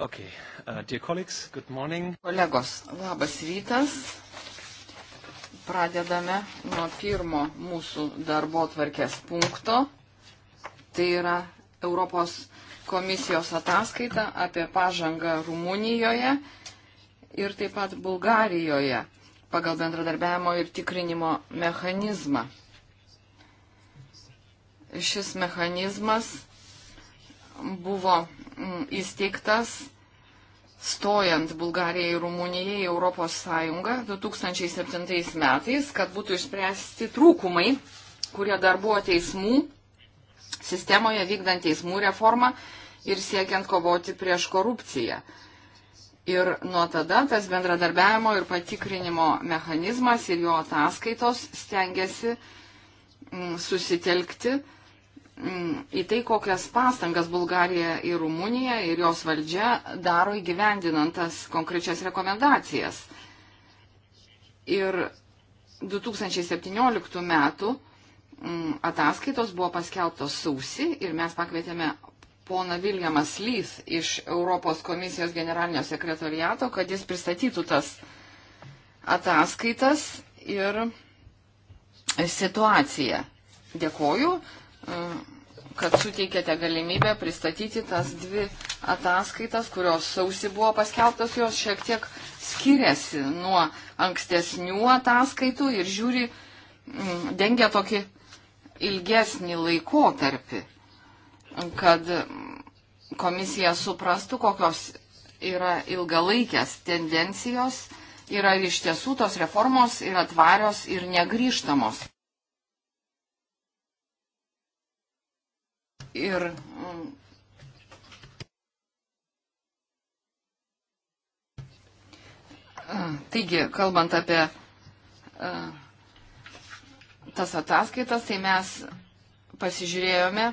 Okay. Uh, dear colleagues, good morning. Kolegos, labas rytas. Pradedame nuo pirmo mūsų darbo tvarkės punkto. Tai yra Europos komisijos ataskaita apie pažangą Rumunijoje ir taip pat Bulgarijoje pagal bendradarbiavimo ir tikrinimo mechanizmą. Šis mechanizmas buvo mm, įsteigtas stojant Bulgarijai ir Rumunijai į Europos Sąjungą 2007 metais, kad būtų išspręsti trūkumai, kurie dar buvo teismų sistemoje vykdant teismų reformą ir siekiant kovoti prieš korupciją. Ir nuo tada tas bendradarbiavimo ir patikrinimo mechanizmas ir jo ataskaitos stengiasi mm, susitelkti Mm, į tai, kokias pastangas Bulgarija ir Rumunija ir jos valdžia daro įgyvendinant tas konkrečias rekomendacijas. Ir 2017 metų mm, ataskaitos buvo paskelbtos sausi ir mes pakvietėme poną Viljamą Slyth iš Europos komisijos generalinio sekretoriato, kad jis pristatytų tas ataskaitas ir situaciją. Dėkoju kad suteikėte galimybę pristatyti tas dvi ataskaitas, kurios sausi buvo paskelbtos, jos šiek tiek skiriasi nuo ankstesnių ataskaitų ir žiūri, mm, dengia tokį ilgesnį laikotarpį, kad komisija suprastų, kokios yra ilgalaikės tendencijos ir ar iš tiesų tos reformos yra tvarios ir negryžtamos. ir mm, mm, Taigi, kalbant apie mm, tas ataskaitas, tai mes pasižiūrėjome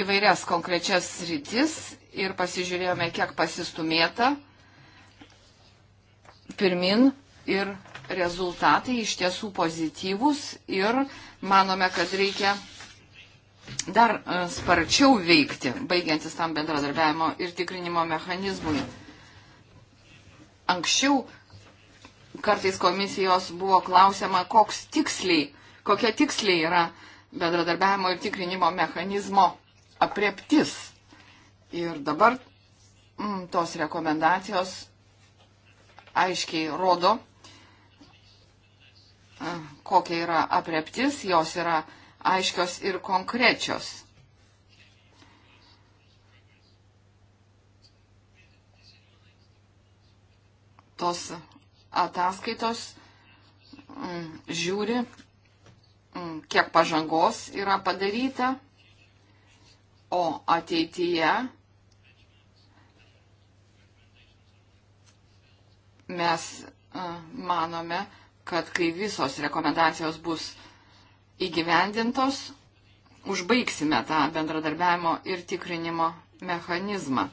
įvairias konkrečias rytis ir pasižiūrėjome, kiek pasistumėta pirmin ir rezultatai iš tiesų pozityvus ir manome, kad reikia dar e, sparčiau veikti, baigiantis tam bendradarbiavimo ir tikrinimo mechanizmui. Anksčiau kartais komisijos buvo klausiama, koks tiksliai, kokia tiksliai yra bendradarbiavimo ir tikrinimo mechanizmo apreptis. Ir dabar mm, tos rekomendacijos aiškiai rodo, e, kokia yra apreptis, jos yra aiškios ir konkrečios. Tos ataskaitos m, mm, žiūri, m, mm, kiek pažangos yra padaryta, o ateityje mes mm, manome, kad kai visos rekomendacijos bus įgyvendintos, užbaigsime tą bendradarbiavimo ir tikrinimo mechanizmą.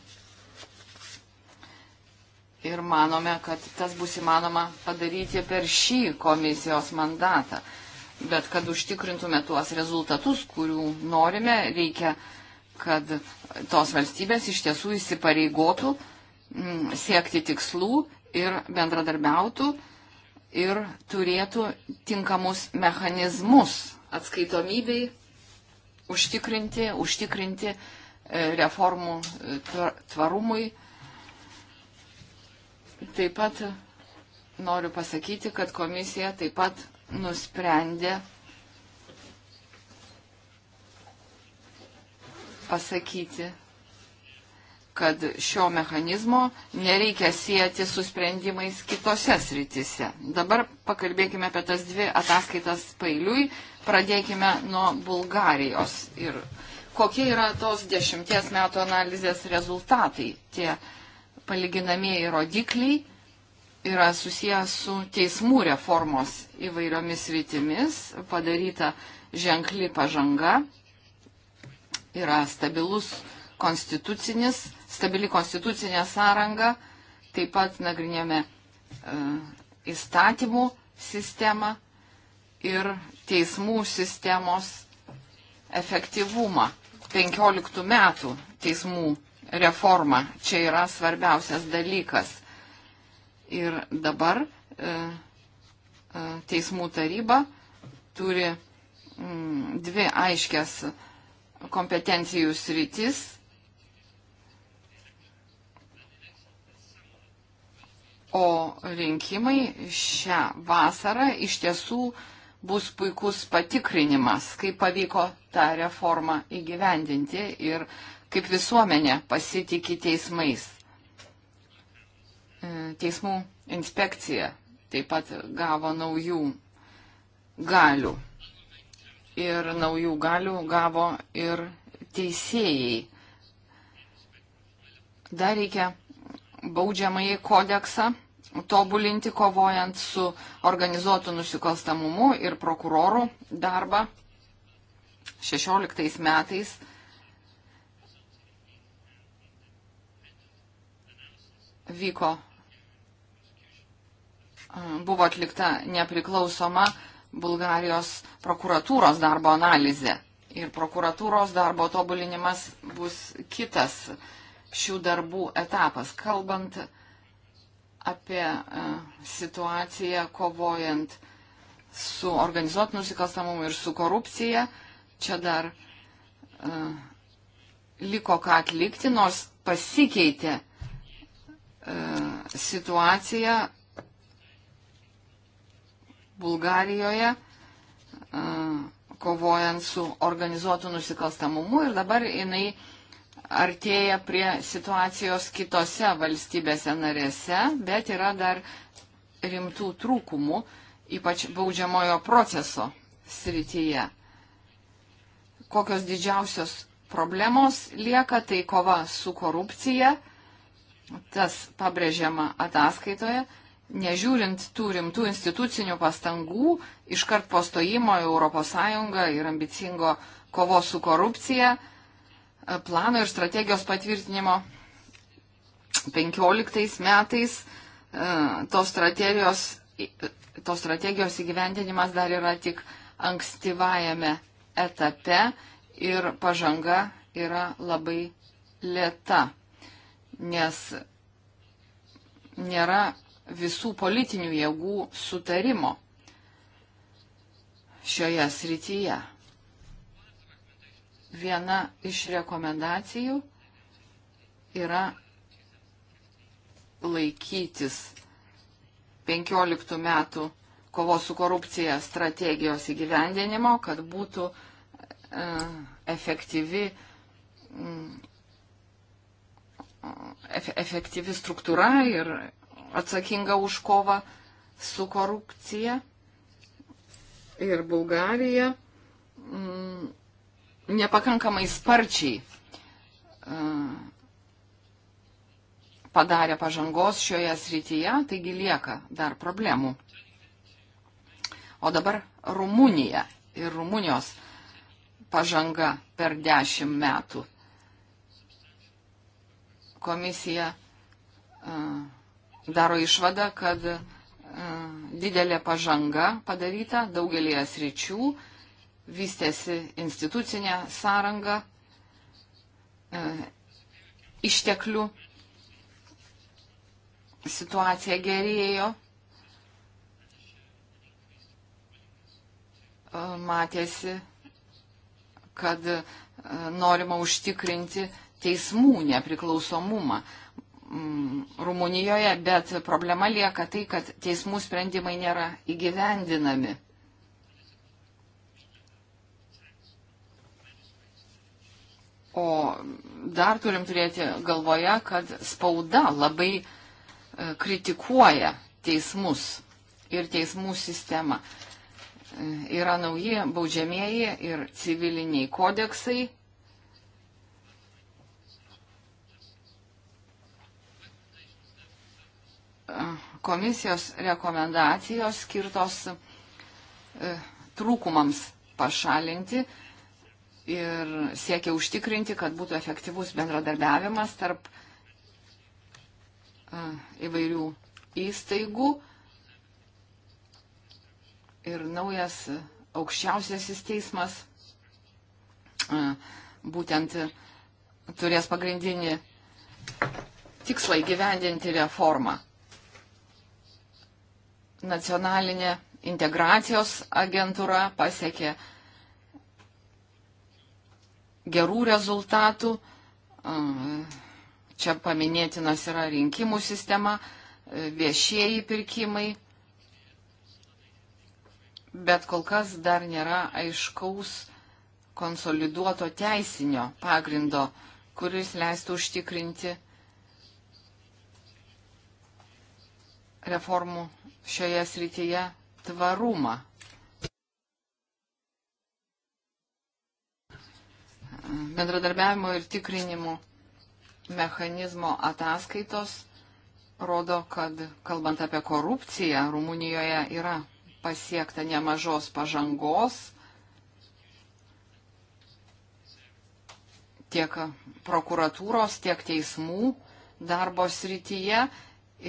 Ir manome, kad tas bus įmanoma padaryti per šį komisijos mandatą. Bet kad užtikrintume tuos rezultatus, kurių norime, reikia, kad tos valstybės iš tiesų įsipareigotų mm, siekti tikslų ir bendradarbiautų ir turėtų tinkamus mechanizmus atskaitomybei užtikrinti, užtikrinti e, reformų e, tvarumui. Taip pat noriu pasakyti, kad komisija taip pat nusprendė pasakyti, kad šio mechanizmo nereikia sieti su sprendimais kitose srityse. Dabar pakalbėkime apie tas dvi ataskaitas pailiui. Pradėkime nuo Bulgarijos. Ir kokie yra tos dešimties metų analizės rezultatai? Tie palyginamieji rodikliai yra susijęs su teismų reformos įvairiomis rytimis, padaryta ženkli pažanga, yra stabilus konstitucinis stabili konstitucinė sąranga, taip pat nagrinėjome e, įstatymų sistemą ir teismų sistemos efektyvumą. 15 metų teismų reforma čia yra svarbiausias dalykas. Ir dabar e, e teismų taryba turi m, mm, dvi aiškias kompetencijų sritis O rinkimai šią vasarą iš tiesų bus puikus patikrinimas, kaip pavyko tą reformą įgyvendinti ir kaip visuomenė pasitikė teismais. E, teismų inspekcija taip pat gavo naujų galių. Ir naujų galių gavo ir teisėjai. Dar reikia baudžiamąjį kodeksą tobulinti, kovojant su organizuotu nusikalstamumu ir prokurorų darbą. 16 metais vyko, buvo atlikta nepriklausoma Bulgarijos prokuratūros darbo analizė. Ir prokuratūros darbo tobulinimas bus kitas uh, šių darbų etapas. Kalbant apie e, situaciją kovojant su organizuotų nusikalstamumu ir su korupcija, čia dar uh, liko ką atlikti, nors pasikeitė uh, situacija Bulgarijoje. Uh, kovojant su organizuotu nusikalstamumu ir dabar jinai uh, artėja prie situacijos kitose valstybėse narėse, bet yra dar rimtų trūkumų, ypač baudžiamojo proceso srityje. Kokios didžiausios problemos lieka, tai kova su korupcija, tas pabrėžiama ataskaitoje, nežiūrint tų rimtų institucinių pastangų, iškart po stojimo į ES ir ambicingo kovo su korupcija plano ir strategijos patvirtinimo 15 metais e, tos strategijos, tos strategijos įgyvendinimas dar yra tik ankstyvajame etape ir pažanga yra labai lėta, nes nėra visų politinių jėgų sutarimo šioje srityje viena iš rekomendacijų yra laikytis 15 metų kovos su korupcija strategijos įgyvendinimo, kad būtų e, efektyvi, efe, mm, efektyvi struktūra ir atsakinga už kovą su korupcija. Ir Bulgarija. Mm, nepakankamai sparčiai e, padarė pažangos šioje srityje, taigi lieka dar problemų. O dabar Rumunija ir Rumunijos pažanga per dešimt metų. Komisija e, daro išvadą, kad e, didelė pažanga padaryta daugelėje sričių, vystėsi institucinė sąranga, e, išteklių situacija gerėjo, e, matėsi, kad e, norima užtikrinti teismų nepriklausomumą. Mm, Rumunijoje, bet problema lieka tai, kad teismų sprendimai nėra įgyvendinami. O dar turim turėti galvoje, kad spauda labai e, kritikuoja teismus ir teismų sistemą. E, yra nauji baudžiamieji ir civiliniai kodeksai. E, komisijos rekomendacijos skirtos trūkumams pašalinti ir siekia užtikrinti, kad būtų efektyvus bendradarbiavimas tarp įvairių įstaigų ir naujas aukščiausiasis teismas būtent turės pagrindinį tikslą įgyvendinti reformą. Nacionalinė integracijos agentūra pasiekė uh, gerų rezultatų. Čia paminėtinas yra rinkimų sistema, viešieji pirkimai, bet kol kas dar nėra aiškaus konsoliduoto teisinio pagrindo, kuris leistų užtikrinti reformų šioje srityje tvarumą. bendradarbiavimo ir tikrinimo mechanizmo ataskaitos rodo, kad kalbant apie korupciją, Rumunijoje yra pasiekta nemažos pažangos tiek prokuratūros, tiek teismų darbo srityje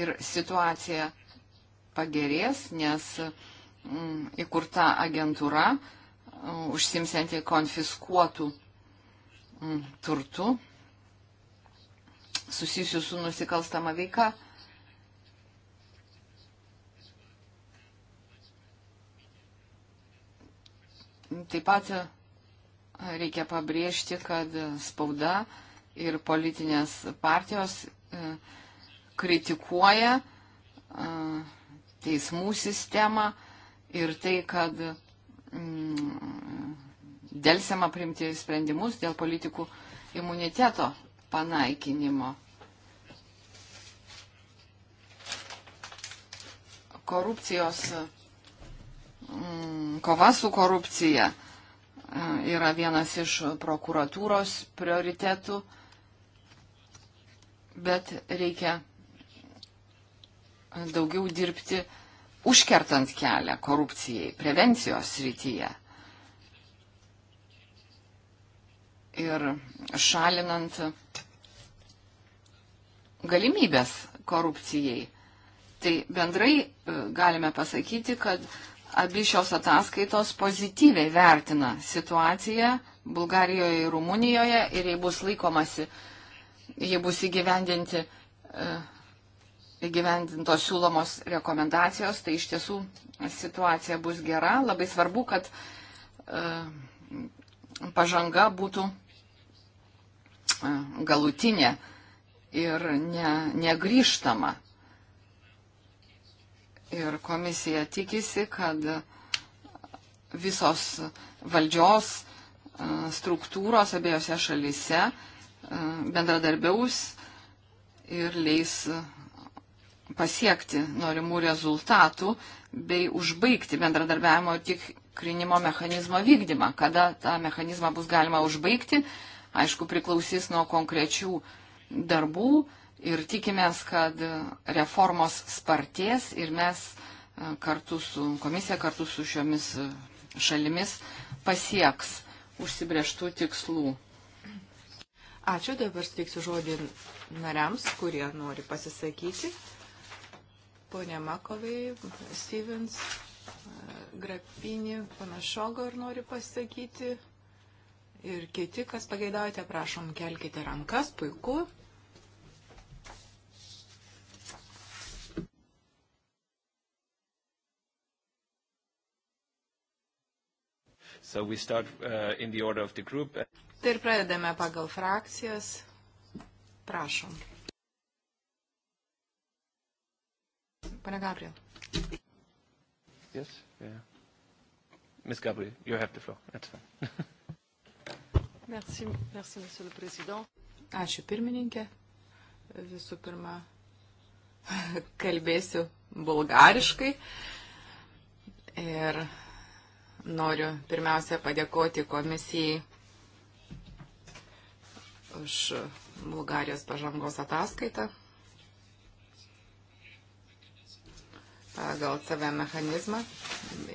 ir situacija pagerės, nes mm, įkurta agentūra, mm, užsimsianti konfiskuotų Mm, turtu susijusių su nusikalstama veika. Taip pat e, reikia pabrėžti, kad spauda ir politinės partijos e, kritikuoja e, teismų sistemą ir tai, kad mm, dėlsiama priimti sprendimus dėl politikų imuniteto panaikinimo. Korupcijos, mm, kova su korupcija mm, yra vienas iš prokuratūros prioritetų, bet reikia daugiau dirbti užkertant kelią korupcijai, prevencijos srityje. ir šalinant galimybės korupcijai. Tai bendrai e, galime pasakyti, kad abi šios ataskaitos pozityviai vertina situaciją Bulgarijoje ir Rumunijoje ir jei bus laikomasi, jei bus įgyvendinti, e, įgyvendintos siūlomos rekomendacijos, tai iš tiesų situacija bus gera. Labai svarbu, kad e, pažanga būtų e, galutinė ir ne, negrįžtama. Ir komisija tikisi, kad visos valdžios e, struktūros abiejose šalise e, bendradarbiaus ir leis pasiekti norimų rezultatų bei užbaigti bendradarbiavimo tik tikrinimo mechanizmo vykdymą. Kada tą mechanizmą bus galima užbaigti, aišku, priklausys nuo konkrečių darbų ir tikimės, kad reformos spartės ir mes e, kartu su komisija, kartu su šiomis e, šalimis pasieks užsibrieštų tikslų. Ačiū, dabar steiksiu žodį nariams, kurie nori pasisakyti. Pone Makovai, Stevens, Grapinį, panašogo ir nori pasakyti. Ir kiti, kas pageidaujate, prašom, kelkite rankas, puiku. So we start uh, in the order of the group. Tai ir pradedame pagal frakcijas. Prašom. Pane Gabriel. Yes? Yeah. Ms. Gabriel, you have the floor. That's fine. merci, merci, Monsieur le Président. Ačiū pirmininkė. Visų pirma, kalbėsiu bulgariškai. Ir noriu pirmiausia padėkoti komisijai už Bulgarijos pažangos ataskaitą. gal TV mechanizmą.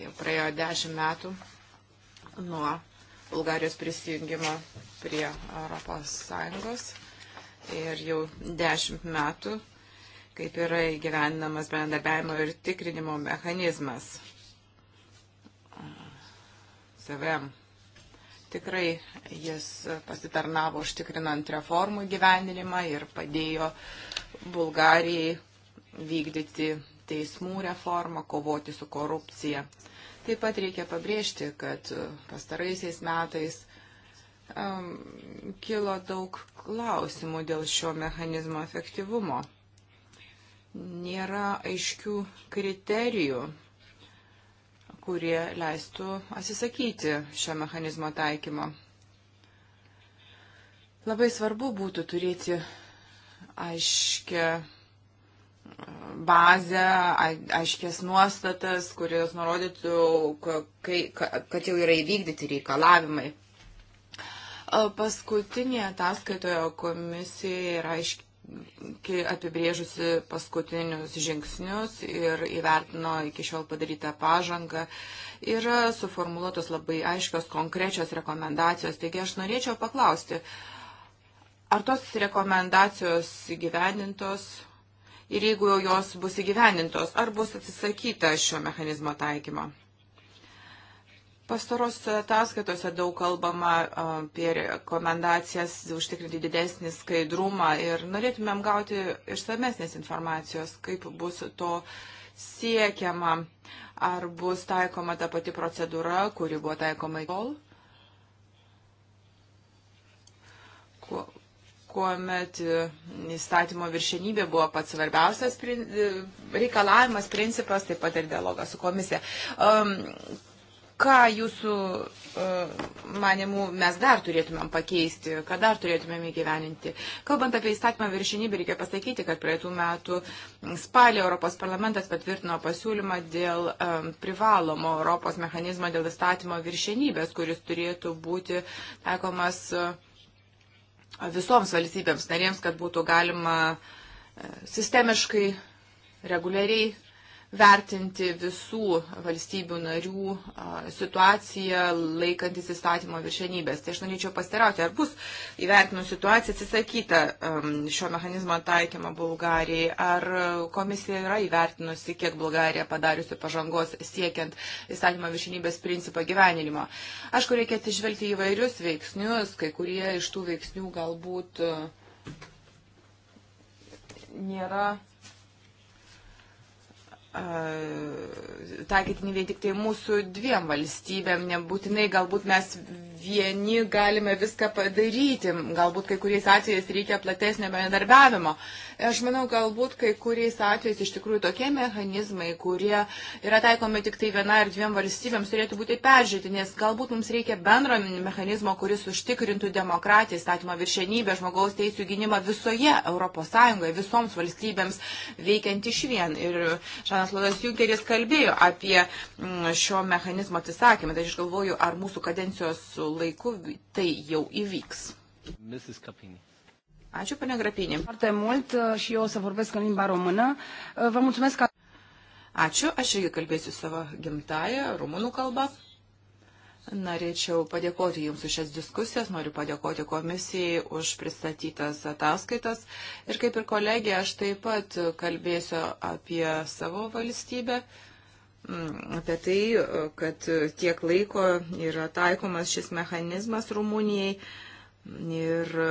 Jau praėjo dešimt metų nuo Bulgarijos prisijungimo prie Europos Sąjungos ir jau dešimt metų, kaip yra įgyvendinamas bendarbiavimo ir tikrinimo mechanizmas. CVM. Tikrai jis pasitarnavo užtikrinant reformų gyvenimą ir padėjo Bulgarijai vykdyti teismų reformą, kovoti su korupcija. Taip pat reikia pabrėžti, kad e, pastaraisiais metais um, kilo daug klausimų dėl šio mechanizmo efektyvumo. Nėra aiškių kriterijų, kurie leistų atsisakyti šio mechanizmo taikymo. Labai svarbu būtų turėti aiškę bazę, aiškės nuostatas, kurios nurodytų, kai, kad jau yra įvykdyti reikalavimai. Paskutinėje ataskaitoje komisija yra aiškiai apibrėžusi paskutinius žingsnius ir įvertino iki šiol padarytą pažangą. Yra suformuoluotos labai aiškios konkrečios rekomendacijos. Taigi aš norėčiau paklausti, ar tos rekomendacijos įgyvendintos ir jeigu jau jos bus įgyvendintos, ar bus atsisakyta šio mechanizmo taikymo. Pastaros ataskaitose daug kalbama apie rekomendacijas užtikrinti didesnį skaidrumą ir norėtumėm gauti išsamesnės informacijos, kaip bus to siekiama, ar bus taikoma ta pati procedūra, kuri buvo taikoma iki tol, kuomet e, įstatymo viršenybė buvo pats svarbiausias e, reikalavimas, principas, taip pat ir dialogas su komisija. Ką jūsų e, manimų mes dar turėtumėm pakeisti, ką dar turėtumėm įgyveninti. Kalbant apie įstatymą viršinybę, reikia pasakyti, kad praeitų metų spalį Europos parlamentas patvirtino pasiūlymą dėl um, privalomo Europos mechanizmo dėl įstatymo viršinybės, kuris turėtų būti taikomas. Uh, visoms valstybėms narėms, kad būtų galima e, sistemiškai, reguliariai vertinti visų valstybių narių situaciją laikantis įstatymo viršenybės. Tai aš norėčiau pasirauti, ar bus įvertinus situaciją atsisakyta šio mechanizmo taikymą Bulgarijai, ar komisija yra įvertinusi, kiek Bulgarija padariusi pažangos siekiant įstatymo viršenybės principą gyvenimo. Aišku, reikia atsižvelgti įvairius veiksnius, kai kurie iš tų veiksnių galbūt nėra taikytini vien tik tai mūsų dviem valstybėm, nebūtinai galbūt mes vieni galime viską padaryti. Galbūt kai kuriais atvejais reikia platesnio bendarbiavimo. Aš manau, galbūt kai kuriais atvejais iš tikrųjų tokie mechanizmai, kurie yra taikomi tik tai viena ar dviem valstybėms, turėtų būti peržiūrėti, nes galbūt mums reikia bendro mechanizmo, kuris užtikrintų demokratiją, įstatymą viršenybę, žmogaus teisų gynimą visoje ES, visoms valstybėms veikiant iš vien. Ir Šanas Lodas Junkeris kalbėjo apie mm, šio mechanizmo atsisakymą. Tai aš galvoju, ar mūsų kadencijos laiku tai jau įvyks. Mrs. Kapini. Ačiū, pane Grapinė. Foarte mult uh, și eu o să vorbesc în limba română. Uh, vă mulțumesc că... Ačiū, aš irgi kalbėsiu savo gimtają, rumunų kalbą. Norėčiau padėkoti Jums už šias diskusijas, noriu padėkoti komisijai už pristatytas ataskaitas. Ir kaip ir kolegė, aš taip pat kalbėsiu apie savo valstybę. Uh, Mm, apie tai, kad tiek laiko yra taikomas šis mechanizmas Rumunijai ir e,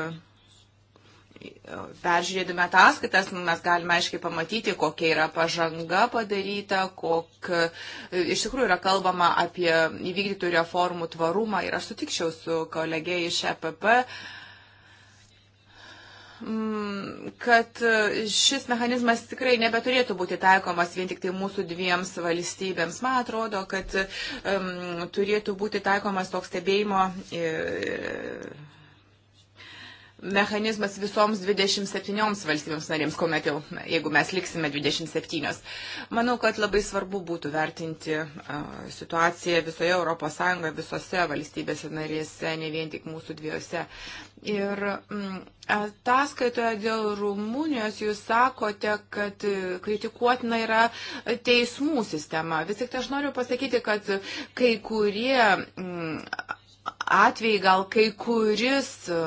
peržiūrėdami ataskaitas, nu, mes galime aiškiai pamatyti, kokia yra pažanga padaryta, kok e, iš tikrųjų yra kalbama apie įvykdytų reformų tvarumą ir aš sutikčiau su kolegė iš EPP, Mm, kad e, šis mechanizmas tikrai nebeturėtų būti taikomas vien tik tai mūsų dviems valstybėms. Man atrodo, kad um, turėtų būti taikomas toks stebėjimo. Ir, e, mechanizmas visoms 27 valstybėms narėms, kuomet jau, jeigu mes liksime 27. Manau, kad labai svarbu būtų vertinti situaciją visoje ES, visose valstybėse narėse, ne vien tik mūsų dviejose. Ir mm, ataskaitoje dėl Rumunijos jūs sakote, kad kritikuotina yra teismų sistema. Vis tik tai aš noriu pasakyti, kad kai kurie mm, atvejai gal kai kuris e,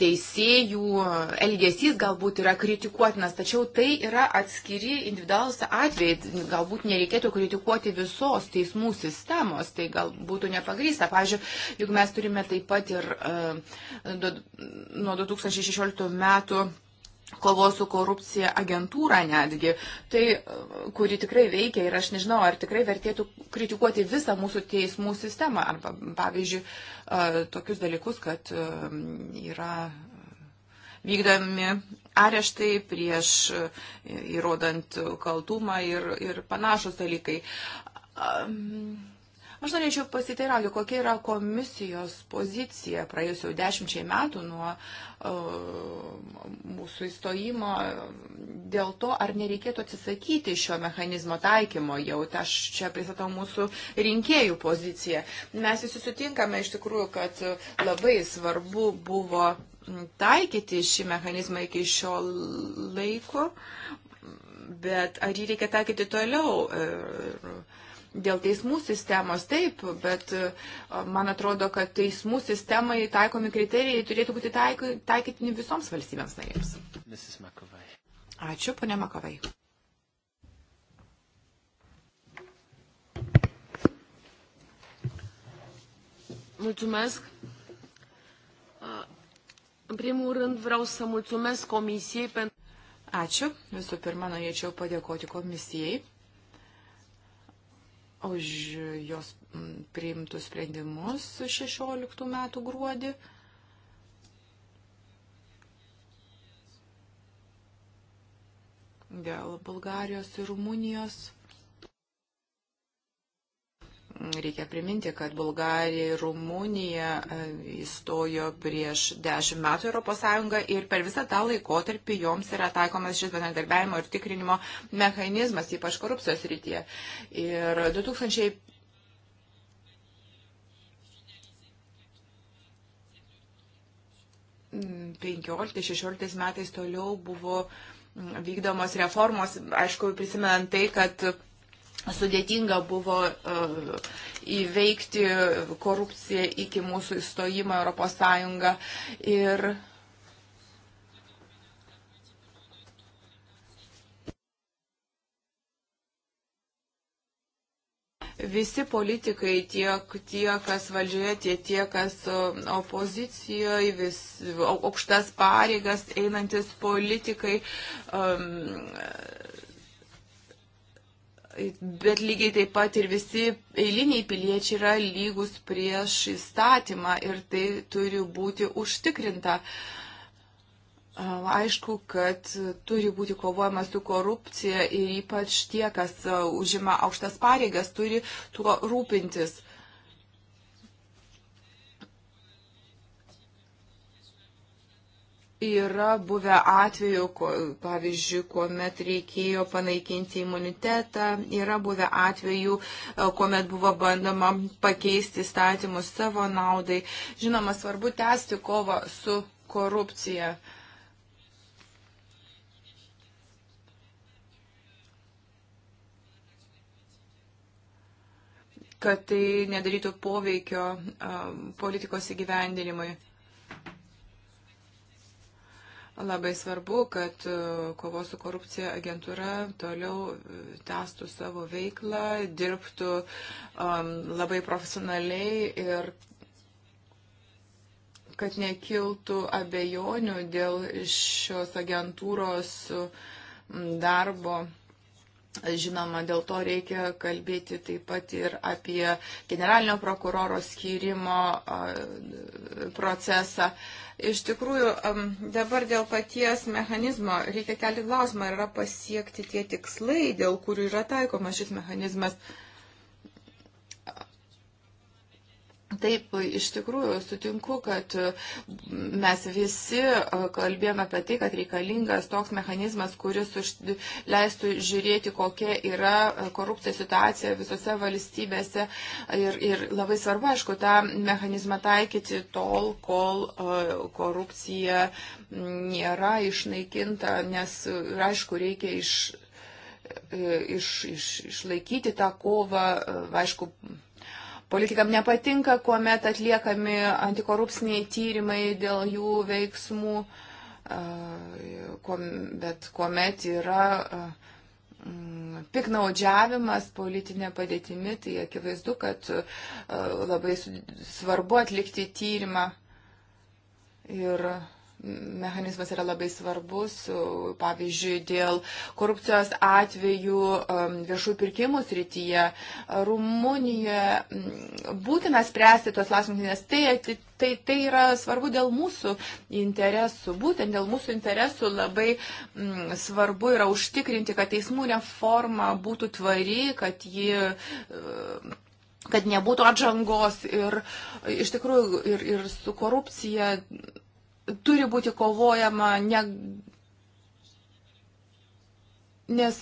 teisėjų elgesys galbūt yra kritikuotinas, tačiau tai yra atskiri individualus atvejai. Galbūt nereikėtų kritikuoti visos teismų sistemos, tai gal būtų nepagrysta. Pavyzdžiui, juk mes turime taip pat ir uh, nuo 2016 metų kovos su korupcija agentūrą netgi, tai, kuri tikrai veikia ir aš nežinau, ar tikrai vertėtų kritikuoti visą mūsų teismų sistemą, arba, pavyzdžiui, tokius dalykus, kad yra vykdomi areštai prieš įrodant kaltumą ir, ir panašus dalykai. Um, Aš norėčiau pasiteirauti, kokia yra komisijos pozicija praėjus jau dešimčiai metų nuo uh, mūsų įstojimo dėl to, ar nereikėtų atsisakyti šio mechanizmo taikymo jau. Aš čia pristatau mūsų rinkėjų poziciją. Mes visi sutinkame iš tikrųjų, kad labai svarbu buvo taikyti šį mechanizmą iki šio laiko, bet ar jį reikia taikyti toliau? Ir, Dėl teismų sistemos taip, bet e, man atrodo, kad teismų sistemai taikomi kriterijai turėtų būti taikytini visoms valstybėms narėms. Ačiū, ponia Makovai. Mulțumesc. În primul rând vreau să mulțumesc Comisiei pentru... Ačiū. Visų pirma, norėčiau padėkoti komisijai už jos priimtus sprendimus 16 metų gruodį. Dėl Bulgarijos ir Rumunijos Reikia priminti, kad Bulgarija ir Rumunija e, įstojo prieš dešimt metų Europos Sąjungą ir per visą tą laikotarpį joms yra taikomas šis bendradarbiavimo ir tikrinimo mechanizmas, ypač korupcijos rytyje. Ir 2000 15-16 metais toliau buvo vykdomos reformos, aišku, prisimenant tai, kad sudėtinga buvo e, įveikti korupciją iki mūsų įstojimo Europos Sąjungą. Ir visi politikai, tiek tie, kas valdžioje, tie, tie, kas e, opozicijoje, vis, aukštas pareigas einantis politikai, um, bet lygiai taip pat ir visi eiliniai piliečiai yra lygus prieš įstatymą ir tai turi būti užtikrinta. Aišku, kad turi būti kovojama su korupcija ir ypač tie, kas užima aukštas pareigas, turi tuo rūpintis. Yra buvę atvejų, pavyzdžiui, kuomet reikėjo panaikinti imunitetą, yra buvę atvejų, e, kuomet buvo bandoma pakeisti statymus savo naudai. Žinoma, svarbu tęsti kovą su korupcija. kad tai nedarytų poveikio um, politikos įgyvendinimui. Labai svarbu, kad e, kovos su korupcija agentūra toliau e, testų savo veiklą, dirbtų um, labai profesionaliai ir kad nekiltų abejonių dėl šios agentūros darbo. Žinoma, dėl to reikia kalbėti taip pat ir apie generalinio prokuroro skyrimo procesą. Uh, Iš tikrųjų, dabar dėl paties mechanizmo reikia kelti klausimą, ar yra pasiekti tie tikslai, dėl kurių yra taikomas šis mechanizmas. Uh, Taip, iš tikrųjų sutinku, kad mes visi e, kalbėjome apie tai, kad reikalingas toks mechanizmas, kuris už, leistų žiūrėti, kokia yra e, korupcijos situacija visose valstybėse. Ir, ir labai svarbu, aišku, tą mechanizmą taikyti tol, kol e, korupcija nėra išnaikinta, nes, aišku, reikia iš, iš, iš, išlaikyti tą kovą, aišku, politikam nepatinka, kuomet atliekami antikorupsiniai tyrimai dėl jų veiksmų, bet kuomet yra mm, piknaudžiavimas politinė padėtimi, tai akivaizdu, kad labai svarbu atlikti tyrimą. Ir mechanizmas yra labai svarbus, pavyzdžiui, dėl korupcijos atvejų um, viešų pirkimų srityje. Rumunijoje mm, būtina spręsti tos klausimus, nes tai, tai, tai yra svarbu dėl mūsų interesų. Būtent dėl mūsų interesų labai m, mm, svarbu yra užtikrinti, kad teismų reforma būtų tvari, kad ji. M, e, kad nebūtų atžangos ir iš tikrųjų ir, ir su korupcija turi būti kovojama ne nes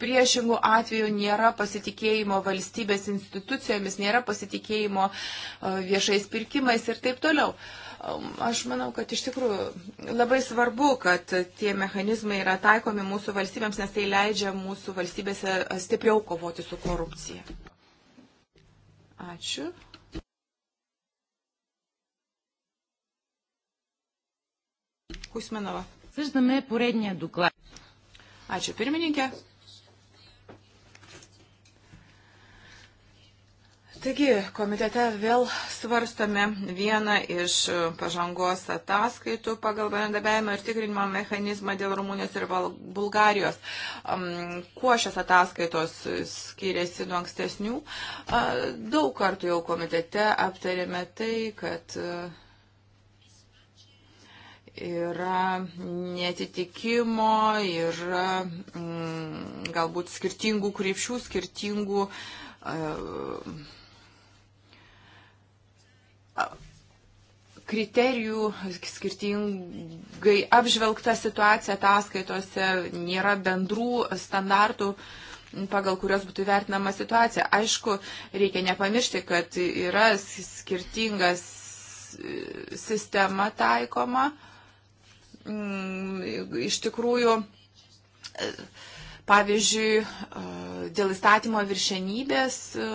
priešingų atveju nėra pasitikėjimo valstybės institucijomis, nėra pasitikėjimo e, viešais pirkimais ir taip toliau. Um, aš manau, kad iš tikrųjų labai svarbu, kad tie mechanizmai yra taikomi mūsų valstybėms, nes tai leidžia mūsų valstybėse stipriau kovoti su korupcija. Ačiū. Кузьменова. Съждаме поредния доклад. Ačiū pirmininkė. Taigi, komitete vėl svarstame vieną iš pažangos ataskaitų pagal bendradarbiavimo ir tikrinimo mechanizmą dėl Rumunijos ir Bulgarijos. Kuo šios ataskaitos skiriasi nuo ankstesnių? Daug kartų jau komitete aptarėme tai, kad yra netitikimo, yra mm, galbūt skirtingų krypčių, skirtingų uh, kriterijų, skirtingai apžvelgta situacija ataskaitose, nėra bendrų standartų pagal kurios būtų vertinama situacija. Aišku, reikia nepamiršti, kad yra skirtingas e, sistema taikoma. Uh, Mm, iš tikrųjų Pavyzdžiui, e, dėl įstatymo viršenybės e,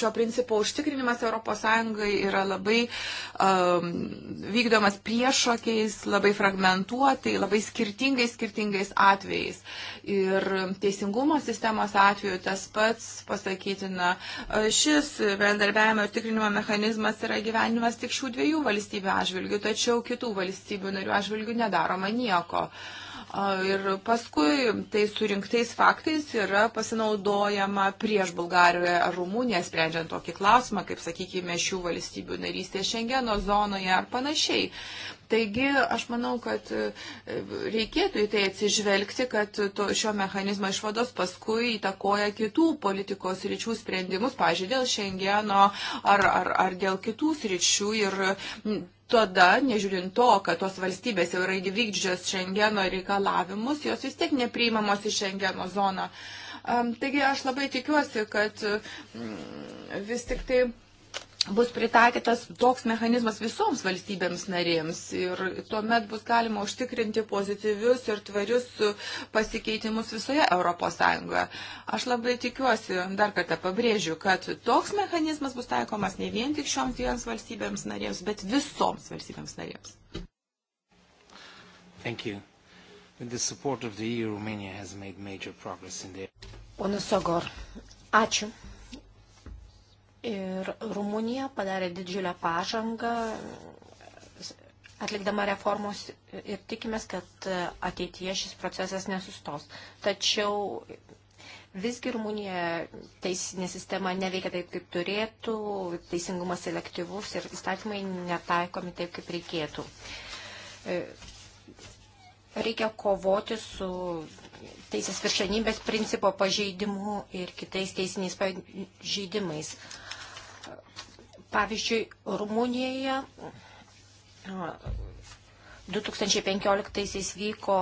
šio principo užtikrinimas ES yra labai um, vykdomas priešokiais, labai fragmentuotai, labai skirtingais, skirtingais atvejais. Ir teisingumo sistemos atveju tas pats pasakytina, šis bendarbiavimo užtikrinimo mechanizmas yra gyvenimas tik šių dviejų valstybių atžvilgių, tačiau kitų valstybių narių atžvilgių nedaroma nieko. Uh, Ir paskui tai surinktais faktais yra pasinaudojama prieš Bulgariją ar Rumuniją, sprendžiant tokį klausimą, kaip, sakykime, šių valstybių narystė Šengeno zonoje ar panašiai. Taigi aš manau, kad e, reikėtų į tai atsižvelgti, kad to, šio mechanizmo išvados paskui įtakoja kitų politikos ryčių sprendimus, pažiūrėjau, dėl Šengeno ar, ar, ar dėl kitų ryčių. Ir tada, nežiūrint to, kad tos valstybės jau yra įvykdžios Šengeno reikalavimus, jos vis tiek nepriimamos į Šengeno zoną. Taigi aš labai tikiuosi, kad mm, vis tik tai bus pritaikytas toks mechanizmas visoms valstybėms narėms ir tuomet bus galima užtikrinti pozityvius ir tvarius pasikeitimus visoje ES. Aš labai tikiuosi, dar kartą pabrėžiu, kad toks mechanizmas bus taikomas ne vien tik šioms dviems valstybėms narėms, bet visoms valstybėms narėms. Thank you. With the support of the EU, Romania has made major progress in the... Ponas Sogor, ačiū. Ir Rumunija padarė didžiulę pažangą, atlikdama reformos ir tikimės, kad ateityje šis procesas nesustos. Tačiau visgi Rumunija teisinė sistema neveikia taip, kaip turėtų, teisingumas selektyvus ir įstatymai netaikomi taip, kaip reikėtų. E, reikia kovoti su teisės viršenybės principo pažeidimu ir kitais teisiniais pažeidimais. Pavyzdžiui, Rumunijoje 2015 vyko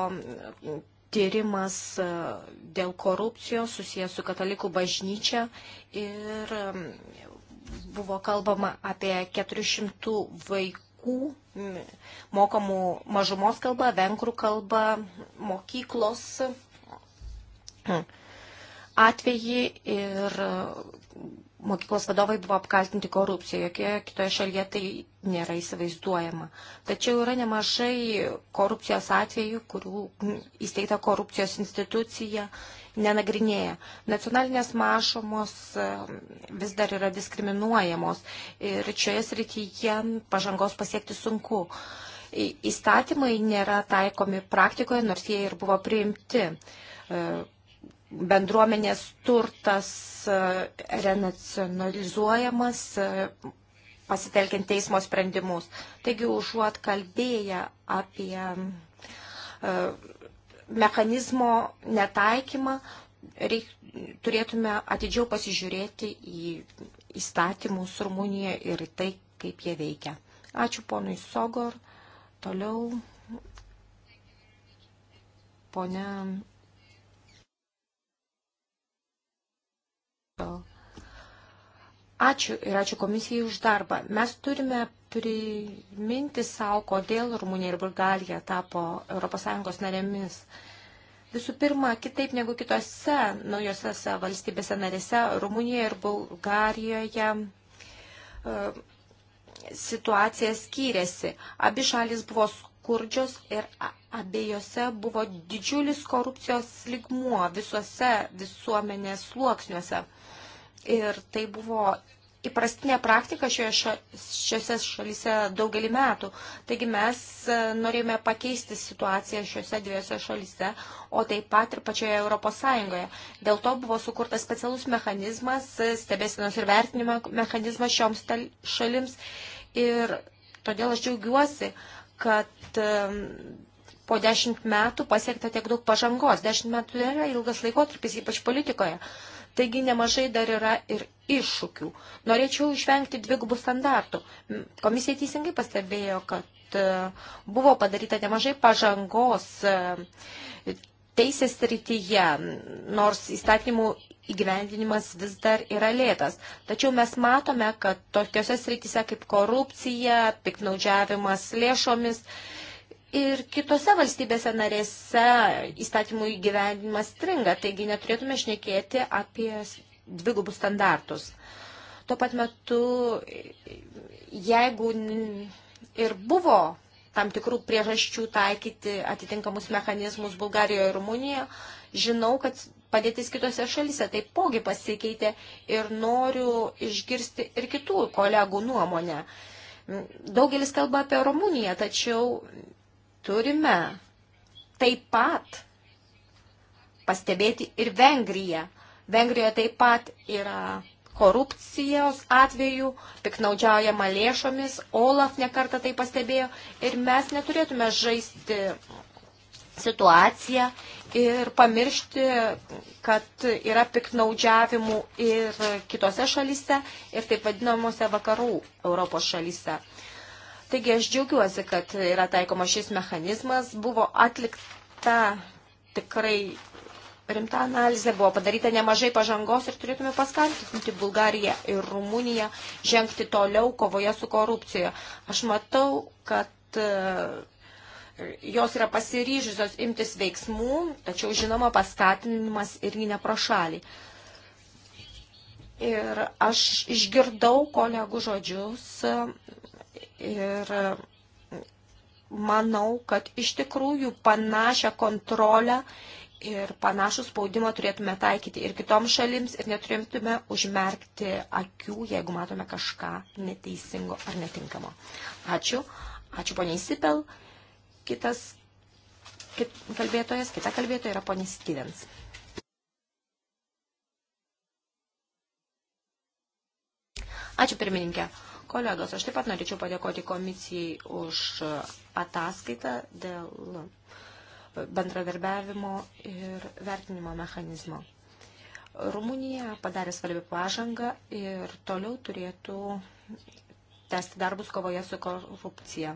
tyrimas dėl korupcijos susijęs su katalikų bažnyčia ir buvo kalbama apie 400 vaikų mokomų mažumos kalbą, vengrų kalbą, mokyklos atvejį ir mokyklos vadovai buvo apkaltinti korupcija, jokioje kitoje šalyje tai nėra įsivaizduojama. Tačiau yra nemažai korupcijos atvejų, kurių įsteigta korupcijos institucija nenagrinėja. Nacionalinės mažumos um, vis dar yra diskriminuojamos ir šioje srityje pažangos pasiekti sunku. Įstatymai nėra taikomi praktikoje, nors jie ir buvo priimti uh, bendruomenės turtas e, renacionalizuojamas e, pasitelkiant teismo sprendimus. Taigi, užuot kalbėję apie e, mechanizmo netaikymą, reik, turėtume atidžiau pasižiūrėti į įstatymus Rumunijoje ir tai, kaip jie veikia. Ačiū ponui Sogor. Toliau ponia Ačiū ir ačiū komisijai už darbą. Mes turime priminti savo, kodėl Rumunija ir Bulgarija tapo ES narėmis. Visų pirma, kitaip negu kitose naujose valstybėse narėse, Rumunijoje ir Bulgarijoje e, situacija skyrėsi. Abi šalis buvo skurdžios ir abiejose buvo didžiulis korupcijos ligmuo visuose visuomenės sluoksniuose Ir tai buvo įprastinė praktika šioje ša, šiose šalyse daugelį metų. Taigi mes e, norėjome pakeisti situaciją šiuose dviejose šalyse, o taip pat ir pačioje Europos Sąjungoje. Dėl to buvo sukurtas specialus mechanizmas, e, stebėsinos ir vertinimo mechanizmas šioms šalims. Ir todėl aš džiaugiuosi, kad e, po dešimt metų pasiekta tiek daug pažangos. Dešimt metų yra ilgas laikotarpis, ypač politikoje. Uh, Taigi nemažai dar yra ir iššūkių. Norėčiau išvengti dvigubų standartų. Komisija teisingai pastebėjo, kad e, buvo padaryta nemažai pažangos e, teisės rytyje, nors įstatymų įgyvendinimas vis dar yra lėtas. Tačiau mes matome, kad tokiuose srityse kaip korupcija, piknaudžiavimas lėšomis, uh, ir kitose valstybėse narėse įstatymų įgyvendinimas stringa, taigi neturėtume šnekėti apie dvigubus standartus. Tuo pat metu, jeigu ir buvo tam tikrų priežasčių taikyti atitinkamus mechanizmus Bulgarijoje ir Rumunijoje, žinau, kad padėtis kitose šalise taipogi pasikeitė ir noriu išgirsti ir kitų kolegų nuomonę. Daugelis kalba apie Rumuniją, tačiau turime taip pat pastebėti ir Vengriją. Vengrijoje taip pat yra korupcijos atvejų, piknaudžiaujama lėšomis, Olaf nekartą tai pastebėjo ir mes neturėtume žaisti situaciją ir pamiršti, kad yra piknaudžiavimų ir kitose šalyse ir taip vadinamuose vakarų Europos šalyse. Taigi aš džiaugiuosi, kad yra taikoma šis mechanizmas, buvo atlikta tikrai rimta analizė, buvo padaryta nemažai pažangos ir turėtume paskantinti Bulgariją ir Rumuniją žengti toliau kovoje su korupcija. Aš matau, kad e, jos yra pasiryžusios imtis veiksmų, tačiau žinoma paskatinimas irgi neprošaliai. Ir aš išgirdau kolegų žodžius Ir manau, kad iš tikrųjų panašią kontrolę ir panašų spaudimą turėtume taikyti ir kitoms šalims ir neturėtume užmerkti akių, jeigu matome kažką neteisingo ar netinkamo. Ačiū. Ačiū poniai Sipel. Kitas kit, kalbėtojas, kita kalbėtoja yra poniai Stevens. Ačiū pirmininkė. Kolegos, aš taip pat norėčiau padėkoti komisijai už ataskaitą dėl bendradarbiavimo ir vertinimo mechanizmo. Rumunija padarė svarbią pažangą ir toliau turėtų tęsti darbus kovoje su korupcija.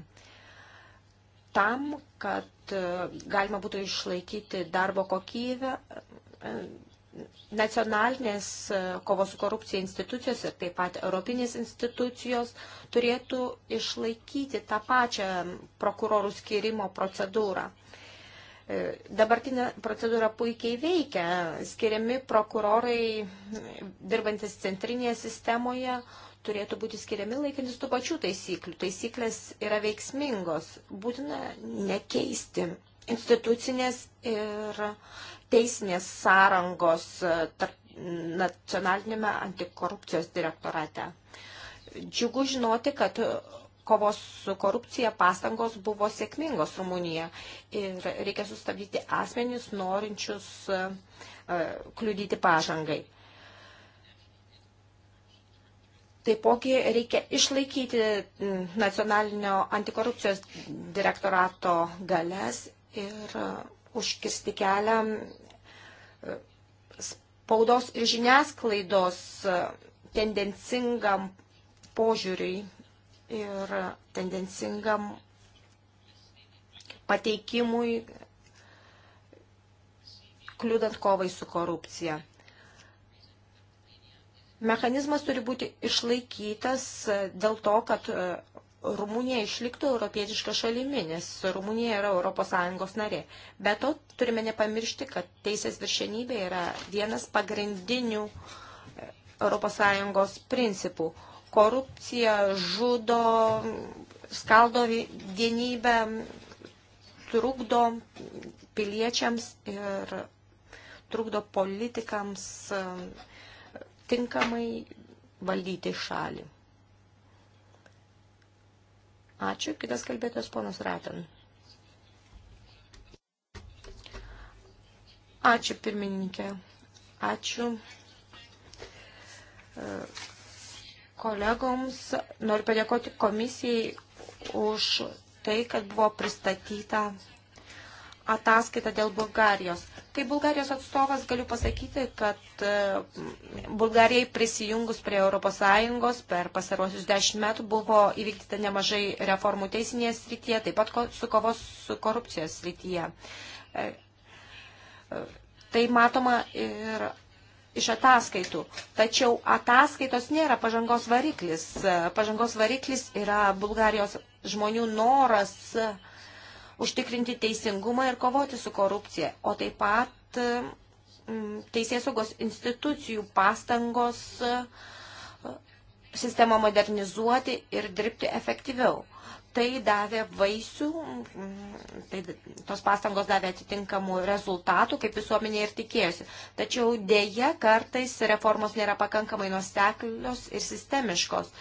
Tam, kad e, galima būtų išlaikyti darbo kokybę, e, nacionalinės e, kovos su korupcija institucijos ir taip pat europinės institucijos turėtų išlaikyti tą pačią prokurorų skirimo procedūrą. E, dabartinė procedūra puikiai veikia. Skiriami prokurorai dirbantis centrinėje sistemoje turėtų būti skiriami laikantis tų pačių taisyklių. Taisyklės yra veiksmingos. Būtina nekeisti institucinės ir teisinės sąrangos e, nacionalinėme antikorupcijos direktorate. Džiugu žinoti, kad kovos su korupcija pastangos buvo sėkmingos Rumunijoje ir reikia sustabdyti asmenys norinčius e, e, kliudyti pažangai. Taipogi reikia išlaikyti nacionalinio antikorupcijos direktorato galės ir užkirsti kelią spaudos ir žiniasklaidos tendencingam požiūriui ir tendencingam pateikimui, kliūdant kovai su korupcija. Mechanizmas turi būti išlaikytas dėl to, kad Rumunija išliktų europietišką šalimi, nes Rumunija yra ES narė. Be to, turime nepamiršti, kad teisės viršenybė yra vienas pagrindinių ES principų. Korupcija žudo, skaldo vienybę, trukdo piliečiams ir trukdo politikams e, tinkamai valdyti šalį. Ačiū. Kitas kalbėtojas ponas Ratan. Ačiū pirmininkė. Ačiū e, kolegoms. Noriu padėkoti komisijai už tai, kad buvo pristatyta ataskaitą dėl Bulgarijos. Kaip Bulgarijos atstovas galiu pasakyti, kad e, Bulgarijai prisijungus prie ES per pasarosius dešimt metų buvo įvykdyta nemažai reformų teisinėje srityje, taip pat su kovos su korupcijos srityje. E, e, tai matoma ir iš ataskaitų. Tačiau ataskaitos nėra pažangos variklis. Pažangos variklis yra Bulgarijos žmonių noras uh, užtikrinti teisingumą ir kovoti su korupcija, o taip pat mm, teisėsaugos institucijų pastangos e, sistemą modernizuoti ir dirbti efektyviau. Tai davė vaisių, mm, tai tos pastangos davė atitinkamų rezultatų, kaip visuomenė ir tikėjosi. Tačiau dėja kartais reformos nėra pakankamai nuoseklios ir sistemiškos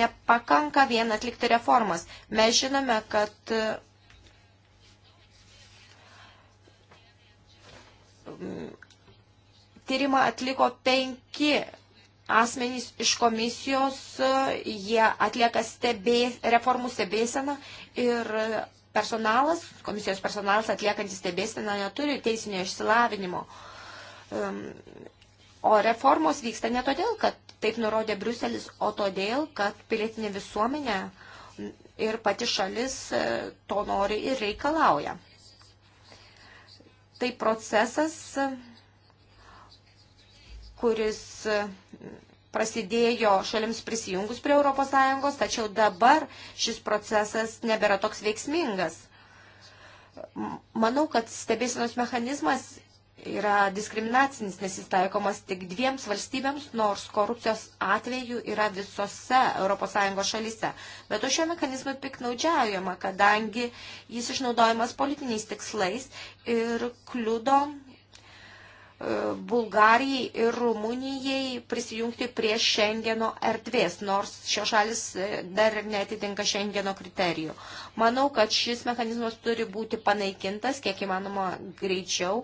nepakanka vien atlikti reformas. Mes žinome, kad mm, tyrimą atliko penki asmenys iš komisijos, jie atlieka stebė, reformų stebėseną ir personalas, komisijos personalas atliekantis stebėseną neturi teisinio išsilavinimo. O reformos vyksta ne todėl, kad taip nurodė Bruselis, o todėl, kad pilietinė visuomenė ir pati šalis e, to nori ir reikalauja. Tai procesas, kuris e, prasidėjo šalims prisijungus prie ES, tačiau dabar šis procesas nebėra toks veiksmingas. Manau, kad stebėsinos mechanizmas yra diskriminacinis, nes jis taikomas tik dviems valstybėms, nors korupcijos atveju yra visose ES šalyse. Bet už šio mechanizmą piknaudžiaujama, kadangi jis išnaudojamas politiniais tikslais ir kliudo E, Bulgarijai ir Rumunijai prisijungti prie Šengeno erdvės, nors šios šalis e, dar ir netitinka Šengeno kriterijų. Manau, kad šis mechanizmas turi būti panaikintas kiek įmanoma greičiau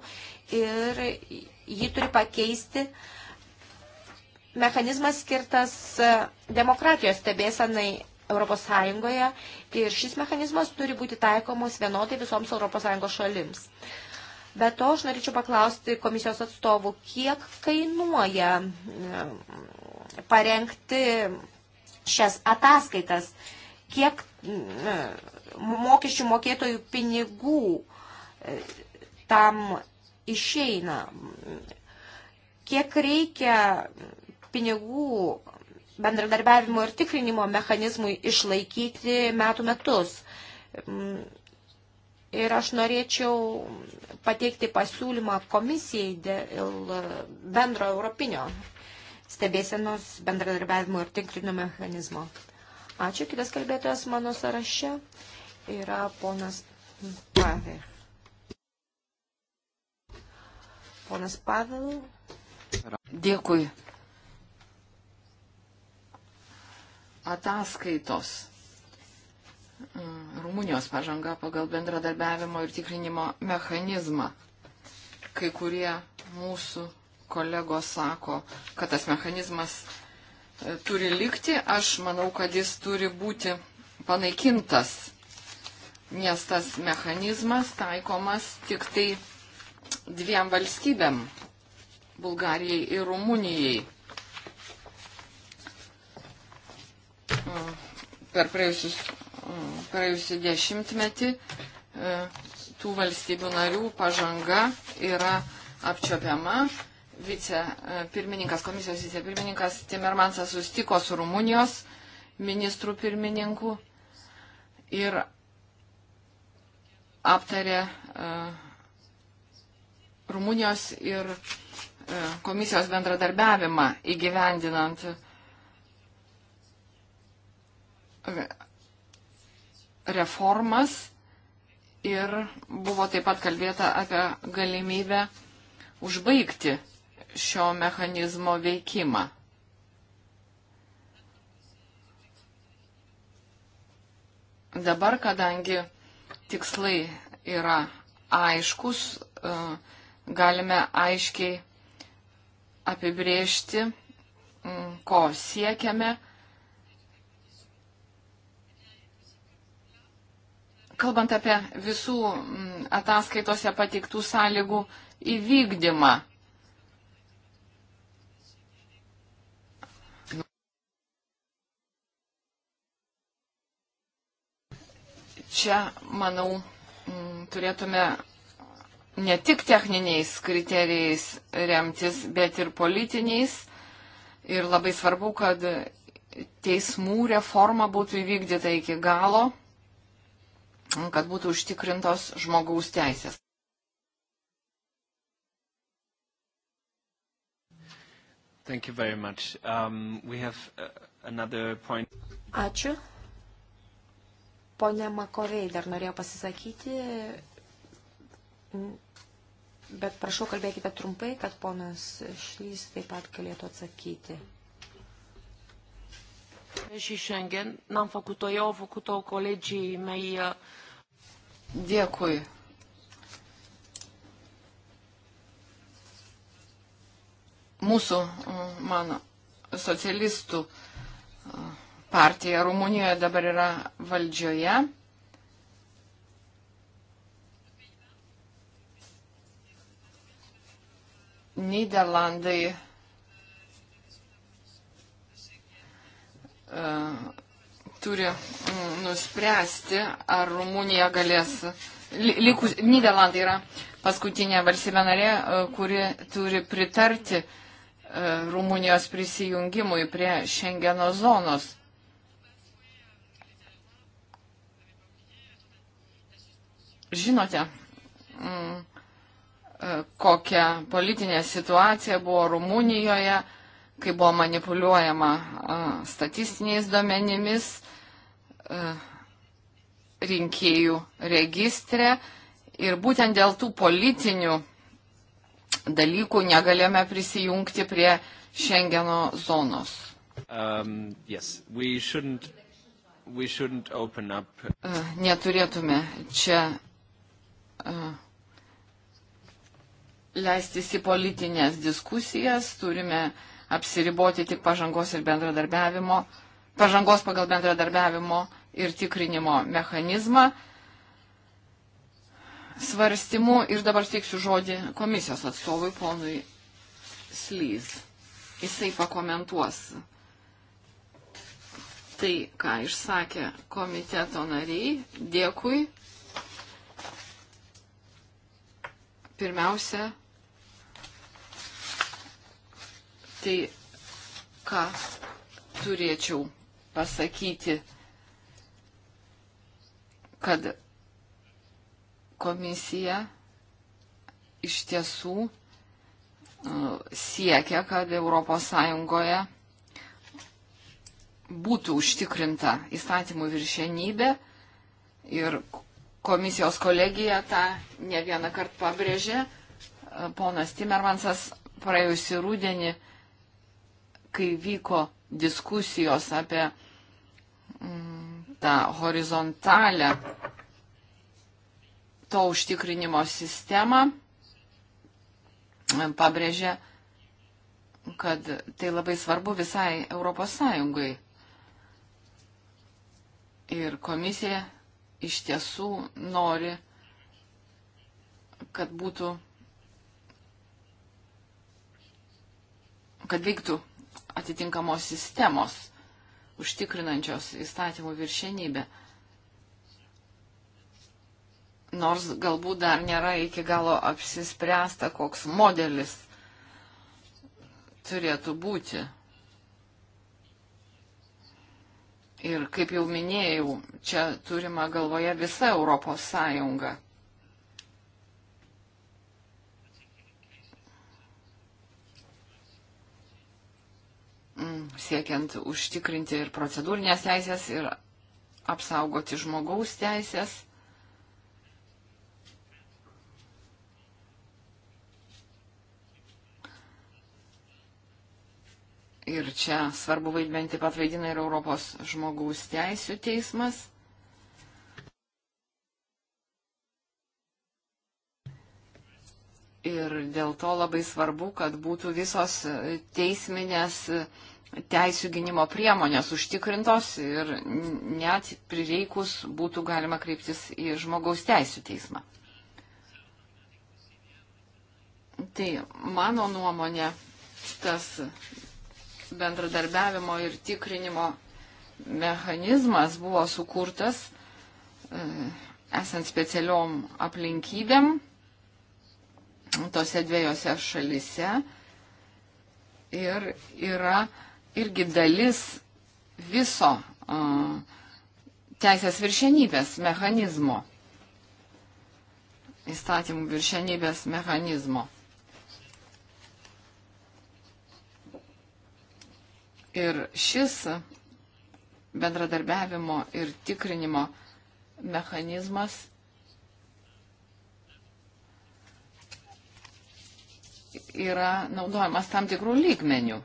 ir jį turi pakeisti mechanizmas skirtas e, demokratijos stebėsanai ES ir šis mechanizmas turi būti taikomos vienodai visoms ES šalims. Be to, aš norėčiau paklausti komisijos atstovų, kiek kainuoja e, parengti šias ataskaitas, kiek e, mokesčių mokėtojų pinigų e, tam išeina, kiek reikia pinigų bendradarbiavimo ir tikrinimo mechanizmui išlaikyti metų metus. Ir aš norėčiau pateikti pasiūlymą komisijai dėl bendro europinio stebėsenos bendradarbiavimo ir tinklinio mechanizmo. Ačiū. Kitas kalbėtojas mano sąraše yra ponas Pavel. Ponas Pavel. Dėkui. Ataskaitos Mm, Rumunijos pažanga pagal bendradarbiavimo ir tikrinimo mechanizmą. Kai kurie mūsų kolegos sako, kad tas mechanizmas e, turi likti, aš manau, kad jis turi būti panaikintas, nes tas mechanizmas taikomas tik tai dviem valstybėm - Bulgarijai ir Rumunijai. Mm per praėjusius, mm, praėjusią dešimtmetį e, tų valstybių narių pažanga yra apčiopiama. Vice e, pirmininkas, komisijos vicepirmininkas Timermansas sustiko su Rumunijos ministrų pirmininku ir aptarė e, Rumunijos ir komisijos bendradarbiavimą įgyvendinant reformas ir buvo taip pat kalbėta apie galimybę užbaigti šio mechanizmo veikimą. Dabar, kadangi tikslai yra aiškus, e, galime aiškiai apibriežti, ko siekiame Kalbant apie visų mm, ataskaitose pateiktų sąlygų įvykdymą, čia, manau, mm, turėtume ne tik techniniais kriterijais remtis, bet ir politiniais. Ir labai svarbu, kad teismų reforma būtų įvykdyta iki galo kad būtų užtikrintos žmogaus teisės. Thank you very much. Um, we have uh, another point. Ačiū. Pone Makovei dar norėjo pasisakyti, bet prašau kalbėkite trumpai, kad ponas Šlys taip pat galėtų atsakyti. Și Schengen, n-am făcut-o eu, au făcut-o colegii mei uh, Dėkui. Mūsų, mm, mano, socialistų mm, partija Rumunijoje dabar yra valdžioje. Niderlandai mm, turi mm, nuspręsti, ar Rumunija galės. Likus, Niderlandai yra paskutinė valstybė narė, e, kuri turi pritarti e, Rumunijos prisijungimui prie Šengeno zonos. Žinote, mm, e, kokia politinė situacija buvo Rumunijoje, kai buvo manipuliuojama statistiniais duomenimis E, rinkėjų registre ir būtent dėl tų politinių dalykų negalėjome prisijungti prie Šengeno zonos. Um, yes, we shouldn't, we shouldn't e, Neturėtume čia uh, leistis į politinės diskusijas, turime apsiriboti tik pažangos ir bendradarbiavimo uh, pažangos pagal bendradarbiavimo ir tikrinimo mechanizmą svarstymų ir dabar steiksiu žodį komisijos atstovui ponui Slyz. Jisai pakomentuos tai, ką išsakė komiteto nariai. Dėkui. Pirmiausia, tai, ką turėčiau pasakyti, kad komisija iš tiesų uh, siekia, kad ES būtų užtikrinta įstatymų viršienybė ir komisijos kolegija tą ne vieną kartą pabrėžė. Uh, ponas Timermansas praėjusį rūdienį, kai vyko diskusijos apie tą horizontalę to užtikrinimo sistemą, pabrėžė, kad tai labai svarbu visai Europos Sąjungai. Ir komisija iš tiesų nori, kad būtų, kad veiktų atitinkamos sistemos užtikrinančios įstatymų viršenybę. Nors galbūt dar nėra iki galo apsispręsta, koks modelis turėtų būti. Ir kaip jau minėjau, čia turima galvoje visa Europos Sąjunga. siekiant užtikrinti ir procedūrinės teisės, ir apsaugoti žmogaus teisės. Ir čia svarbu vaidmenį taip pat vaidina ir Europos žmogaus teisų teismas. Ir dėl to labai svarbu, kad būtų visos teisminės teisų gynimo priemonės užtikrintos ir net prireikus būtų galima kreiptis į žmogaus teisų teismą. Tai mano nuomonė, tas bendradarbiavimo ir tikrinimo mechanizmas buvo sukurtas e, esant specialiom aplinkybėm tose dviejose šalise ir yra irgi dalis viso teisės viršenybės mechanizmo, įstatymų viršenybės mechanizmo. Ir šis bendradarbiavimo ir tikrinimo mechanizmas yra naudojamas tam tikrų lygmenių.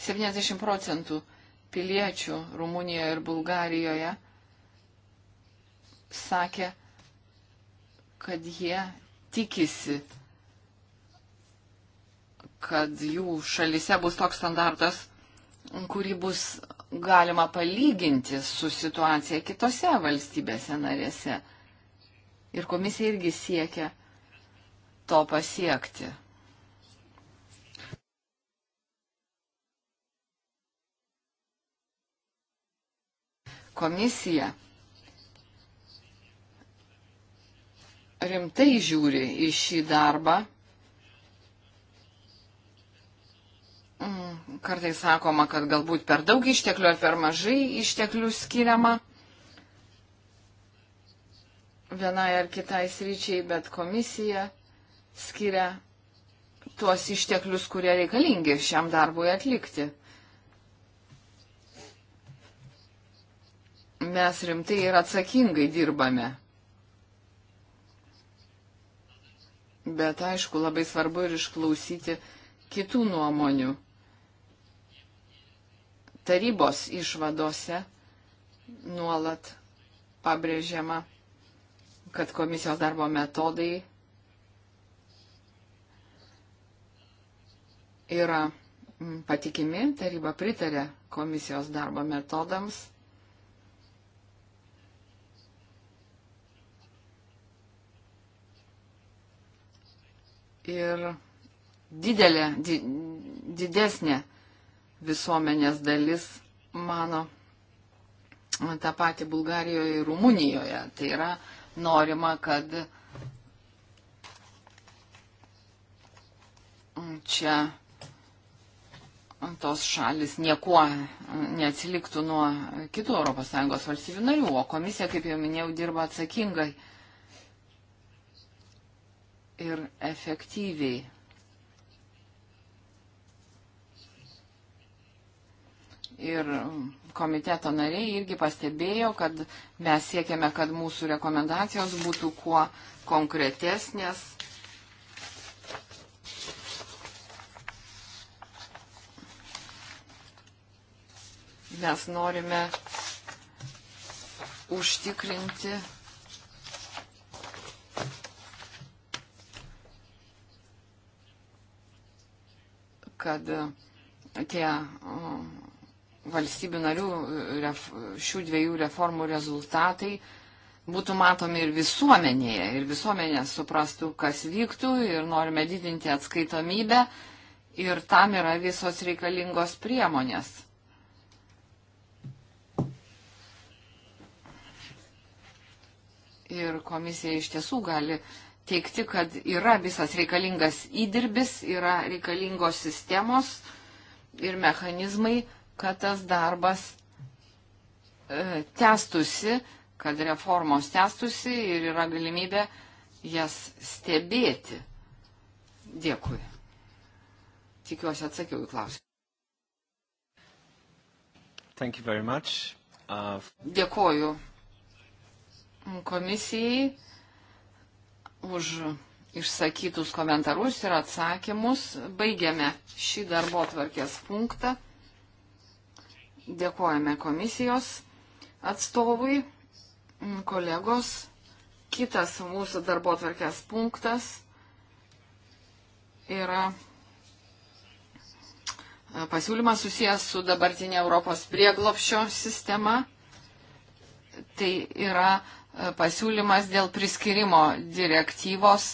70 procentų piliečių Rumunijoje ir Bulgarijoje sakė, kad jie tikisi, kad jų šalise bus toks standartas, kurį bus galima palyginti su situacija kitose valstybėse narėse. Ir komisija irgi siekia to pasiekti. komisija rimtai žiūri į šį darbą. Mm, kartais sakoma, kad galbūt per daug išteklių ar per mažai išteklių skiriama vienai ar kitai sryčiai, bet komisija skiria tuos išteklius, kurie reikalingi šiam darbui atlikti. mes rimtai ir atsakingai dirbame. Bet aišku, labai svarbu ir išklausyti kitų nuomonių. Tarybos išvadose nuolat pabrėžiama, kad komisijos darbo metodai yra patikimi, taryba pritarė komisijos darbo metodams ir didelė, di, didesnė visuomenės dalis mano tą patį Bulgarijoje ir Rumunijoje. Tai yra norima, kad čia tos šalis niekuo neatsiliktų nuo kitų ES valstybių narių, o komisija, kaip jau minėjau, dirba atsakingai ir efektyviai. Ir komiteto nariai irgi pastebėjo, kad mes siekiame, kad mūsų rekomendacijos būtų kuo konkretesnės. Mes norime užtikrinti kad e, tie valstybių narių e, šių dviejų reformų rezultatai būtų matomi ir visuomenėje, ir visuomenė suprastų, kas vyktų, ir norime didinti atskaitomybę, ir tam yra visos reikalingos priemonės. Ir komisija iš tiesų gali uh, teikti, kad yra visas reikalingas įdirbis, yra reikalingos sistemos ir mechanizmai, kad tas darbas e, testusi, kad reformos testusi ir yra galimybė jas stebėti. Dėkui. Tikiuosi atsakiau į klausimą. Uh... Dėkoju komisijai už išsakytus komentarus ir atsakymus. Baigiame šį darbo tvarkės punktą. Dėkojame komisijos atstovui, kolegos. Kitas mūsų darbo tvarkės punktas yra pasiūlymas susijęs su dabartinė Europos prieglopšio sistema. Tai yra E, pasiūlymas dėl priskirimo direktyvos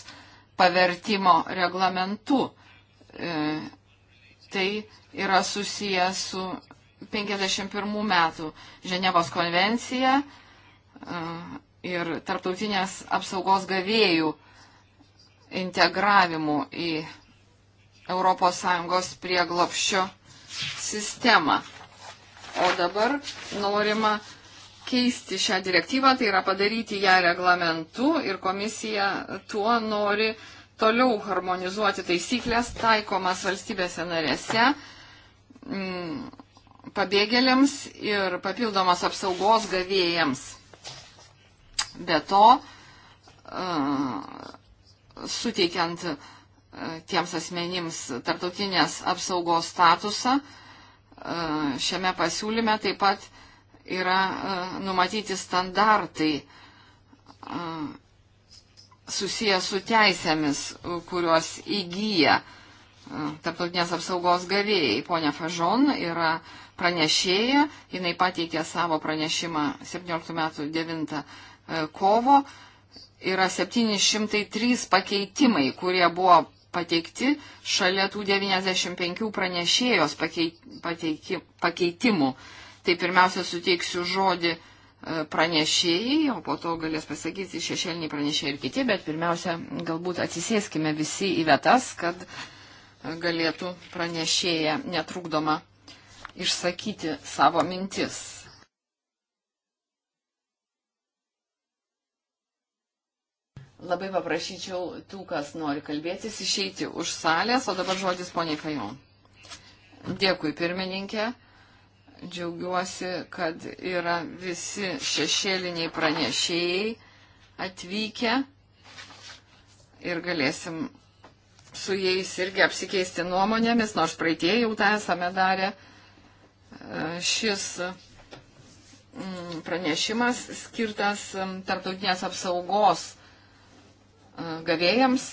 pavertimo reglamentu. E, tai yra susijęs su 51 metų Ženevos konvencija e, ir tarptautinės apsaugos gavėjų integravimu į ES prieglopščio sistemą. O dabar norima keisti šią direktyvą, tai yra padaryti ją reglamentu ir komisija tuo nori toliau harmonizuoti taisyklės taikomas valstybėse narėse m, mm, pabėgėliams ir papildomas apsaugos gavėjams. Be to, e, suteikiant e, tiems asmenims tarptautinės apsaugos statusą, e, šiame pasiūlyme taip pat yra e, numatyti standartai e, susijęs su teisėmis, e, kurios įgyja tarptautinės apsaugos gavėjai. Pone Fažon yra pranešėja, jinai pateikė savo pranešimą 17 metų 9 kovo. Yra 703 pakeitimai, kurie buvo pateikti šalia tų 95 pranešėjos pakeit, pateiki, pakeitimų. Pakeiti, tai pirmiausia suteiksiu žodį e, pranešėjai, o po to galės pasakyti šešėliniai pranešėjai ir kiti, bet pirmiausia, galbūt atsisėskime visi į vietas, kad e, galėtų pranešėja netrukdoma išsakyti savo mintis. Labai paprašyčiau tų, kas nori kalbėtis, išeiti už salės, o dabar žodis poniai Fajon. Dėkui, pirmininkė. Džiaugiuosi, kad yra visi šešėliniai pranešėjai atvykę ir galėsim su jais irgi apsikeisti nuomonėmis, nors praeitie jau tą esame darę. Šis mm, pranešimas skirtas mm, tarptautinės apsaugos mm, gavėjams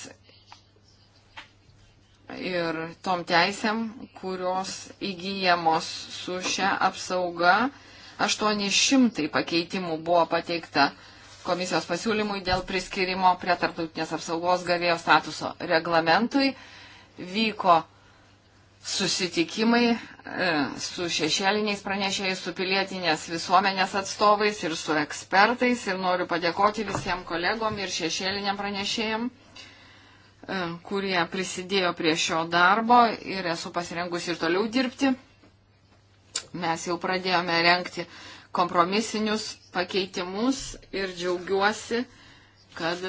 ir tom teisėm, kurios įgyjamos su šia apsauga. 800 pakeitimų buvo pateikta komisijos pasiūlymui dėl priskirimo prie tarptautinės apsaugos gavėjo statuso reglamentui. Vyko susitikimai e, su šešėliniais pranešėjais, su pilietinės visuomenės atstovais ir su ekspertais. Ir noriu padėkoti visiems kolegom ir šešėliniam pranešėjim. E, kurie prisidėjo prie šio darbo ir esu pasirengusi ir toliau dirbti. Mes jau pradėjome renkti kompromisinius pakeitimus ir džiaugiuosi, kad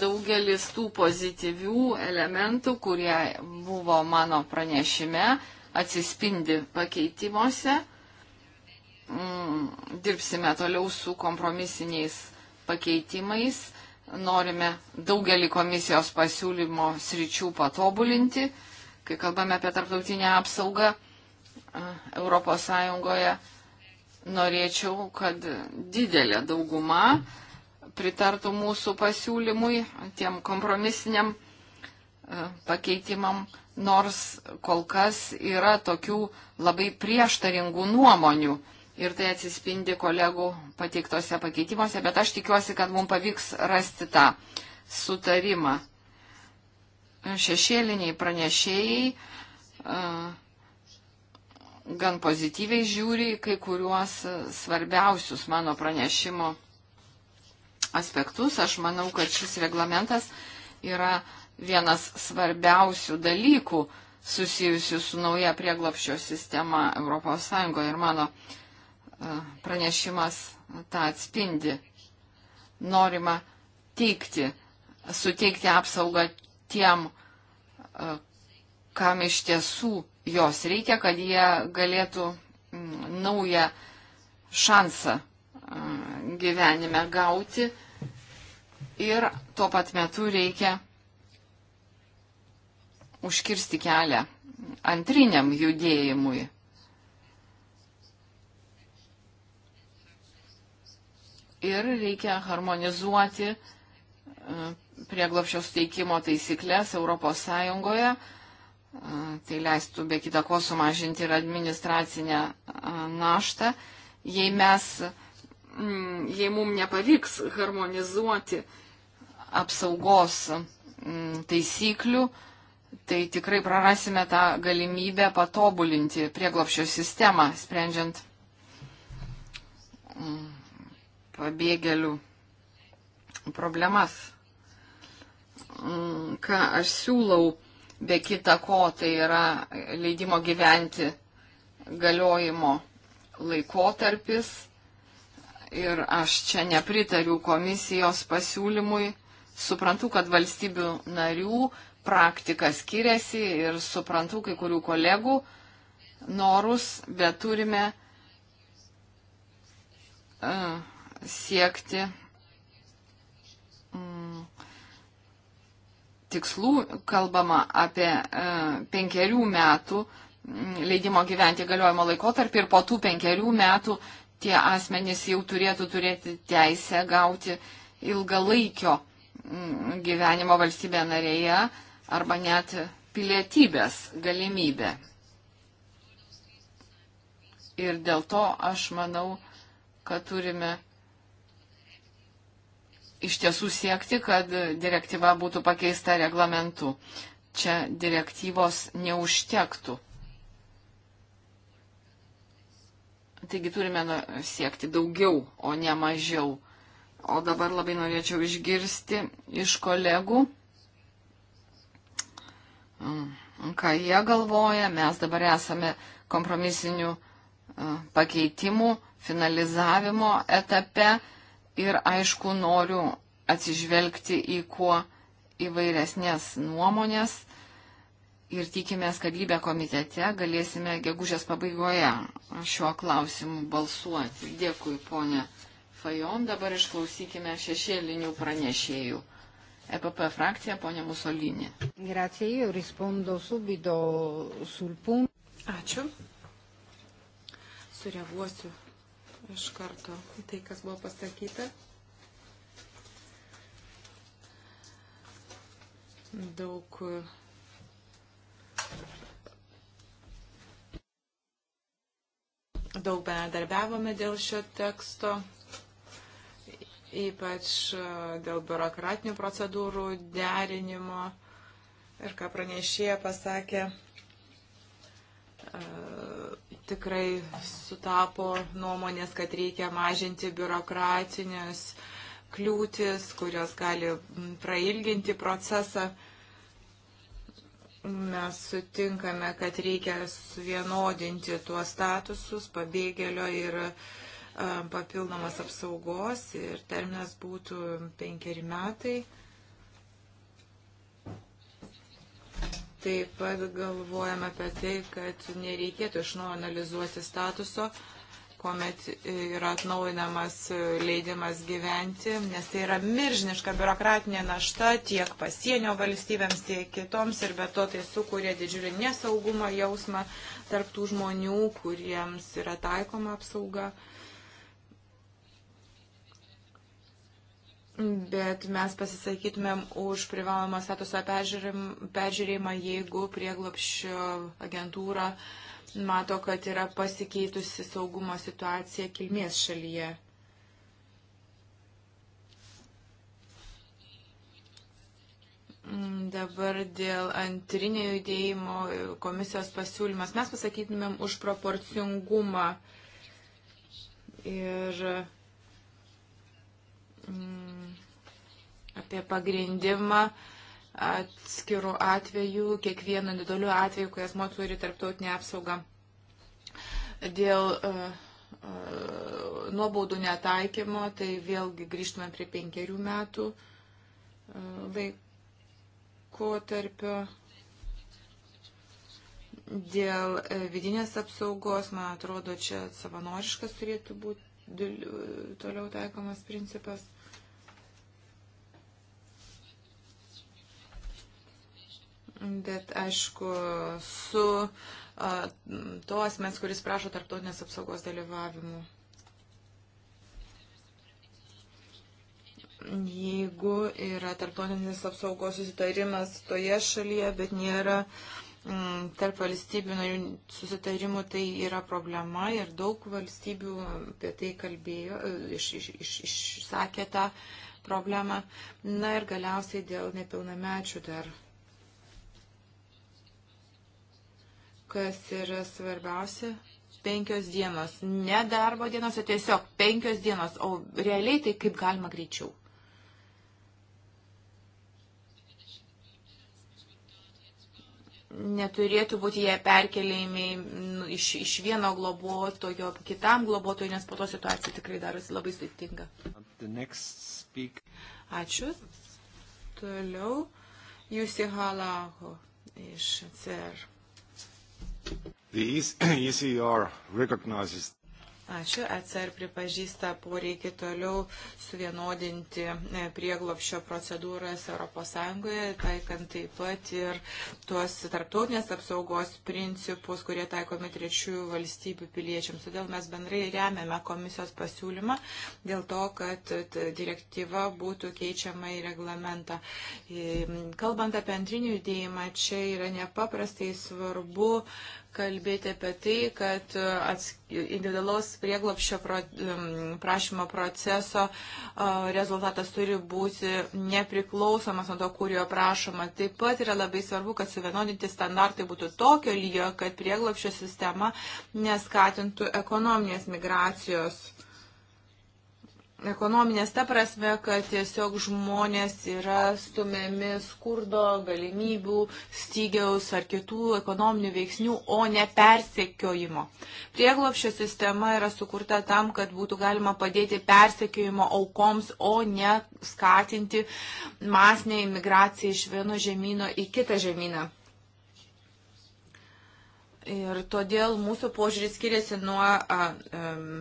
daugelis tų pozityvių elementų, kurie buvo mano pranešime, atsispindi pakeitimuose. Mm, dirbsime toliau su kompromisiniais pakeitimais norime daugelį komisijos pasiūlymo sričių patobulinti, kai kalbame apie tarptautinę apsaugą Europos Sąjungoje. Norėčiau, kad didelė dauguma pritartų mūsų pasiūlymui, tiem kompromisiniam pakeitimam, nors kol kas yra tokių labai prieštaringų nuomonių ir tai atsispindi kolegų pateiktose pakeitimuose, bet aš tikiuosi, kad mums pavyks rasti tą sutarimą. Šešėliniai pranešėjai gan pozityviai žiūri kai kuriuos svarbiausius mano pranešimo aspektus. Aš manau, kad šis reglamentas yra vienas svarbiausių dalykų susijusių su nauja prieglapščio sistema ES ir mano uh, pranešimas tą atspindi. Norima teikti, suteikti apsaugą tiem, e, kam iš tiesų jos reikia, kad jie galėtų naują šansą e, gyvenime gauti ir tuo pat metu reikia užkirsti kelią antriniam judėjimui. ir reikia harmonizuoti e, prieglopščio steikimo taisyklės Europos Sąjungoje. E, tai leistų be kita ko sumažinti ir administracinę e, naštą. Jei mes, jei mums nepavyks harmonizuoti apsaugos taisyklių, tai tikrai prarasime tą galimybę patobulinti prieglopščio sistemą, sprendžiant pabėgėlių problemas. Mm, ką aš siūlau, be kita ko, tai yra leidimo gyventi galiojimo laikotarpis. Ir aš čia nepritariu komisijos pasiūlymui. Suprantu, kad valstybių narių praktika skiriasi ir suprantu kai kurių kolegų norus, bet turime uh, siekti mm, tikslų, kalbama apie e, penkerių metų mm, leidimo gyventi galiojimo laikotarpį ir po tų penkerių metų tie asmenys jau turėtų turėti teisę gauti ilgalaikio mm, gyvenimo valstybė narėje arba net pilietybės galimybę. Ir dėl to aš manau, kad turime iš tiesų siekti, kad direktyva būtų pakeista reglamentu. Čia direktyvos neužtektų. Taigi turime nu, siekti daugiau, o ne mažiau. O dabar labai norėčiau išgirsti iš kolegų, mm, ką jie galvoja. Mes dabar esame kompromisinių e, pakeitimų finalizavimo etape ir aišku noriu atsižvelgti į kuo įvairesnės nuomonės ir tikimės, kad lybė komitete galėsime gegužės pabaigoje šiuo klausimu balsuoti. Dėkui, ponė Fajon. Dabar išklausykime šešėlinių pranešėjų. EPP frakcija, ponė Musolinė. Ačiū. Sureaguosiu iš karto į tai, kas buvo pasakyta. Daug daug bendarbiavome dėl šio teksto, ypač e, dėl biurokratinių procedūrų derinimo ir ką pranešėja pasakė, e, tikrai sutapo nuomonės, kad reikia mažinti biurokratinius kliūtis, kurios gali mm, prailginti procesą. Mes sutinkame, kad reikia suvienodinti tuos statusus pabėgėlio ir e, papildomas apsaugos ir terminas būtų penkeri metai. Taip pat galvojame apie tai, kad nereikėtų iš naujo analizuoti statuso, kuomet yra atnaujinamas leidimas gyventi, nes tai yra miržiniška biurokratinė našta tiek pasienio valstybėms, tiek kitoms ir be to tai sukuria didžiulį nesaugumo jausmą tarptų žmonių, kuriems yra taikoma apsauga. Bet mes pasisakytumėm už privalomą statuso peržiūrėjimą, jeigu prieglopščio agentūra mato, kad yra pasikeitusi saugumo situacija kilmės šalyje. Mm, dabar dėl antrinio judėjimo komisijos pasiūlymas. Mes pasakytumėm už proporcingumą ir. Mm, apie pagrindimą atskirų atvejų, kiekvieno individualių atvejų, kai asmo turi tarptautinę apsaugą. Dėl uh, uh, nuobaudų netaikymo, tai vėlgi grįžtume prie penkerių metų uh, laikotarpio. Dėl vidinės apsaugos, man atrodo, čia savanoriškas turėtų būti toliau taikomas principas. Bet aišku, su a, to asmens, kuris prašo tarptautinės apsaugos dalyvavimu. Jeigu yra tarptautinės apsaugos susitarimas toje šalyje, bet nėra mm, tarp valstybių narių susitarimų, tai yra problema ir daug valstybių apie tai kalbėjo, išsakė iš, iš, iš, tą problemą. Na ir galiausiai dėl nepilnamečių dar kas yra svarbiausia, penkios dienos. Ne darbo dienos, o tiesiog penkios dienos, o realiai tai kaip galima greičiau. Neturėtų būti jie perkeliami nu, iš, iš vieno globotojo kitam globotojui, nes po to situacija tikrai darosi labai sudėtinga. Ačiū. Toliau Jusi Halaho iš CR. The ECR e recognizes Ačiū. ECR pripažįsta poreikį toliau suvienodinti e, prieglopšio procedūras ES, taikant taip pat ir tuos tarptautinės apsaugos principus, kurie taikomi trečiųjų valstybių piliečiams. Todėl mes bendrai remiame komisijos pasiūlymą dėl to, kad direktyva būtų keičiama į reglamentą. Kalbant apie antrinį judėjimą, čia yra nepaprastai svarbu kalbėti apie tai, kad e, individualaus prieglopščio prašymo proceso e, rezultatas turi būti nepriklausomas nuo to, kurio prašoma. Taip pat yra labai svarbu, kad suvienodinti standartai būtų tokio lygio, kad prieglopščio sistema neskatintų ekonominės migracijos ekonominės ta prasme, kad tiesiog žmonės yra stumiami skurdo, galimybių, stygiaus ar kitų ekonominių veiksnių, o ne persekiojimo. Prieglopščio sistema yra sukurta tam, kad būtų galima padėti persekiojimo aukoms, o ne skatinti masinę imigraciją iš vieno žemyno į kitą žemyną. Ir todėl mūsų požiūris skiriasi nuo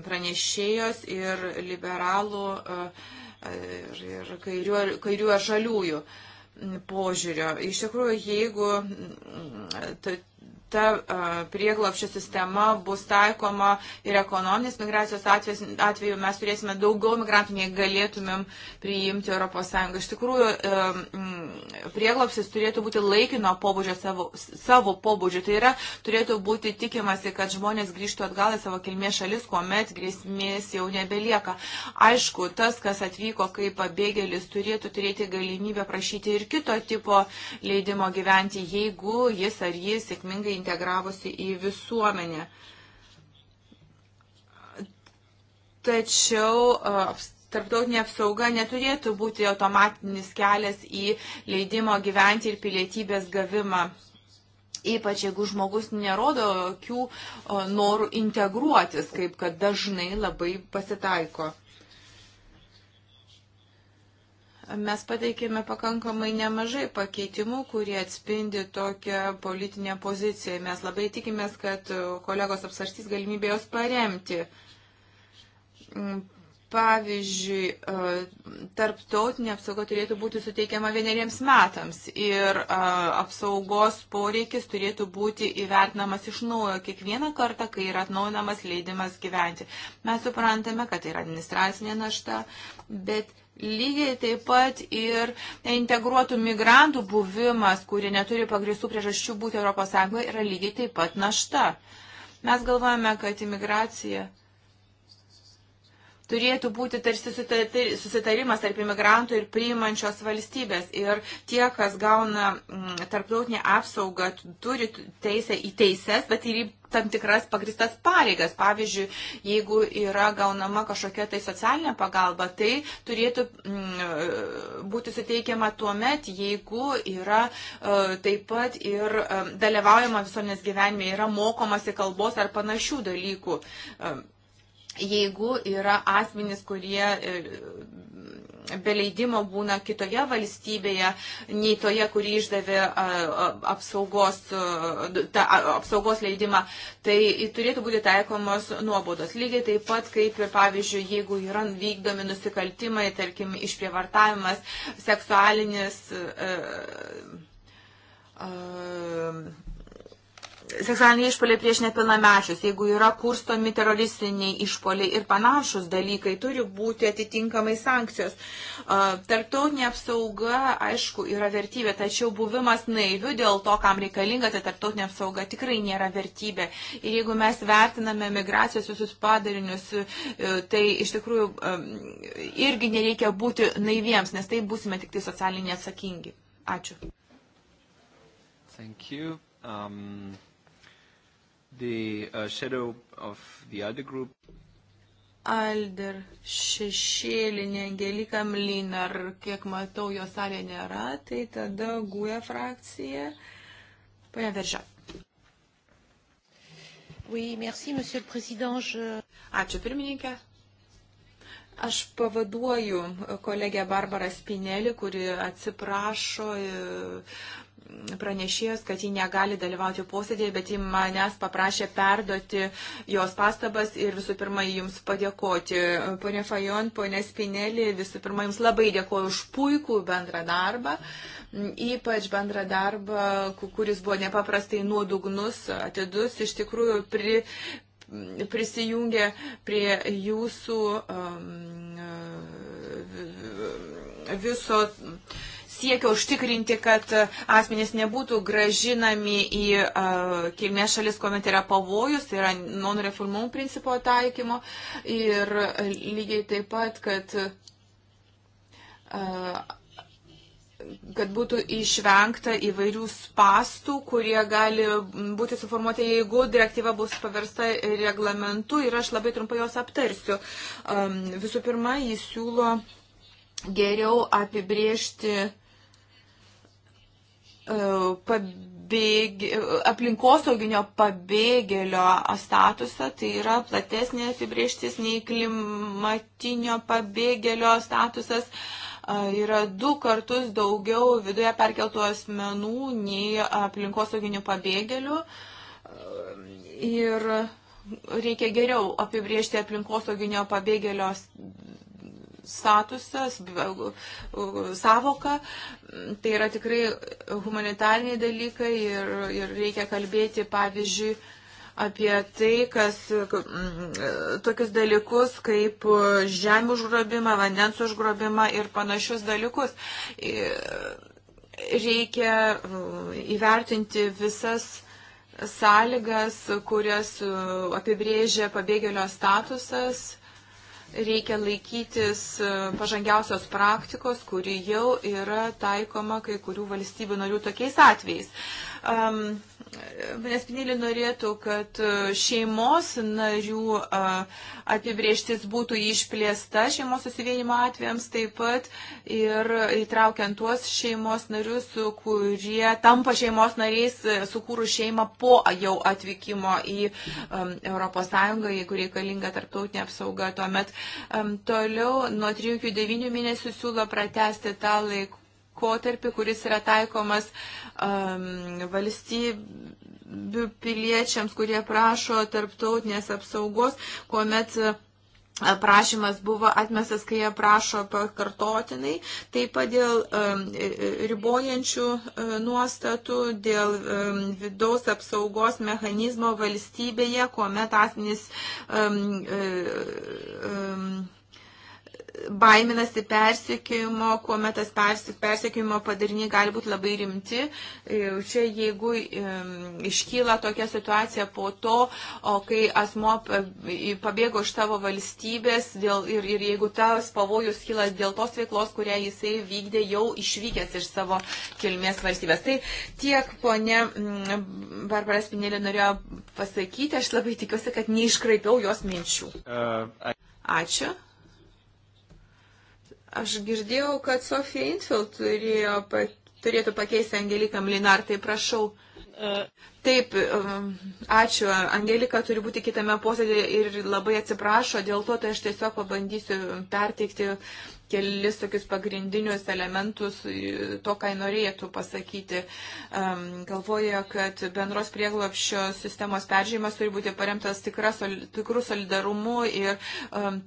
pranešėjos ir liberalų ir, ir kairių, kairių ar žaliųjų požiūrio. Iš tikrųjų, jeigu ta prieglopščio sistema bus taikoma ir ekonominės migracijos atveju mes turėsime daugiau migrantų, nei galėtumėm priimti ES. Iš tikrųjų, prieglopsis turėtų būti laikino pobūdžio savo, savo pobūdžio. Tai yra, turėtų būti tikimasi, kad žmonės grįžtų atgal į savo kilmės šalis, kuomet grėsmės jau nebelieka. Aišku, tas, kas atvyko kaip pabėgėlis, turėtų turėti galimybę prašyti ir kito tipo leidimo gyventi, jeigu jis ar jis sėkmingai integravosi į visuomenę. Tačiau tarptautinė apsauga neturėtų būti automatinis kelias į leidimo gyventi ir pilietybės gavimą. Ypač jeigu žmogus nerodo jokių norų integruotis, kaip kad dažnai labai pasitaiko. mes pateikėme pakankamai nemažai pakeitimų, kurie atspindi tokią politinę poziciją. Mes labai tikimės, kad kolegos apsarstys galimybę jos paremti. Mm, pavyzdžiui, e, tarptautinė apsauga turėtų būti suteikiama vieneriems metams ir e, apsaugos poreikis turėtų būti įvertinamas iš naujo kiekvieną kartą, kai yra atnaujinamas leidimas gyventi. Mes suprantame, kad tai yra administracinė našta, bet Lygiai taip pat ir integruotų migrantų buvimas, kurie neturi pagristų priežasčių būti ES, yra lygiai taip pat našta. Mes galvojame, kad imigracija turėtų būti tarsi susitarimas tarp imigrantų ir priimančios valstybės. Ir tie, kas gauna mm, tarptautinį apsaugą, turi teisę į teises, bet ir į tam tikras pagristas pareigas. Pavyzdžiui, jeigu yra gaunama kažkokia tai socialinė pagalba, tai turėtų mm, būti suteikiama tuo met, jeigu yra e, taip pat ir e, dalyvaujama visuomenės gyvenime, yra mokomasi kalbos ar panašių dalykų e, jeigu yra asmenys, kurie be leidimo būna kitoje valstybėje, nei toje, kuri išdavė apsaugos, ta, apsaugos leidimą, tai turėtų būti taikomos nuobodos. Lygiai taip pat, kaip ir, pavyzdžiui, jeigu yra vykdomi nusikaltimai, tarkim, išprievartavimas, seksualinis. Uh, uh, seksualiniai išpoliai prieš nepilnamečius, jeigu yra kurstomi teroristiniai išpoliai ir panašus dalykai, turi būti atitinkamai sankcijos. Tarptautinė apsauga, aišku, yra vertybė, tačiau buvimas naiviu dėl to, kam reikalinga ta tarptautinė apsauga, tikrai nėra vertybė. Ir jeigu mes vertiname migracijos visus padarinius, e, tai iš tikrųjų e, irgi nereikia būti naiviems, nes tai būsime tik tai socialiniai atsakingi. Ačiū. Thank you. Um the uh, shadow of the other group. Alder šešėlinė Angelika Mlinar, kiek matau, jo salė nėra, tai tada guja frakcija. Pane Veržia. Oui, merci, monsieur le président. Je... Ačiū, pirmininkė. Aš pavaduoju kolegę Barbarą Spinelį, kuri atsiprašo pranešėjos, kad ji negali dalyvauti posėdėje, bet ji manęs paprašė perduoti jos pastabas ir visų pirma jums padėkoti. Pone Fajon, pone Spinelį, visų pirma jums labai dėkoju už puikų bendrą darbą, ypač bendrą darbą, kuris buvo nepaprastai nuodugnus, atidus, iš tikrųjų pri, prisijungė prie jūsų um, viso. Um, siekio užtikrinti, kad asmenys nebūtų gražinami į kilmės šalis, kuomet yra pavojus, tai yra non-refulmum principo taikymo ir lygiai taip pat, kad kad būtų išvengta įvairių spastų, kurie gali būti suformuoti, jeigu direktyva bus paversta reglamentu ir aš labai trumpai jos aptarsiu. Visų pirma, jis siūlo geriau apibriežti E, pabėg, e, aplinkosauginio pabėgėlio statusą, tai yra platesnė apibrieštis nei klimatinio pabėgėlio statusas. E, yra du kartus daugiau viduje perkeltų asmenų nei aplinkosauginių pabėgėlių. Ir reikia geriau apibriežti aplinkosauginio pabėgėlio statusas, savoka. Tai yra tikrai humanitariniai dalykai ir, ir reikia kalbėti, pavyzdžiui, apie tai, kas tokius dalykus kaip žemė užgrobimą, vandens užgrobimą ir panašius dalykus. Reikia įvertinti visas sąlygas, kurias apibrėžia pabėgėlio statusas reikia laikytis e, pažangiausios praktikos, kuri jau yra taikoma kai kurių valstybių narių tokiais atvejais. Um, Nespinėlį norėtų, kad e, šeimos narių e, apibrieštis būtų išplėsta šeimos susivienimo atvejams taip pat ir įtraukiant tuos šeimos narius, kurie tampa šeimos nariais e, sukūrų šeimą po jau atvykimo į ES, jeigu reikalinga tarptautinė apsauga. Tuomet toliau nuo 3 iki 9 mėnesių siūlo pratesti tą laiką laikotarpį, kuris yra taikomas uh, um, valstybių piliečiams, kurie prašo tarptautinės apsaugos, kuomet uh, prašymas buvo atmestas, kai jie prašo pakartotinai, taip pat dėl um, ribojančių uh, nuostatų, dėl um, vidaus apsaugos mechanizmo valstybėje, kuomet asmenys um, uh, um, baiminasi persiekimo, kuomet tas persiekimo padariniai gali būti labai rimti. E, čia jeigu iškyla tokia situacija po to, o kai asmo pabėgo iš savo valstybės dėl, ir, ir jeigu tas pavojus kyla dėl tos veiklos, kurią jisai vykdė jau išvykęs iš savo kilmės valstybės. Tai tiek ponė Barbara Spinėlė norėjo pasakyti, aš labai tikiuosi, kad neiškraipiau jos minčių. Uh, Ačiū. Aš girdėjau, kad Sofija Infield turėjo, pa, turėtų pakeisti Angeliką Mlinar, tai prašau. Taip, um, ačiū. Angelika turi būti kitame posėdėje ir labai atsiprašo, dėl to tai aš tiesiog pabandysiu perteikti kelis tokius pagrindinius elementus e, to, ką norėtų pasakyti. Galvoja, kad bendros prieglopščio sistemos peržymas turi būti paremtas tikrų solidarumu ir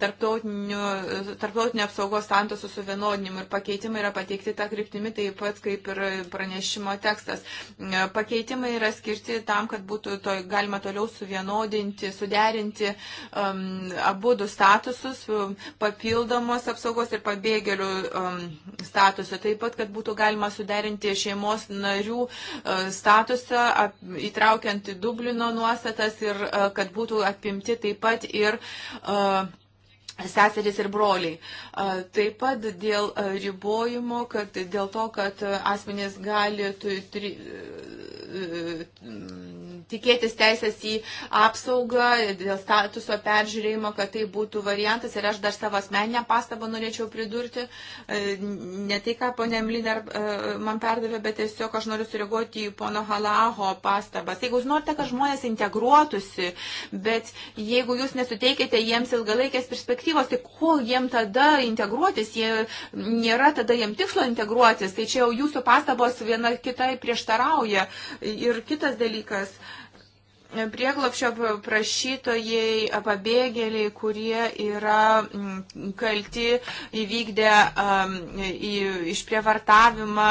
tarptautinio apsaugos santosų suvienodinimu ir pakeitimai yra pateikti tą kryptimį taip pat kaip ir pranešimo tekstas. E, pakeitimai yra skirti tam, kad būtų to, galima toliau suvienodinti, suderinti um, abu du statusus, papildomos apsaugos ir papildomos pabėgėlių um, statusą, taip pat, kad būtų galima suderinti šeimos narių uh, statusą, įtraukiant Dublino nuostatas ir uh, kad būtų apimti taip pat ir uh, seseris ir broliai. Taip pat dėl ribojimo, kad dėl to, kad asmenys gali turi, turi, tikėtis teisės į apsaugą, dėl statuso peržiūrėjimo, kad tai būtų variantas. Ir aš dar savo asmeninę pastabą norėčiau pridurti. Ne tai, ką ponė Mlinar man perdavė, bet tiesiog aš noriu sureaguoti į pono Halaho pastabas. Jeigu jūs norite, kad žmonės integruotųsi, bet jeigu jūs nesuteikite jiems ilgalaikės perspektyvos, perspektyvos, tai kol jiem tada integruotis, jie nėra tada jiem tikslo integruotis, tai čia jau jūsų pastabos viena kitai prieštarauja. Ir kitas dalykas, prieglopšio prašytojai, pabėgėliai, kurie yra mm, kalti įvykdę išprievartavimą,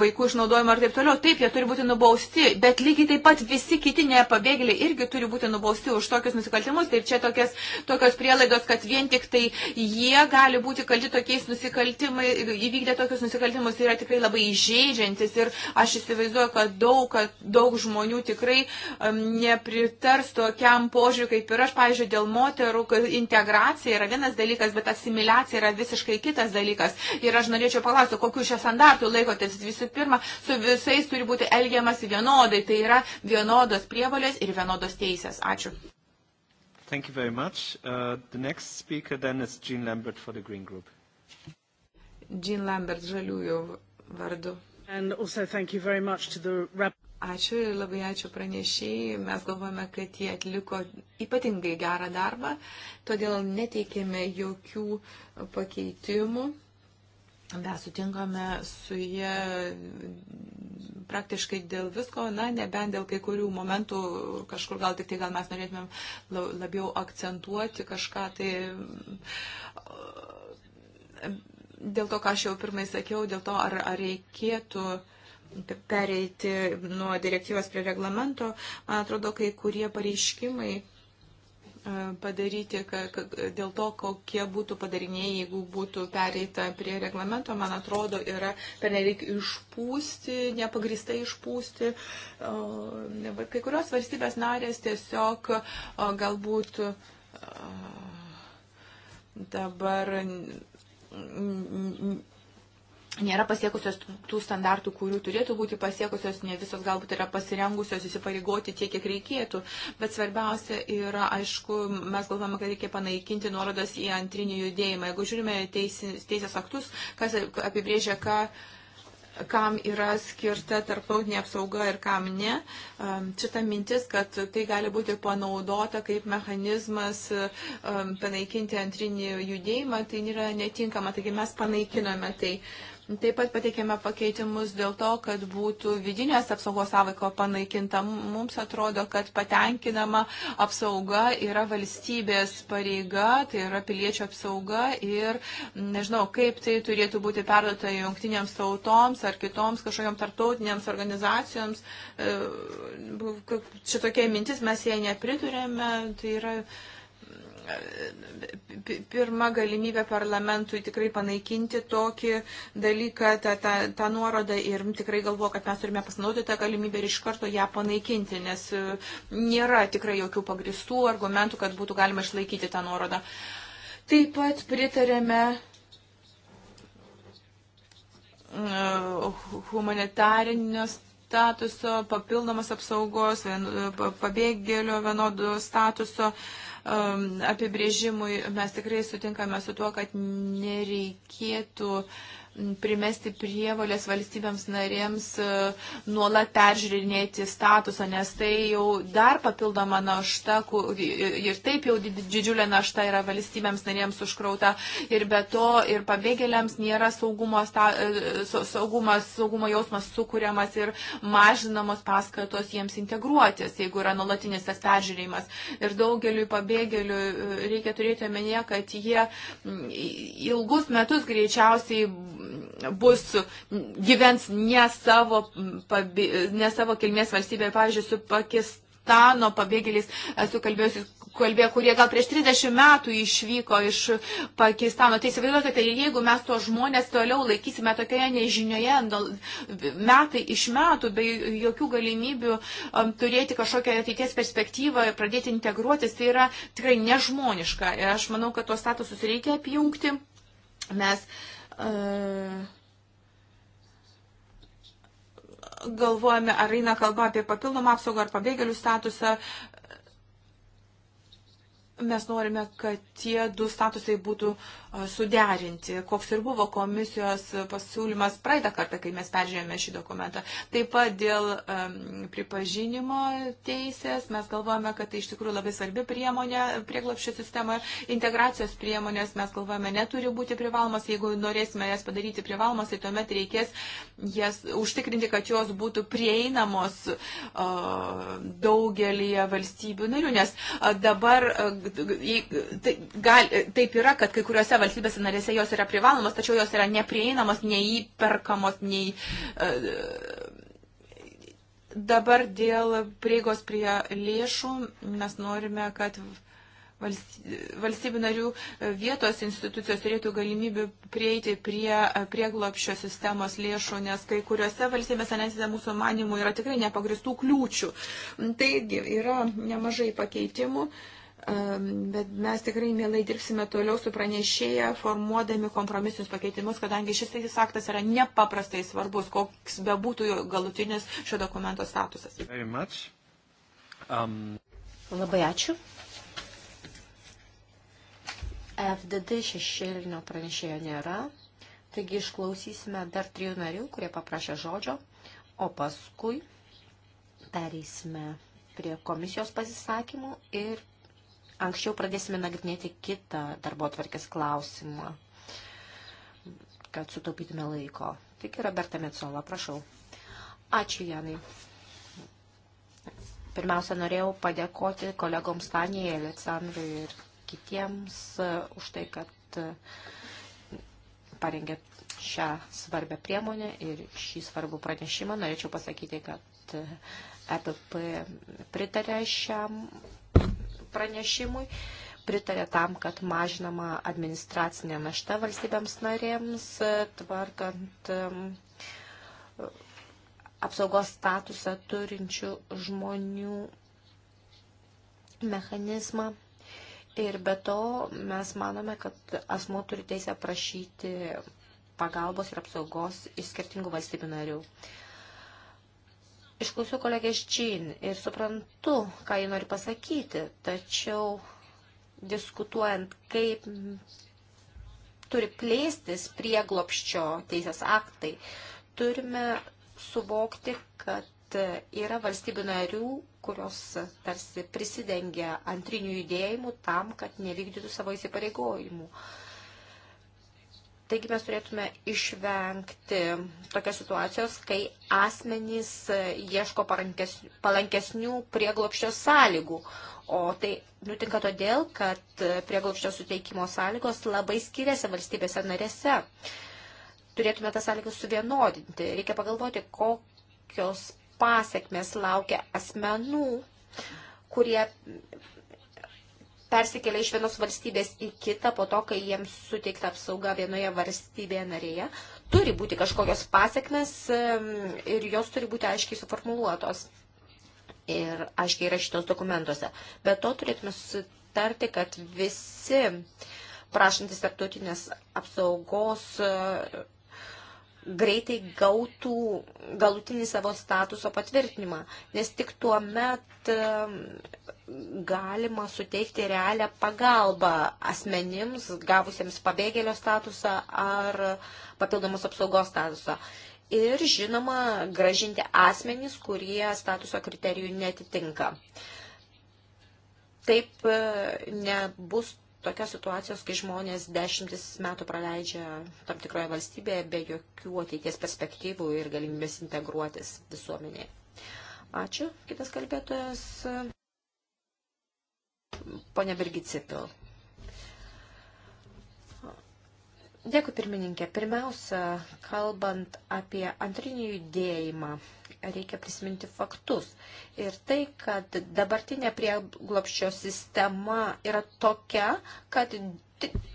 vaikų išnaudojimą ir taip toliau. Taip, jie turi būti nubausti, bet lygiai taip pat visi kiti nepabėgėliai irgi turi būti nubausti už tokius nusikaltimus. Taip čia tokias, tokios prielaidos, kad vien tik tai jie gali būti kalti tokiais nusikaltimais, įvykdę tokius nusikaltimus, yra tikrai labai įžeidžiantis ir aš įsivaizduoju, kad daug, kad daug žmonių tikrai tikrai um, nepritars tokiam požiūriu kaip ir aš, pavyzdžiui, dėl moterų, kad integracija yra vienas dalykas, bet asimiliacija yra visiškai kitas dalykas. Ir aš norėčiau paklausti, kokiu šią standartų laikotės visų pirma, su visais turi būti elgiamasi vienodai, tai yra vienodos prievalės ir vienodos teisės. Ačiū. Thank you very much. Uh, the next speaker then is Jean Lambert for the Green Group. Jean Lambert, žaliųjų vardu. And also thank you very much to the Ačiū ir labai ačiū pranešėjai. Mes galvojame, kad jie atliko ypatingai gerą darbą, todėl neteikėme jokių pakeitimų. Mes sutinkame su jie praktiškai dėl visko, na, nebent dėl kai kurių momentų, kažkur gal tik tai gal mes norėtumėm labiau akcentuoti kažką, tai dėl to, ką aš jau pirmai sakiau, dėl to, ar, ar reikėtų uh, pereiti nuo direktyvos prie reglamento, man atrodo, kai kurie pareiškimai e, padaryti, ka, ka, dėl to, kokie būtų padariniai, jeigu būtų pereita prie reglamento, man atrodo, yra pereik išpūsti, nepagristai išpūsti. Kai kurios valstybės narės tiesiog galbūt dabar nėra pasiekusios tų standartų, kurių turėtų būti pasiekusios, ne visos galbūt yra pasirengusios įsipareigoti tiek, kiek reikėtų. Bet svarbiausia yra, aišku, mes galvojame, kad reikia panaikinti nuorodas į antrinį judėjimą. Jeigu žiūrime teisės, teisės aktus, kas apibrėžia, ką kam yra skirta tarptautinė apsauga ir kam ne. Um, šita mintis, kad tai gali būti panaudota kaip mechanizmas um, panaikinti antrinį judėjimą, tai yra netinkama. Taigi mes panaikinome tai. Um, Taip pat pateikėme pakeitimus dėl to, kad būtų vidinės apsaugos savaiko panaikinta. Mums atrodo, kad patenkinama apsauga yra valstybės pareiga, tai yra piliečio apsauga ir nežinau, kaip tai turėtų būti perduota jungtinėms tautoms ar kitoms kažkokiam tartautinėms organizacijoms. E, Šitokia mintis mes jai nepriturėme. Tai yra, pirma galimybė parlamentui tikrai panaikinti tokį dalyką, tą, tą, tą nuorodą ir tikrai galvoju, kad mes turime pasinaudoti tą galimybę ir iš karto ją panaikinti, nes e, nėra tikrai jokių pagristų argumentų, kad būtų galima išlaikyti tą nuorodą. Taip pat pritarėme e, humanitarinio statuso, papildomos apsaugos, e, pabėgėlio vienodo statuso uh, Um, apibrėžimui, mes tikrai sutinkame su tuo, kad nereikėtų uh, primesti prievalės valstybėms narėms e, nuolat peržiūrinėti statusą, nes tai jau dar papildoma našta ir taip jau didžiulė našta yra valstybėms narėms užkrauta ir be to ir pabėgėliams nėra saugumo, sta, e, saugumas, saugumo jausmas sukūriamas ir mažinamos paskatos jiems integruotis, jeigu yra nuolatinis tas peržiūrėjimas. Ir daugeliu pabėgėlių e, reikia turėti omenyje, kad jie ilgus metus greičiausiai bus, gyvens ne savo, ne savo kilmės valstybėje, pavyzdžiui, su Pakistanu. Pakistano pabėgėliais esu kalbėjusi, kalbė, kurie gal prieš 30 metų išvyko iš Pakistano. Tai įsivaizduokite, jeigu mes to žmonės toliau laikysime tokioje nežinioje metai iš metų, be jokių galimybių um, turėti kažkokią ateities perspektyvą ir pradėti integruotis, tai yra tikrai nežmoniška. Ir aš manau, kad tuos statusus reikia apjungti. Mes uh, galvojame, ar eina kalba apie papildomą apsaugą ar pabėgėlių statusą, Mes norime, kad tie du statusai būtų suderinti, koks ir buvo komisijos pasiūlymas praeitą kartą, kai mes peržiūrėjome šį dokumentą. Taip pat dėl um, pripažinimo teisės mes galvojame, kad tai iš tikrųjų labai svarbi priemonė prieglapščio sistemoje. Integracijos priemonės mes galvojame neturi būti privalomas. Jeigu norėsime jas padaryti privalomas, tai tuomet reikės jas užtikrinti, kad jos būtų prieinamos uh, daugelį valstybių narių, nes uh, dabar uh, tai, gal, taip yra, kad kai kuriuose valstybėse narėse jos yra privalomos, tačiau jos yra neprieinamos, neįperkamos, nei. E, dabar dėl prieigos prie lėšų mes norime, kad valstybių narių vietos institucijos turėtų galimybių prieiti prie prieglopščio sistemos lėšų, nes kai kuriuose valstybėse nesite mūsų manimų yra tikrai nepagristų kliūčių. Taigi yra nemažai pakeitimų. Uh, Bet mes tikrai mielai dirbsime toliau su pranešėja, formuodami kompromisinius pakeitimus, kadangi šis teisės aktas yra nepaprastai svarbus, koks bebūtų jo galutinis šio dokumento statusas. Um... Labai ačiū. FDD šešėlinio pranešėjo nėra, taigi išklausysime dar trijų narių, kurie paprašė žodžio, o paskui pereisime prie komisijos pasisakymų ir anksčiau pradėsime nagrinėti kitą darbo tvarkės klausimą, kad sutaupytume laiko. Tik Roberta Metsola, prašau. Ačiū, Janai. Pirmiausia, norėjau padėkoti kolegoms Tanijai, Aleksandrui ir kitiems e, už tai, kad e, parengė šią svarbę priemonę ir šį svarbų pranešimą. Norėčiau pasakyti, kad EPP e pritarė šiam pranešimui, pritarė tam, kad mažinama administracinė našta valstybėms narėms, e, tvarkant apsaugos statusą turinčių žmonių mechanizmą. Ir be to mes manome, kad asmo turi teisę prašyti pagalbos ir apsaugos iš skirtingų valstybių narių. Uh, Išklausiau kolegės Čin ir suprantu, ką ji nori pasakyti, tačiau diskutuojant, kaip turi plėstis prieglopščio teisės aktai, turime suvokti, kad yra valstybių narių, kurios tarsi prisidengia antrinių judėjimų tam, kad nevykdytų savo įsipareigojimų. Uh, Taigi mes turėtume išvengti tokios situacijos, kai asmenys ieško palankesnių prieglopščio sąlygų. O tai nutinka todėl, kad prieglopščio suteikimo sąlygos labai skiriasi valstybėse narėse. Turėtume tas sąlygas suvienodinti. Reikia pagalvoti, kokios pasiekmes laukia asmenų, kurie persikelia iš vienos valstybės į kitą po to, kai jiems suteikta apsauga vienoje valstybėje narėje, turi būti kažkokios pasiekmes ir jos turi būti aiškiai suformuluotos ir aiškiai rašytos dokumentuose. Bet to turėtume susitarti, kad visi prašantis tarptautinės apsaugos greitai gautų galutinį savo statuso patvirtinimą, nes tik tuo met galima suteikti realią pagalbą asmenims, gavusiems pabėgėlio statusą ar papildomos apsaugos statusą. Ir, žinoma, gražinti asmenys, kurie statuso kriterijų netitinka. Taip e, nebus tokios situacijos, kai žmonės dešimtis metų praleidžia tam tikroje valstybėje be jokių ateities perspektyvų ir galimybės integruotis visuomenėje. Ačiū. Kitas kalbėtojas. Pone Birgit Cipil. Dėkui, pirmininkė. Pirmiausia, kalbant apie antrinį judėjimą, reikia prisiminti faktus. Ir tai, kad dabartinė prieglopščio sistema yra tokia, kad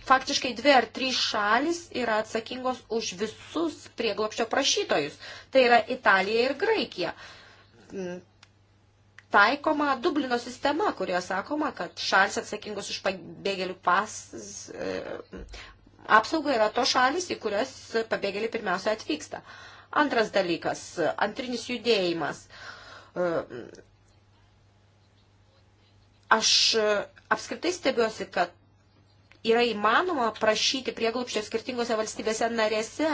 faktiškai dvi ar trys šalis yra atsakingos už visus prieglopščio prašytojus. Tai yra Italija ir Graikija mm, taikoma Dublino sistema, kurioje sakoma, kad šalis atsakingos už pabėgėlių pas e, apsaugą yra to šalis, į kurias pabėgėliai pirmiausia atvyksta. Antras dalykas - antrinis judėjimas. E, aš apskritai stebiuosi, kad yra įmanoma prašyti prieglupščio skirtingose valstybėse narėse.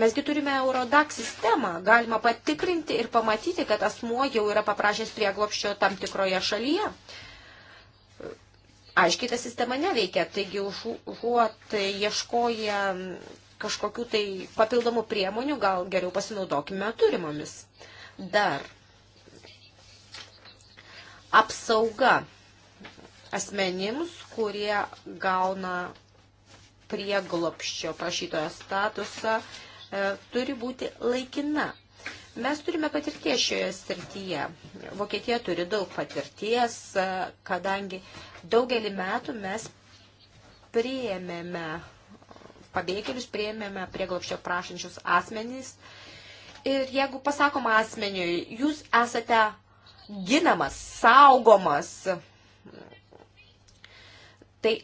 Mesgi turime Eurodax sistemą, galima patikrinti ir pamatyti, kad asmuo jau yra paprašęs prieglopščio tam tikroje šalyje. Aiškiai, ta sistema neveikia, taigi užuot ieškoja kažkokių tai papildomų priemonių, gal geriau pasinaudokime turimomis. Dar apsauga asmenims, kurie gauna prieglopščio prašytojo statusą, e, turi būti laikina. Mes turime patirties šioje srityje. Vokietija turi daug patirties, e, kadangi daugelį metų mes priėmėme pabėgėlius, prieimėme prieglopščio prašančius asmenys. Ir jeigu pasakom asmeniui, jūs esate ginamas, saugomas, tai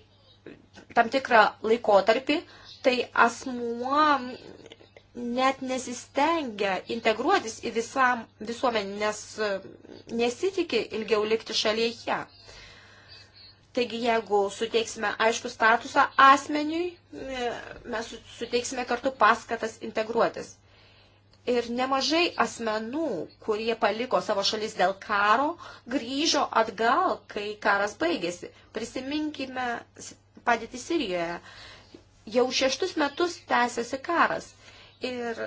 tam tikrą laikotarpį, tai asmuo net nesistengia integruotis į visam visuomenį, nes nesitikė ilgiau likti šalyje. Taigi, jeigu suteiksime aišku statusą asmeniui, e, mes suteiksime kartu paskatas integruotis. Ir nemažai asmenų, kurie paliko savo šalis dėl karo, grįžo atgal, kai karas baigėsi. Prisiminkime padėtį Sirijoje. Jau šeštus metus tęsiasi karas. Ir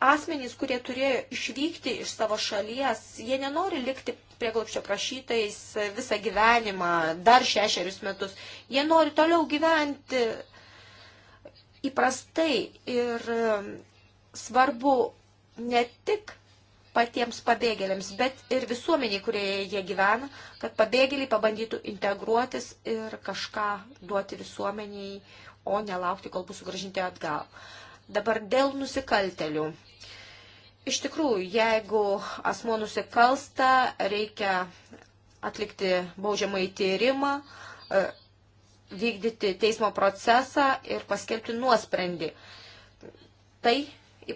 asmenys, kurie turėjo išvykti iš savo šalies, jie nenori likti prieglopščio prašytais visą gyvenimą, dar šešerius metus. Jie nori toliau gyventi įprastai ir um, svarbu ne tik patiems pabėgėliams, bet ir visuomeniai, kurioje jie gyvena, kad pabėgėliai pabandytų integruotis ir kažką duoti visuomeniai, o nelaukti, kol bus sugražinti atgal. Dabar dėl nusikaltelių. Iš tikrųjų, jeigu asmo nusikalsta, reikia atlikti baudžiamą įtyrimą, e, vykdyti teismo procesą ir paskelbti nuosprendį. Tai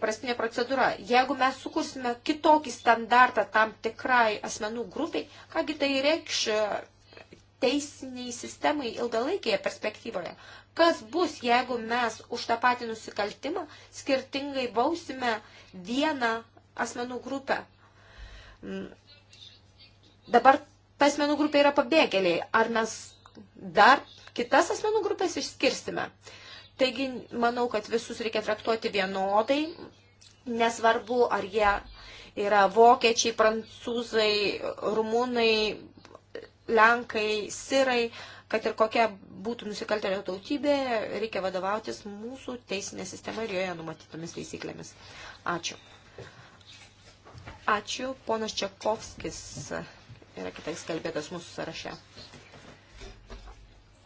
įprastinė procedūra. Jeigu mes sukursime kitokį standartą tam tikrai asmenų grupiai, kągi tai reikš teisiniai sistemai ilgalaikėje perspektyvoje. Kas bus, jeigu mes už tą patį nusikaltimą skirtingai bausime vieną asmenų grupę? Dabar ta asmenų grupė yra pabėgėliai. Ar mes dar kitas asmenų grupės išskirstime? Taigi, manau, kad visus reikia traktuoti vienodai, nesvarbu, ar jie yra vokiečiai, prancūzai, rumūnai, Lenkai, Sirai, kad ir kokia būtų nusikaltėlio tautybė, reikia vadovautis mūsų teisinė sistema ir joje numatytomis taisyklėmis. Ačiū. Ačiū. Ponas Čekovskis yra kitais kalbėtas mūsų sąraše.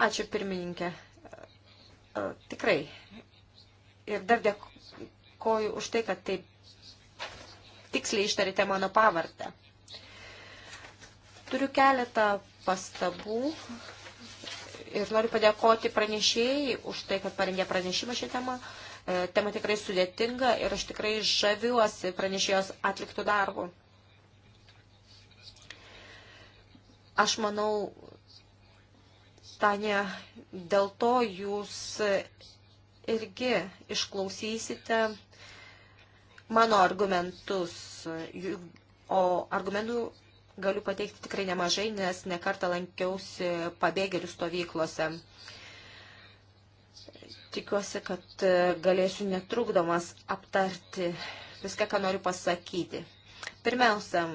Ačiū pirmininkė. E, tikrai. Ir dar dėkoju už tai, kad taip tiksliai ištarėte mano pavardę. Turiu keletą pastabų ir noriu padėkoti pranešėjai už tai, kad parengė pranešimą šią temą. E, tema tikrai sudėtinga ir aš tikrai žaviuosi pranešėjos atliktų darbų. Aš manau, Tania, dėl to jūs irgi išklausysite mano argumentus, o argumentų galiu pateikti tikrai nemažai, nes nekartą lankiausi pabėgėlių stovyklose. Tikiuosi, kad galėsiu netrukdomas aptarti viską, ką noriu pasakyti. Pirmiausia,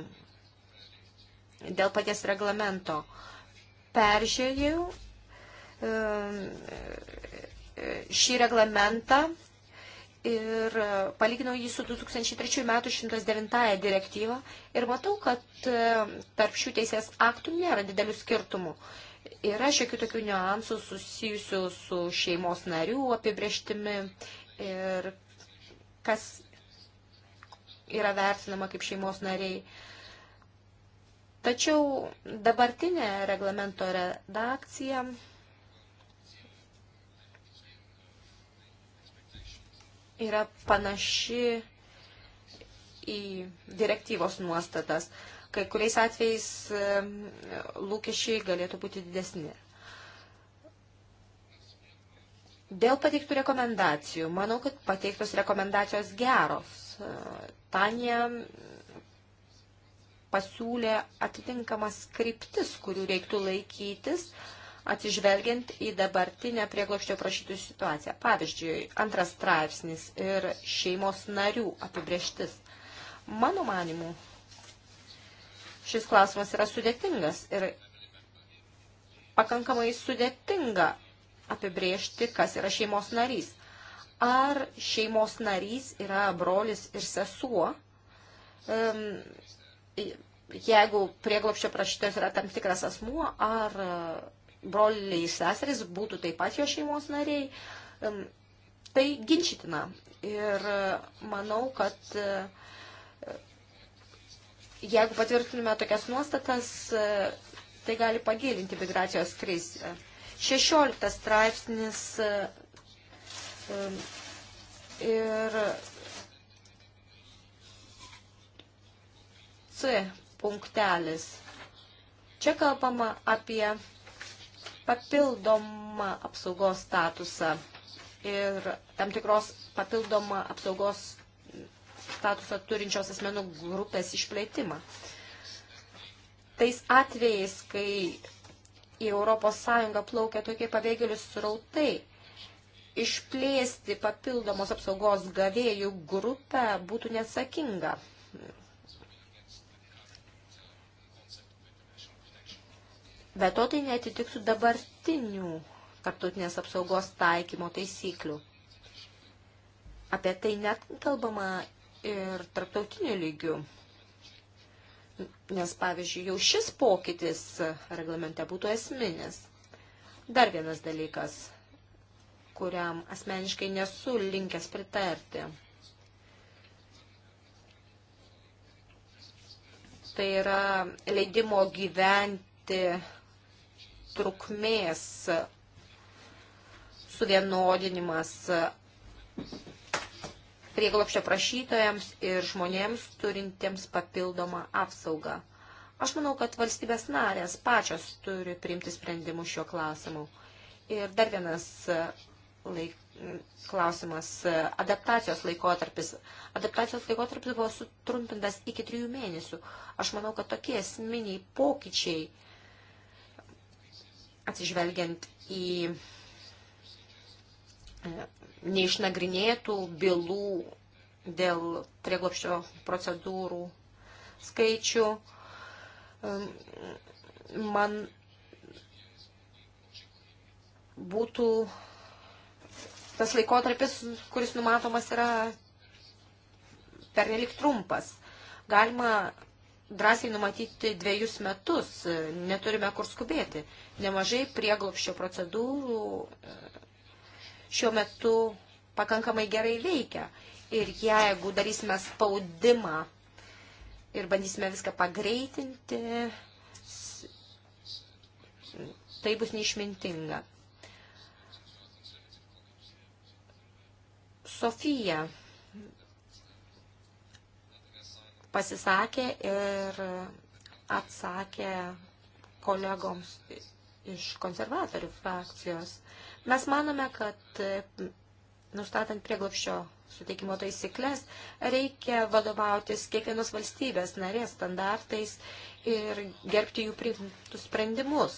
dėl paties reglamento peržiūrėjau ehm, šį reglamentą ir e, palyginau jį su 2003 metų 109 direktyva ir matau, kad e, tarp šių teisės aktų nėra didelių skirtumų. Yra šiokių tokių niuansų susijusių su šeimos narių apibrieštimi ir kas yra vertinama kaip šeimos nariai. Tačiau dabartinė reglamento redakcija yra panaši į direktyvos nuostatas. Kai kuriais atvejais lūkesčiai galėtų būti didesni. Dėl pateiktų rekomendacijų. Manau, kad pateiktos rekomendacijos geros. E, Tanja pasiūlė atitinkamas kryptis, kurių reiktų laikytis. Uh, atsižvelgiant į dabartinę prieglopščio prašytų situaciją. Pavyzdžiui, antras straipsnis ir šeimos narių apibrieštis. Mano manimu, šis klausimas yra sudėtingas ir pakankamai sudėtinga apibriežti, kas yra šeimos narys. Ar šeimos narys yra brolis ir sesuo? Jeigu prieglopščio prašytojas yra tam tikras asmuo, ar broliai seserys būtų taip pat jo šeimos nariai, tai ginčitina. Ir e, manau, kad e, jeigu patvirtinime tokias nuostatas, e, tai gali pagilinti migracijos krizę. 16 straipsnis ir C punktelis. Čia kalbama apie papildomą apsaugos statusą ir tam tikros papildomą apsaugos statusą turinčios asmenų grupės išplėtimą. Tais atvejais, kai į ES plaukia tokie pabėgėlių srautai, išplėsti papildomos apsaugos gavėjų grupę būtų neatsakinga. Be to tai netitiktų dabartinių tarptautinės apsaugos taikymo taisyklių. Apie tai net kalbama ir tarptautiniu lygiu. Nes, pavyzdžiui, jau šis pokytis reglamente būtų esminis. Dar vienas dalykas, kuriam asmeniškai nesu linkęs pritarti. Tai yra leidimo gyventi trukmės suvienodinimas prieglopščio prašytojams ir žmonėms turintiems papildomą apsaugą. Aš manau, kad valstybės narės pačios turi priimti sprendimus šiuo klausimu. Ir dar vienas e, laik, klausimas – adaptacijos laikotarpis. Adaptacijos laikotarpis buvo sutrumpintas iki trijų mėnesių. Aš manau, kad tokie esminiai pokyčiai – atsižvelgiant į e, neišnagrinėtų bylų dėl prieglopščio procedūrų skaičių. E, man būtų tas laikotarpis, kuris numatomas yra pernelik trumpas. Galima drąsiai numatyti dviejus metus, neturime kur skubėti. Nemažai prieglopščio procedūrų e, šiuo metu pakankamai gerai veikia. Ir jeigu darysime spaudimą ir bandysime viską pagreitinti, tai bus neišmintinga. Sofija pasisakė ir atsakė kolegoms iš konservatorių frakcijos. Mes manome, kad nustatant prieglapščio suteikimo taisyklės, reikia vadovautis kiekvienos valstybės narės standartais ir gerbti jų priimtus sprendimus.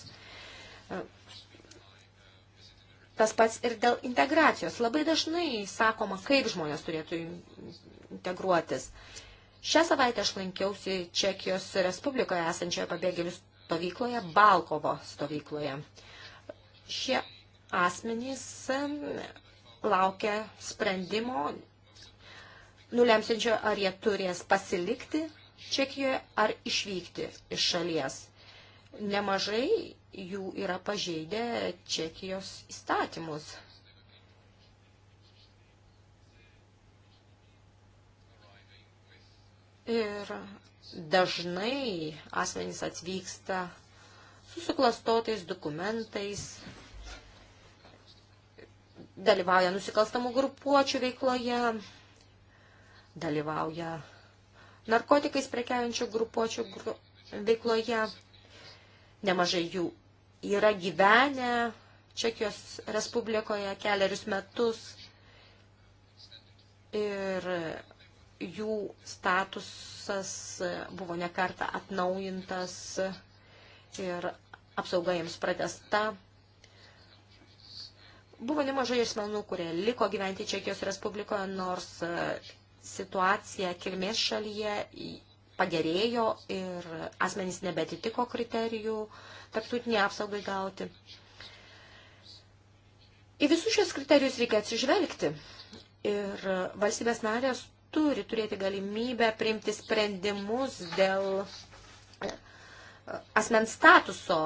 Tas pats ir dėl integracijos. Labai dažnai sakoma, kaip žmonės turėtų integruotis. Šią savaitę aš lankiausi Čekijos Respublikoje esančioje pabėgėlių stovykloje, Balkovo stovykloje. Šie asmenys laukia sprendimo, nulemsiančio, ar jie turės pasilikti Čekijoje ar išvykti iš šalies. Nemažai jų yra pažeidę Čekijos įstatymus. Ir dažnai asmenys atvyksta susiklastotais dokumentais, dalyvauja nusikalstamų grupuočių veikloje, dalyvauja narkotikais prekiaujančių grupuočių gru... veikloje. Nemažai jų yra gyvenę Čekijos Respublikoje keliarius metus. Ir jų statusas buvo nekarta atnaujintas ir apsauga jiems pratesta. Buvo nemažai asmenų, kurie liko gyventi Čekijos Respublikoje, nors e, situacija kilmės šalyje pagerėjo ir asmenys nebetitiko kriterijų tarptautinį apsaugai gauti. Į visus šios kriterijus reikia atsižvelgti ir valstybės narės turi turėti galimybę priimti sprendimus dėl e, asmens statuso.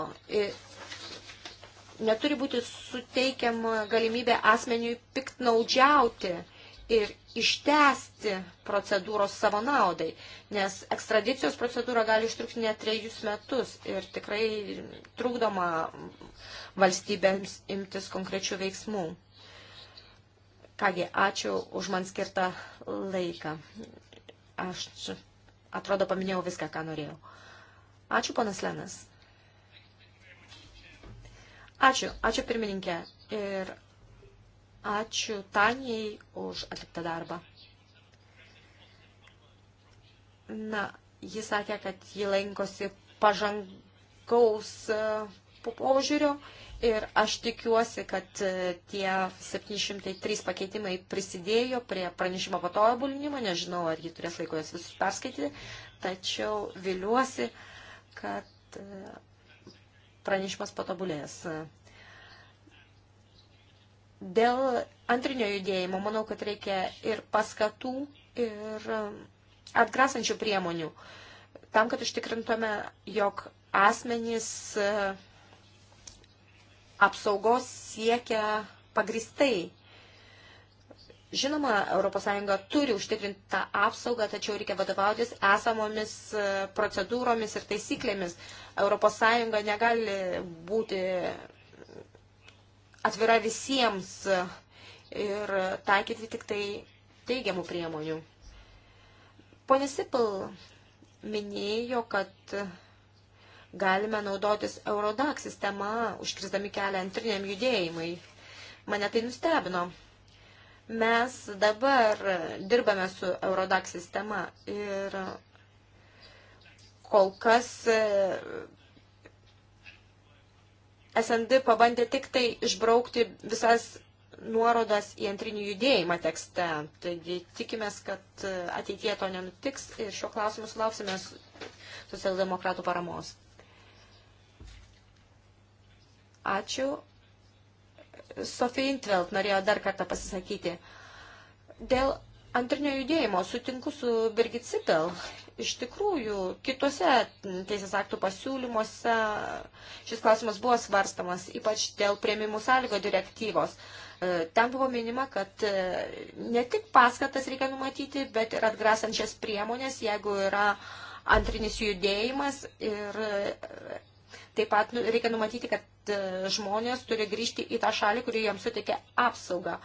Neturi būti suteikiama galimybė asmeniui piktnaudžiauti ir ištesti procedūros savo naudai, nes ekstradicijos procedūra gali ištrukti net trejus metus ir tikrai trukdoma valstybėms imtis konkrečių veiksmų. Kągi, ačiū už man skirtą laiką. Aš, atrodo, paminėjau viską, ką norėjau. Ačiū, ponas Lenas. Ačiū, ačiū pirmininkė ir ačiū Tanijai už atliktą darbą. Na, jis sakė, kad jį lankosi pažangaus e, požiūrio. Po Ir aš tikiuosi, kad e, tie 703 pakeitimai prisidėjo prie pranešimo patobulinimo, nežinau, ar jį turės laiko jas visus perskaityti, tačiau viliuosi, kad e, pranešimas patobulės. Dėl antrinio judėjimo, manau, kad reikia ir paskatų, ir e, atgrasančių priemonių, tam, kad užtikrintume, jog asmenys uh, apsaugos siekia pagristai. Žinoma, ES turi užtikrinti tą apsaugą, tačiau reikia vadovautis esamomis e, procedūromis ir taisyklėmis. ES negali būti atvira visiems ir taikyti tik tai teigiamų priemonių. Pone Sipil minėjo, kad Galime naudotis Eurodax sistema, užkrisdami kelią antriniam judėjimui. Mane tai nustebino. Mes dabar dirbame su Eurodax sistema ir kol kas e, SND pabandė tik tai išbraukti visas nuorodas į antrinį judėjimą tekste. Taigi tikimės, kad ateitie to nenutiks ir šiuo klausimu sulauksime socialdemokratų paramos. Ačiū. Sofija Intveld norėjo dar kartą pasisakyti. Dėl antrinio judėjimo sutinku su Birgit Sipel. Iš tikrųjų, kitose teisės aktų pasiūlymuose šis klausimas buvo svarstamas, ypač dėl prieimimų sąlygo direktyvos. E, Ten buvo minima, kad e, ne tik paskatas reikia numatyti, bet ir atgrasančias priemonės, jeigu yra antrinis judėjimas ir e, taip pat nu, reikia numatyti, kad kad e, žmonės turi grįžti į tą šalį, kuri jiems suteikia apsaugą.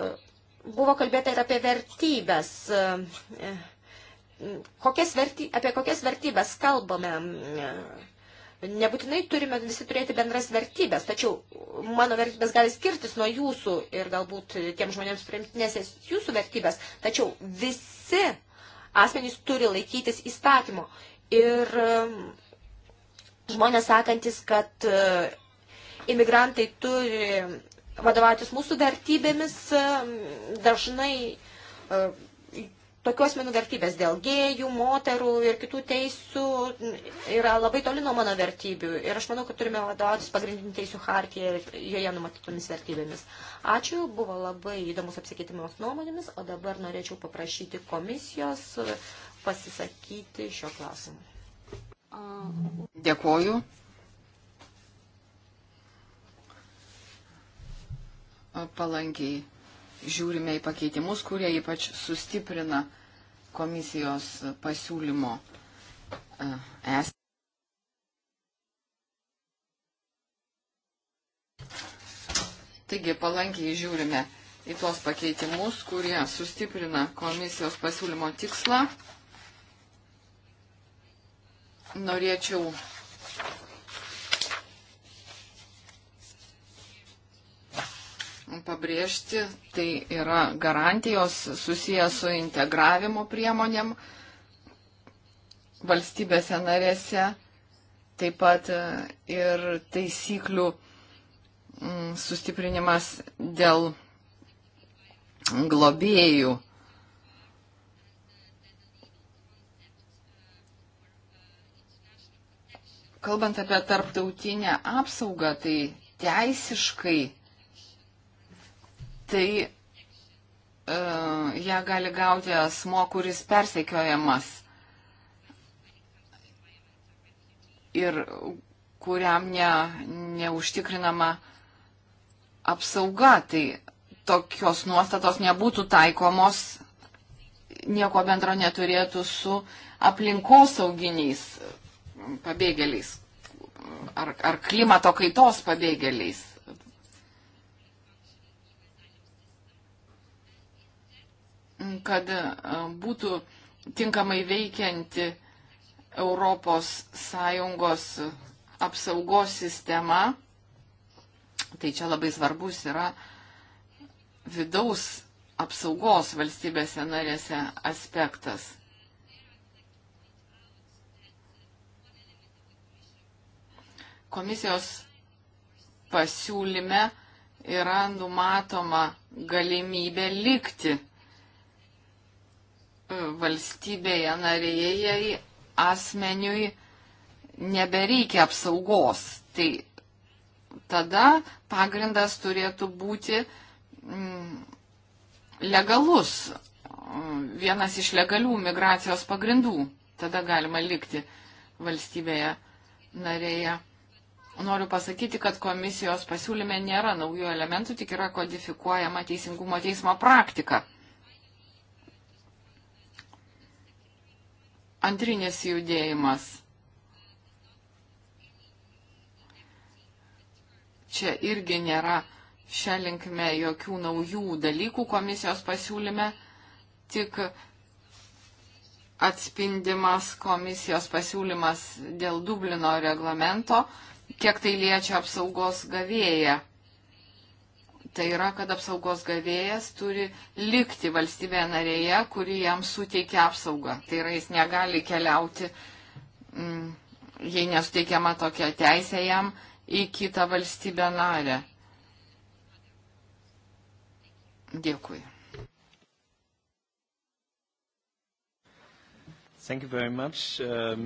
E, buvo kalbėta ir apie vertybės. E, kokias verty, apie kokias vertybės kalbame? Nebūtinai turime visi turėti bendras vertybės, tačiau mano vertybės gali skirtis nuo jūsų ir galbūt tiem žmonėms priimtinėsės jūsų vertybės, tačiau visi asmenys turi laikytis įstatymo. Ir žmonės sakantis, kad e, imigrantai turi vadovautis mūsų vertybėmis, e, dažnai e, tokių asmenų vertybės dėl gėjų, moterų ir kitų teisų yra labai toli nuo mano vertybių. Ir aš manau, kad turime vadovautis pagrindinių teisų hartiją ir joje numatytomis vertybėmis. Ačiū, buvo labai įdomus apsikeitimas nuomonėmis, o dabar norėčiau paprašyti komisijos pasisakyti šio klausimu. Dėkoju. Palankiai žiūrime į pakeitimus, kurie ypač sustiprina komisijos pasiūlymo e, esmę. Taigi palankiai žiūrime į tuos pakeitimus, kurie sustiprina komisijos pasiūlymo tikslą norėčiau pabrėžti, tai yra garantijos susijęs su integravimo priemonėm valstybėse narėse, taip pat e, ir taisyklių mm, sustiprinimas dėl globėjų kalbant apie tarptautinę apsaugą, tai teisiškai tai e, ją gali gauti asmo, kuris persekiojamas ir kuriam ne, neužtikrinama apsauga. Tai tokios nuostatos nebūtų taikomos, nieko bendro neturėtų su aplinkosauginiais pabėgėliais ar, ar klimato kaitos pabėgėliais. Kad e, būtų tinkamai veikianti Europos Sąjungos apsaugos sistema, tai čia labai svarbus yra vidaus apsaugos valstybėse narėse aspektas. Komisijos pasiūlyme yra numatoma galimybė likti e, valstybėje narėjai asmeniui nebereikia apsaugos. Tai tada pagrindas turėtų būti mm, legalus, e, vienas iš legalių migracijos pagrindų. Tada galima likti valstybėje narėje. Noriu pasakyti, kad komisijos pasiūlyme nėra naujų elementų, tik yra kodifikuojama teisingumo teismo praktika. Antrinis judėjimas. Čia irgi nėra šią linkme jokių naujų dalykų komisijos pasiūlyme, tik atspindimas komisijos pasiūlymas dėl Dublino reglamento kiek tai liečia apsaugos gavėją. Tai yra, kad apsaugos gavėjas turi likti valstybė narėje, kuri jam suteikia apsaugą. Tai yra, jis negali keliauti, mm, jei nesuteikiama tokia teisė jam, į kitą valstybę narę. Dėkui. Much, uh,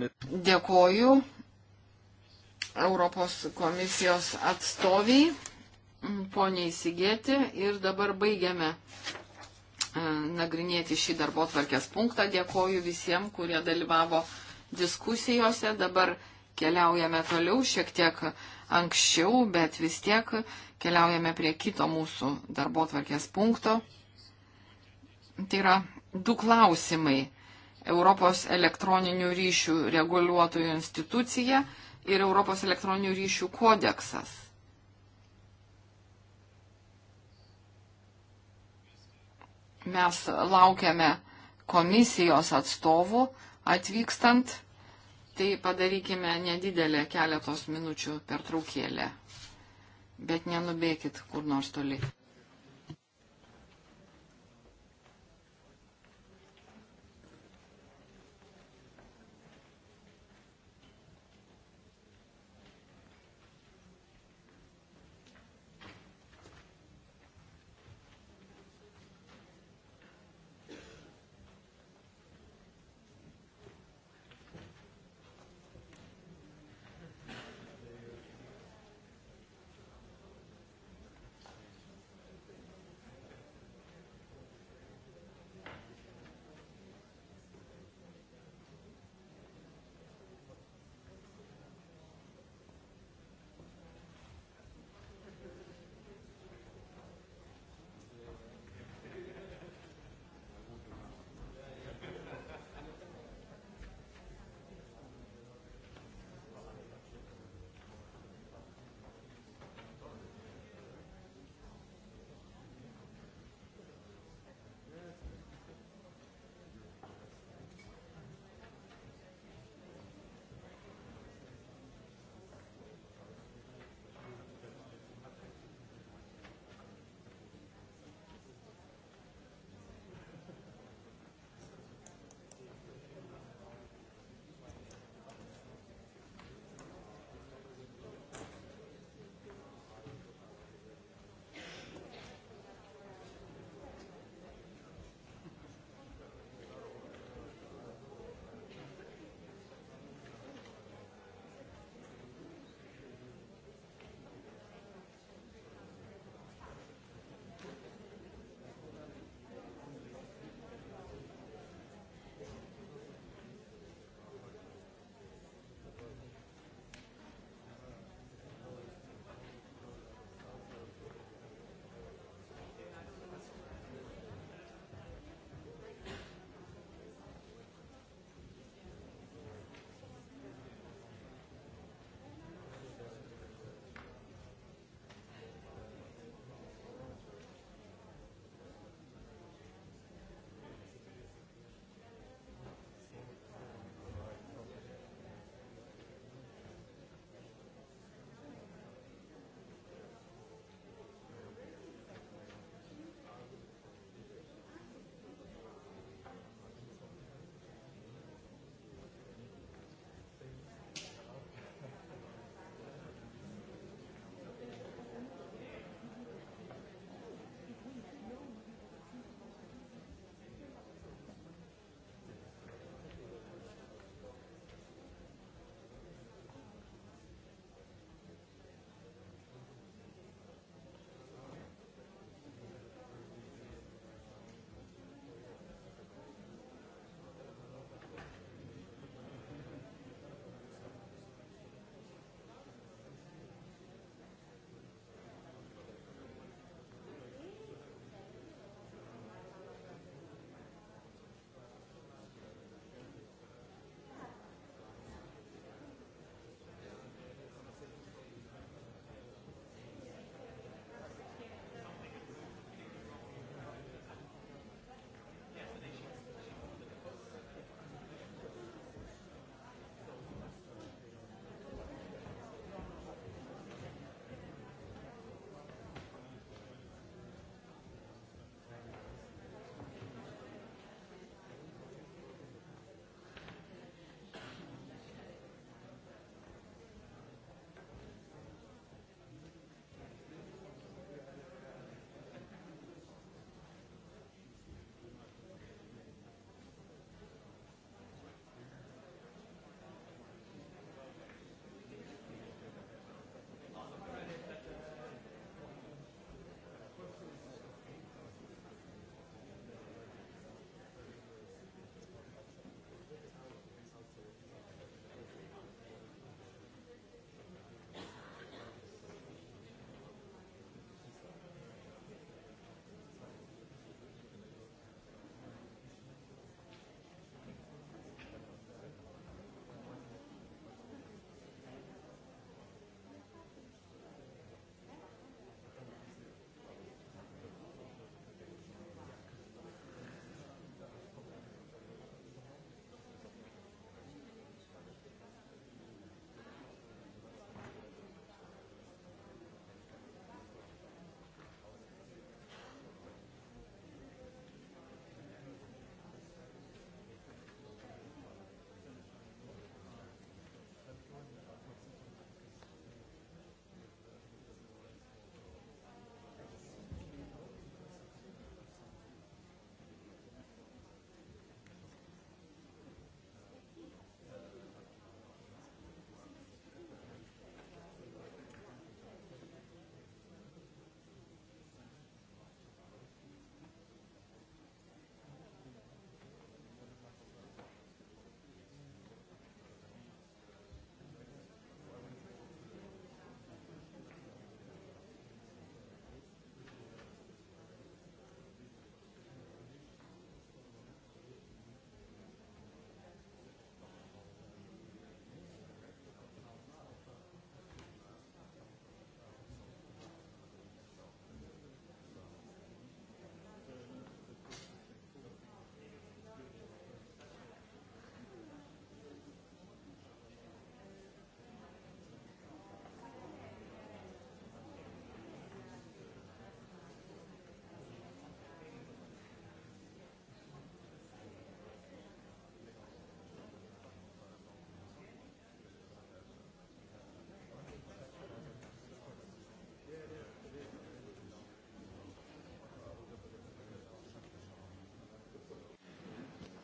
Dėkoju, Europos komisijos atstoviai, mm, poniai įsigėti. Ir dabar baigiame e, nagrinėti šį darbo tvarkės punktą. Dėkoju visiems, kurie dalyvavo diskusijose. Dabar keliaujame toliau šiek tiek anksčiau, bet vis tiek keliaujame prie kito mūsų darbo tvarkės punkto. Tai yra du klausimai. Europos elektroninių ryšių reguliuotojų institucija ir Europos elektroninių ryšių kodeksas. Mes laukiame komisijos atstovų atvykstant, tai padarykime nedidelę keletos minučių pertraukėlę, bet nenubėkit kur nors toliai.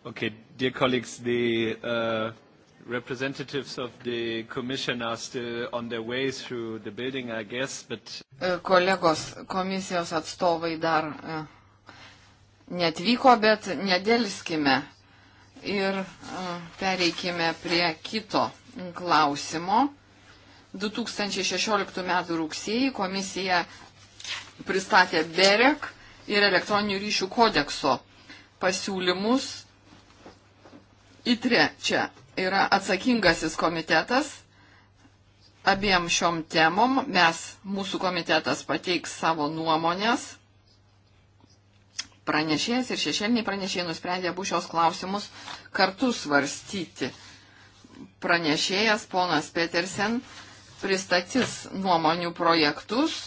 Okay, dear colleagues, the uh, representatives of the commission are still on their way through the building, I guess, but... E, kolegos komisijos atstovai dar e, netvyko, bet nedėliskime ir e, pereikime prie kito klausimo. 2016 m. rugsėjį komisija pristatė BEREK ir elektroninių ryšių kodekso pasiūlymus ITRE čia yra atsakingasis komitetas abiem šiom temom. Mes, mūsų komitetas pateiks savo nuomonės. Pranešėjas ir šešėliniai pranešėjai nusprendė abu šios klausimus kartu svarstyti. Pranešėjas ponas Petersen pristatys nuomonių projektus,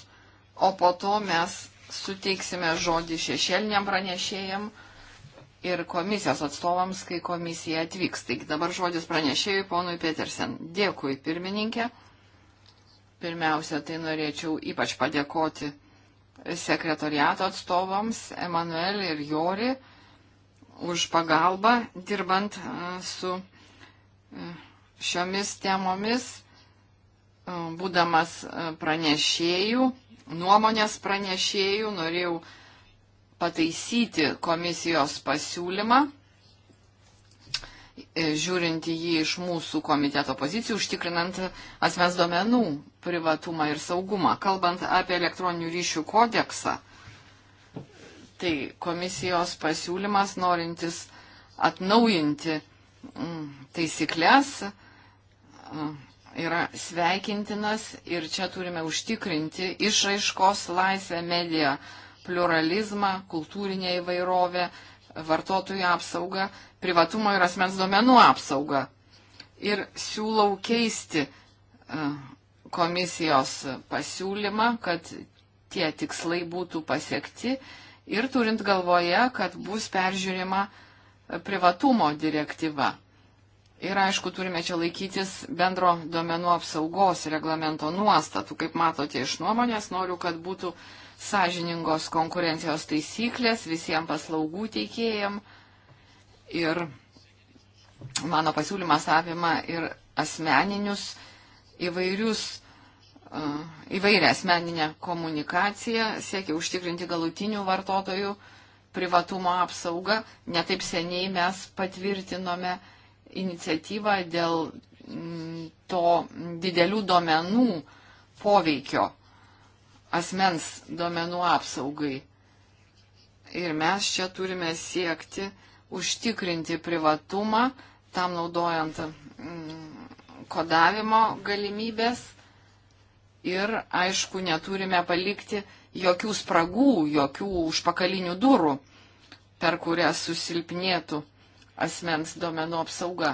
o po to mes suteiksime žodį šešėliniam pranešėjam ir komisijos atstovams, kai komisija atvyks. Taigi dabar žodis pranešėjui ponui Petersen. Dėkui, pirmininkė. Pirmiausia, tai norėčiau ypač padėkoti sekretoriato atstovams Emanuel ir Jori už pagalbą dirbant e, su e, šiomis temomis, e, būdamas pranešėjų, nuomonės pranešėjų, norėjau pataisyti komisijos pasiūlymą, e, žiūrint į jį iš mūsų komiteto pozicijų, užtikrinant asmens duomenų privatumą ir saugumą. Kalbant apie elektroninių ryšių kodeksą, tai komisijos pasiūlymas norintis atnaujinti mm, taisyklės mm, yra sveikintinas ir čia turime užtikrinti išraiškos laisvę mediją pluralizmą, kultūrinę įvairovę, vartotojų apsaugą, privatumo ir asmens duomenų apsaugą. Ir siūlau keisti e, komisijos pasiūlymą, kad tie tikslai būtų pasiekti ir turint galvoje, kad bus peržiūrima privatumo direktyva. Ir aišku, turime čia laikytis bendro duomenų apsaugos reglamento nuostatų. Kaip matote iš nuomonės, noriu, kad būtų uh, sąžiningos konkurencijos taisyklės visiems paslaugų teikėjim. Ir mano pasiūlymas apima ir asmeninius įvairius, e, įvairią asmeninę komunikaciją, siekia užtikrinti galutinių vartotojų privatumo apsaugą. Netaip seniai mes patvirtinome iniciatyvą dėl mm, to didelių duomenų poveikio asmens duomenų apsaugai. Ir mes čia turime siekti užtikrinti privatumą, tam naudojant mm, kodavimo galimybės ir, aišku, neturime palikti jokių spragų, jokių užpakalinių durų, per kurias susilpnėtų asmens duomenų apsauga.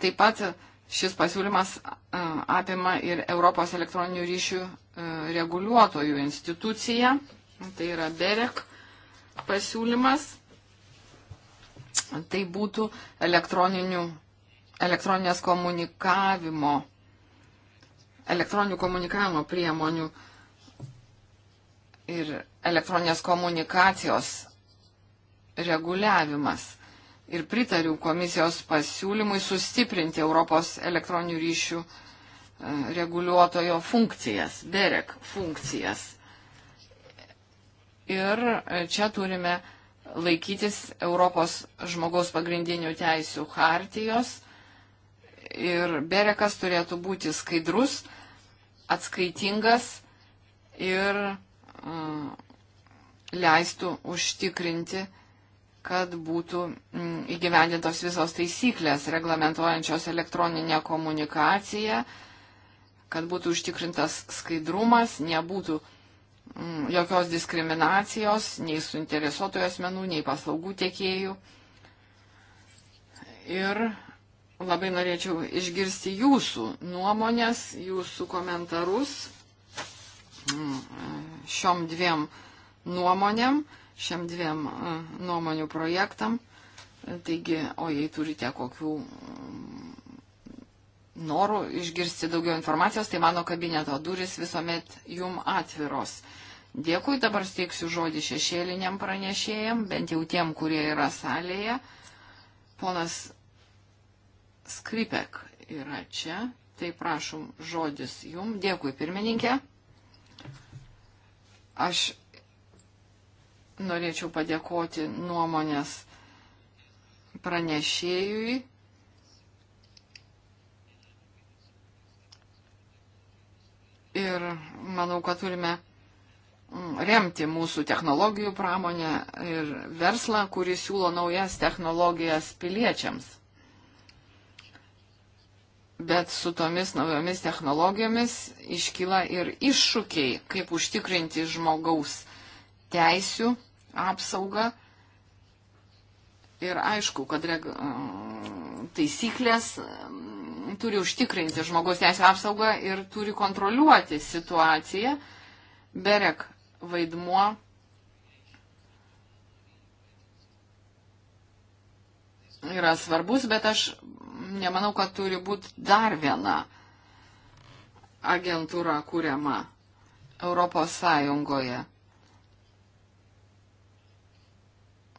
Taip pat šis pasiūlymas apima ir Europos elektroninių ryšių E, reguliuotojų instituciją, tai yra BEREK pasiūlymas, tai būtų elektroninės komunikavimo, elektroninių komunikavimo priemonių ir elektroninės komunikacijos reguliavimas. Ir pritariu komisijos pasiūlymui sustiprinti Europos elektroninių ryšių reguliavimą reguliuotojo funkcijas, BEREK funkcijas. Ir čia turime laikytis Europos žmogaus pagrindinių teisių hartijos. Ir BEREKas turėtų būti skaidrus, atskaitingas ir uh, leistų užtikrinti, kad būtų mm, įgyvendintos visos taisyklės reglamentuojančios elektroninę komunikaciją, uh, kad būtų užtikrintas skaidrumas, nebūtų mm, jokios diskriminacijos nei suinteresuotojų asmenų, nei paslaugų tiekėjų. Ir labai norėčiau išgirsti jūsų nuomonės, jūsų komentarus mm, šiom dviem nuomonėm, šiam dviem mm, nuomonių projektam. Taigi, o jei turite kokių norų išgirsti daugiau informacijos, tai mano kabineto duris visuomet jum atviros. Dėkui, dabar steiksiu žodį šešėliniam pranešėjam, bent jau tiem, kurie yra salėje. Ponas Skripek yra čia, tai prašom žodis jum. Dėkui, pirmininkė. Aš norėčiau padėkoti nuomonės pranešėjui Ir manau, kad turime mm, remti mūsų technologijų pramonę ir verslą, kuris siūlo naujas technologijas piliečiams. Bet su tomis naujomis technologijomis iškyla ir iššūkiai, kaip užtikrinti žmogaus teisių apsaugą. Ir aišku, kad reg... Mm, taisyklės turi užtikrinti žmogaus teisų apsaugą ir turi kontroliuoti situaciją. Berek vaidmuo yra svarbus, bet aš nemanau, kad turi būti dar viena agentūra kuriama Europos Sąjungoje.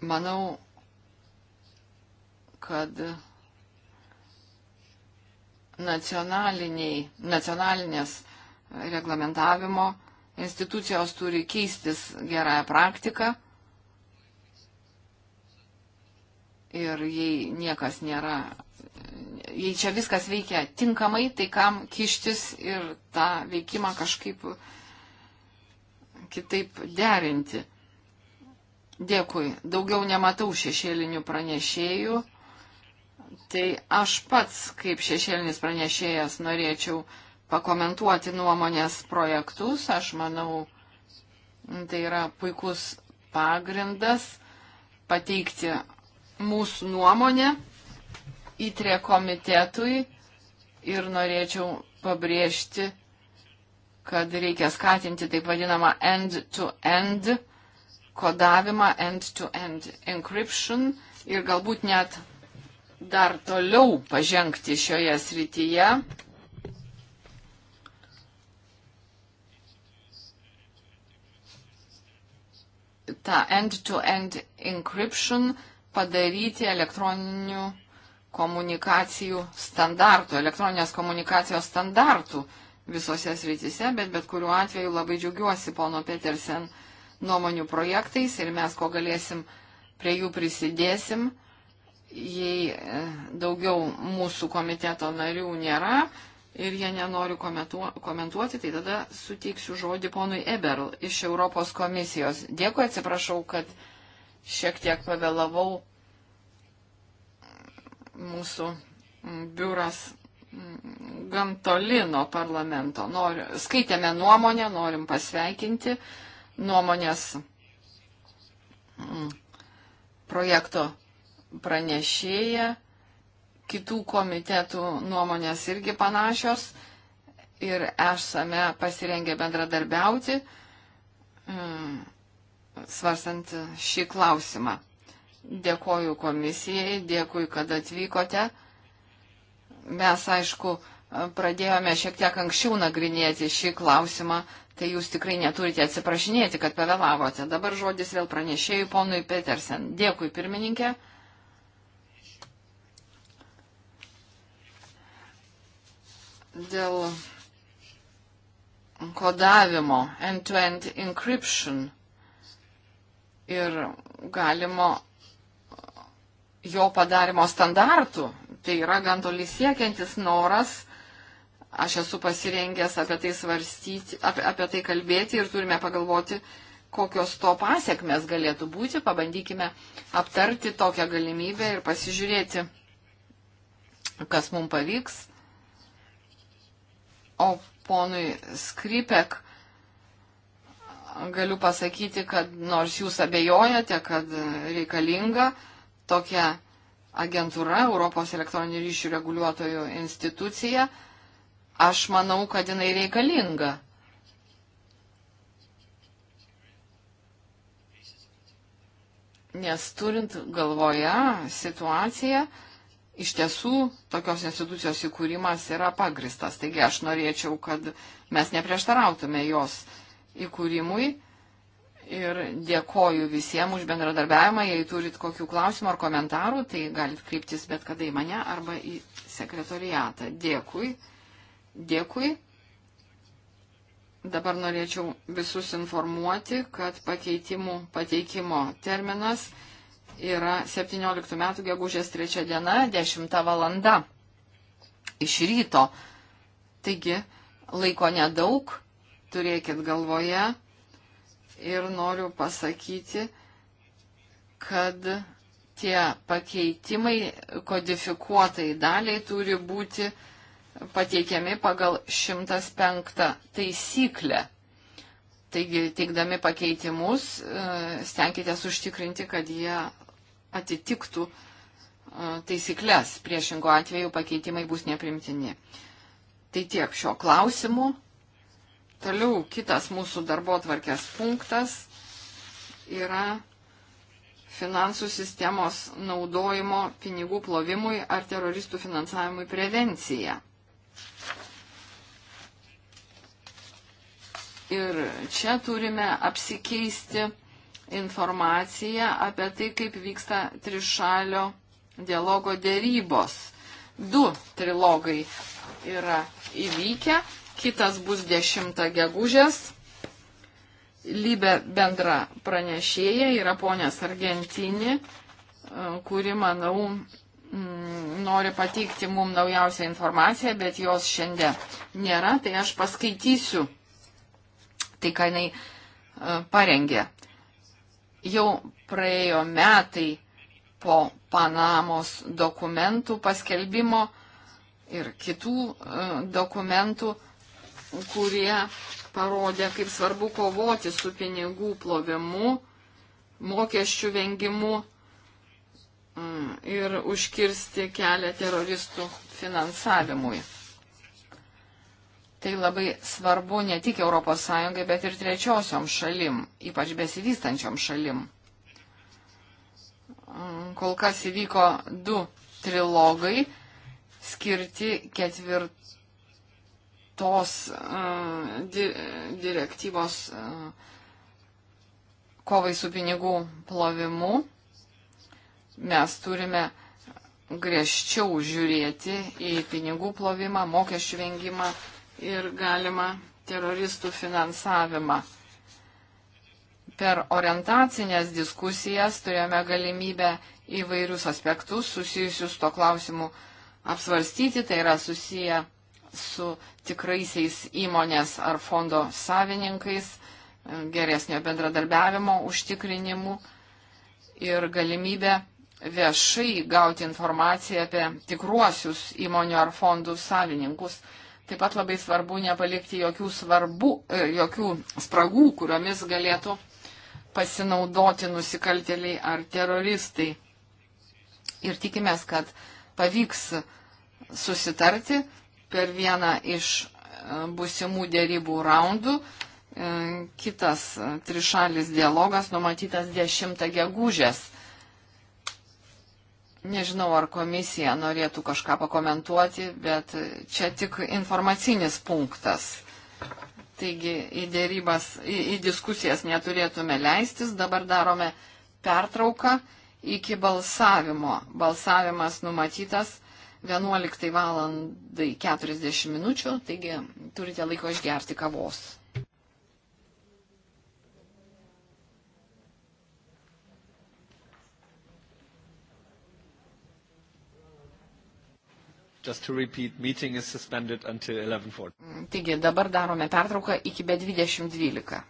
Manau, kad nacionalinės reglamentavimo institucijos turi keistis gerąją praktiką. Ir jei niekas nėra, jei čia viskas veikia tinkamai, tai kam kištis ir tą veikimą kažkaip kitaip derinti. Dėkui, daugiau nematau šešėlinių pranešėjų. Tai aš pats, kaip šešėlinis pranešėjas, norėčiau pakomentuoti nuomonės projektus. Aš manau, tai yra puikus pagrindas pateikti mūsų nuomonę įtrė komitetui ir norėčiau pabrėžti, kad reikia skatinti taip vadinamą end-to-end -end kodavimą, end-to-end -end encryption ir galbūt net dar toliau pažengti šioje srityje. tą end-to-end encryption padaryti elektroninių komunikacijų standartų, elektroninės komunikacijos standartų visose srityse, bet bet kuriuo atveju labai džiaugiuosi pono Petersen nuomonių projektais ir mes ko galėsim prie jų prisidėsim jei e, daugiau mūsų komiteto narių nėra ir jie nenori komentuoti, tai tada suteiksiu žodį ponui Eberl iš Europos komisijos. Dėkui, atsiprašau, kad šiek tiek pavėlavau mūsų biuras gan toli nuo parlamento. Noriu, skaitėme nuomonę, norim pasveikinti nuomonės projekto pranešėja, kitų komitetų nuomonės irgi panašios ir esame pasirengę bendradarbiauti, mm, svarstant šį klausimą. Dėkoju komisijai, dėkui, kad atvykote. Mes, aišku, pradėjome šiek tiek anksčiau nagrinėti šį klausimą, tai jūs tikrai neturite atsiprašinėti, kad pavėlavote. Dabar žodis vėl pranešėjai ponui Petersen. Dėkui, pirmininkė. dėl kodavimo, end-to-end -end encryption ir galimo jo padarimo standartų. Tai yra gan toli siekiantis noras. Aš esu pasirengęs apie tai svarstyti, apie, apie tai kalbėti ir turime pagalvoti, kokios to pasiekmes galėtų būti. Pabandykime aptarti tokią galimybę ir pasižiūrėti, kas mums pavyks. O ponui Skrypek galiu pasakyti, kad nors jūs abejojate, kad reikalinga tokia agentūra, Europos elektroninių ryšių reguliuotojų institucija, aš manau, kad jinai reikalinga. Nes turint galvoje situaciją, iš tiesų tokios institucijos įkūrimas yra pagristas. Taigi aš norėčiau, kad mes neprieštarautume jos įkūrimui. Ir dėkoju visiems už bendradarbiavimą. Jei turit kokių klausimų ar komentarų, tai galit kryptis bet kada į mane arba į sekretoriatą. Dėkui. Dėkui. Dabar norėčiau visus informuoti, kad pakeitimų pateikimo terminas yra 17 metų gegužės 3 diena, 10 valanda iš ryto. Taigi laiko nedaug, turėkit galvoje ir noriu pasakyti, kad tie pakeitimai kodifikuotai daliai turi būti pateikiami pagal 105 taisyklę. Taigi, teikdami pakeitimus, e, stenkitės užtikrinti, kad jie atitiktų e, taisyklės. Priešingo atveju pakeitimai bus neprimtini. Tai tiek šio klausimu. Toliau kitas mūsų darbo tvarkės punktas yra finansų sistemos naudojimo pinigų plovimui ar teroristų finansavimui prevencija. Ir čia turime apsikeisti informaciją apie tai, kaip vyksta trišalio dialogo dėrybos. Du trilogai yra įvykę, kitas bus 10 gegužės. Lybė bendra pranešėja yra ponės Argentini, kuri, manau, mm, nori pateikti mums naujausią informaciją, bet jos šiandien nėra, tai aš paskaitysiu tai, ką jinai e, parengė. Jau praėjo metai po Panamos dokumentų paskelbimo ir kitų e, dokumentų, kurie parodė, kaip svarbu kovoti su pinigų plovimu, mokesčių vengimu mm, ir užkirsti kelią teroristų finansavimui. Tai labai svarbu ne tik ES, bet ir trečiosiom šalim, ypač besivystančiom šalim. Kol kas įvyko du trilogai skirti ketvirtos uh, di direktyvos uh, kovai su pinigų plovimu. Mes turime griežčiau žiūrėti į pinigų plovimą, mokesčių vengimą ir galima teroristų finansavimą. Per orientacinės diskusijas turėjome galimybę įvairius aspektus susijusius to klausimu apsvarstyti, tai yra susiję su tikraisiais įmonės ar fondo savininkais, geresnio bendradarbiavimo užtikrinimu ir galimybę viešai gauti informaciją apie tikruosius įmonių ar fondų savininkus Taip pat labai svarbu nepalikti jokių, svarbu, e, jokių spragų, kuriomis galėtų pasinaudoti nusikaltėliai ar teroristai. Ir tikimės, kad pavyks susitarti per vieną iš e, busimų dėrybų raundų. E, kitas trišalis dialogas numatytas 10 gegužės Nežinau, ar komisija norėtų kažką pakomentuoti, bet čia tik informacinis punktas. Taigi į dėrybas, į, į diskusijas neturėtume leistis. Dabar darome pertrauką iki balsavimo. Balsavimas numatytas 11 val. 40 minučių, taigi turite laiko išgerti kavos. Repeat, Taigi dabar darome pertrauką iki be 2012.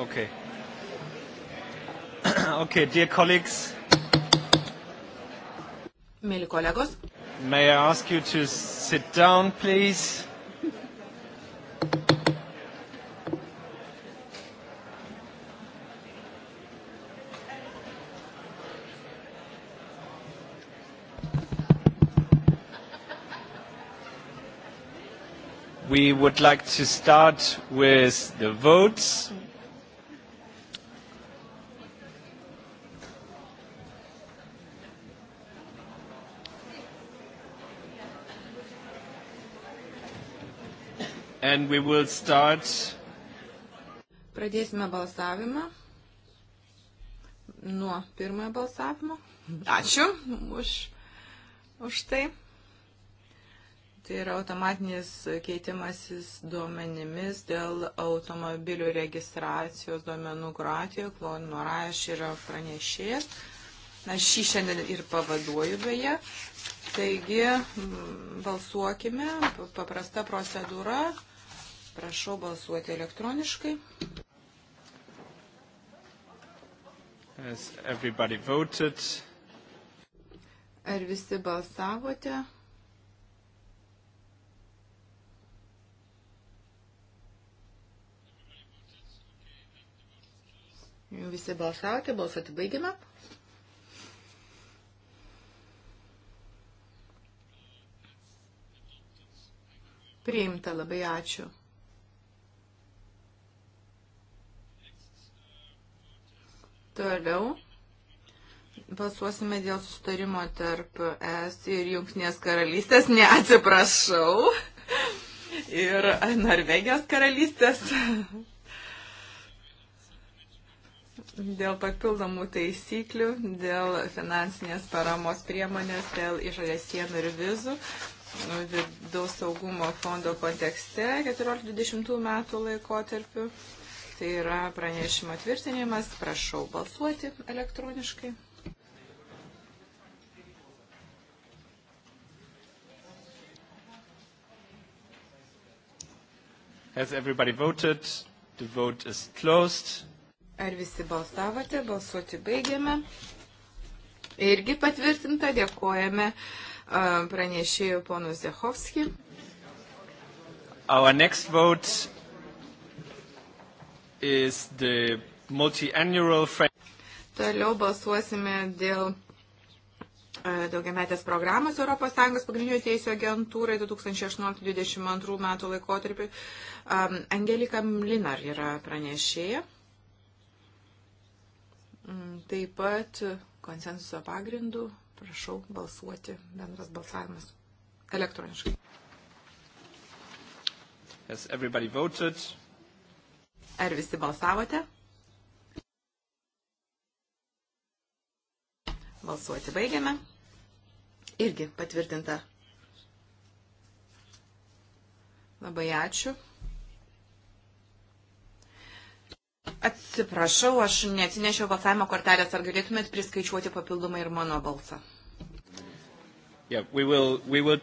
Okay. Okay, dear colleagues. Mėly kolegos. May I ask you to sit down, please? We would like to start with the votes. we will start. Pradėsime balsavimą nuo pirmojo balsavimo. Ačiū už, už tai. Tai yra automatinis keitimasis duomenimis dėl automobilių registracijos duomenų Kroatijoje. Klon Noraš yra pranešėjas. Aš šį šiandien ir pavaduoju beje. Taigi balsuokime, paprasta procedūra, Prašau balsuoti elektroniškai. Has everybody voted? Ar visi balsavote? Visi balsavote, balsuoti baigime. Priimta, labai ačiū. Toliau balsuosime dėl sustarimo tarp ES ir Junktinės karalystės. Ne, atsiprašau. Ir Norvegijos karalystės dėl papildomų taisyklių, dėl finansinės paramos priemonės, dėl išorės sienų ir vizų vidaus saugumo fondo kontekste 14-20 metų laikotarpiu. Tai yra pranešimo tvirtinimas. Prašau balsuoti elektroniškai. Has everybody voted? The vote is closed. Ar visi balsavote? Balsuoti baigiame. Irgi patvirtinta, dėkojame pranešėjų ponus Zehovski. Our next vote is the multi-annual frame. Toliau balsuosime dėl e, daugiametės programos ES pagrindinių teisų agentūrai 2018-2022 metų laikotarpiu. Um, Angelika Mlinar yra pranešėja. Mm, taip pat konsensuso pagrindų prašau balsuoti bendras balsavimas elektroniškai. Has everybody voted? Ar visi balsavote? Balsuoti baigiame. Irgi patvirtinta. Labai ačiū. Atsiprašau, aš neatsinešiau balsavimo kortelės. Ar galėtumėt priskaičiuoti papildomai ir mano balsą? Yeah, we will, we will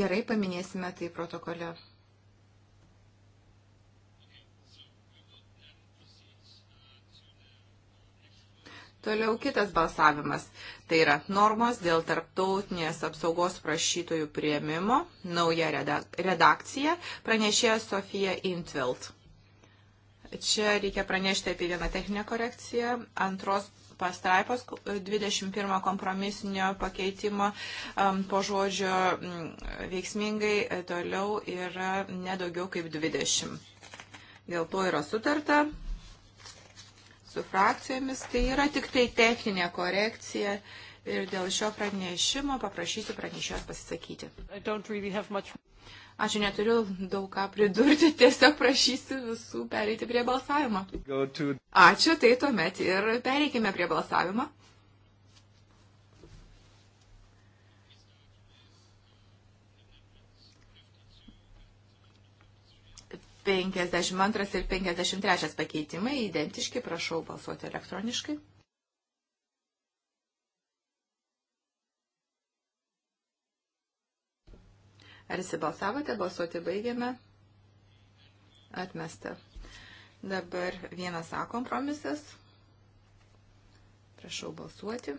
Gerai, paminėsime tai protokole. Toliau kitas balsavimas. Tai yra normos dėl tarptautinės apsaugos prašytojų prieimimo, nauja redakcija, pranešė Sofija Intveld. Čia reikia pranešti apie vieną techninę korekciją. Antros pastraipos 21 kompromisinio pakeitimo po žodžio mm, veiksmingai e, toliau yra nedaugiau kaip 20. Dėl to yra sutarta frakcijomis. Tai yra tik tai techninė korekcija ir dėl šio pranešimo paprašysiu pranešėjos pasisakyti. Really much... Ačiū, neturiu daug ką pridurti, tiesiog prašysiu visų pereiti prie balsavimo. To... Ačiū, tai tuomet ir pereikime prie balsavimo. 52 ir 53 pakeitimai identiški, prašau balsuoti elektroniškai. Ar įsibalsavote, balsuoti baigiame? Atmesta. Dabar vienas A kompromisas. Prašau balsuoti. Prašau balsuoti.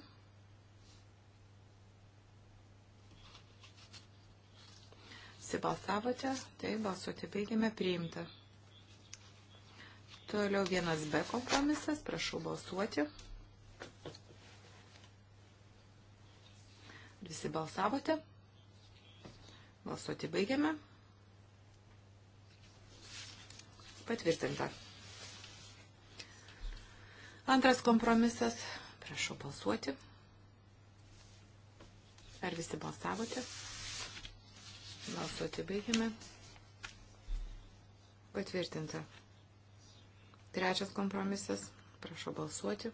Visi balsavote, tai balsuoti baigiame priimta. Toliau vienas B kompromisas, prašau balsuoti. Visi balsavote, balsuoti baigiame. Patvirtinta. Antras kompromisas. Prašau balsuoti. Ar visi balsavote? Balsuoti baigiame. Patvirtinta. Trečias kompromisas. Prašau balsuoti.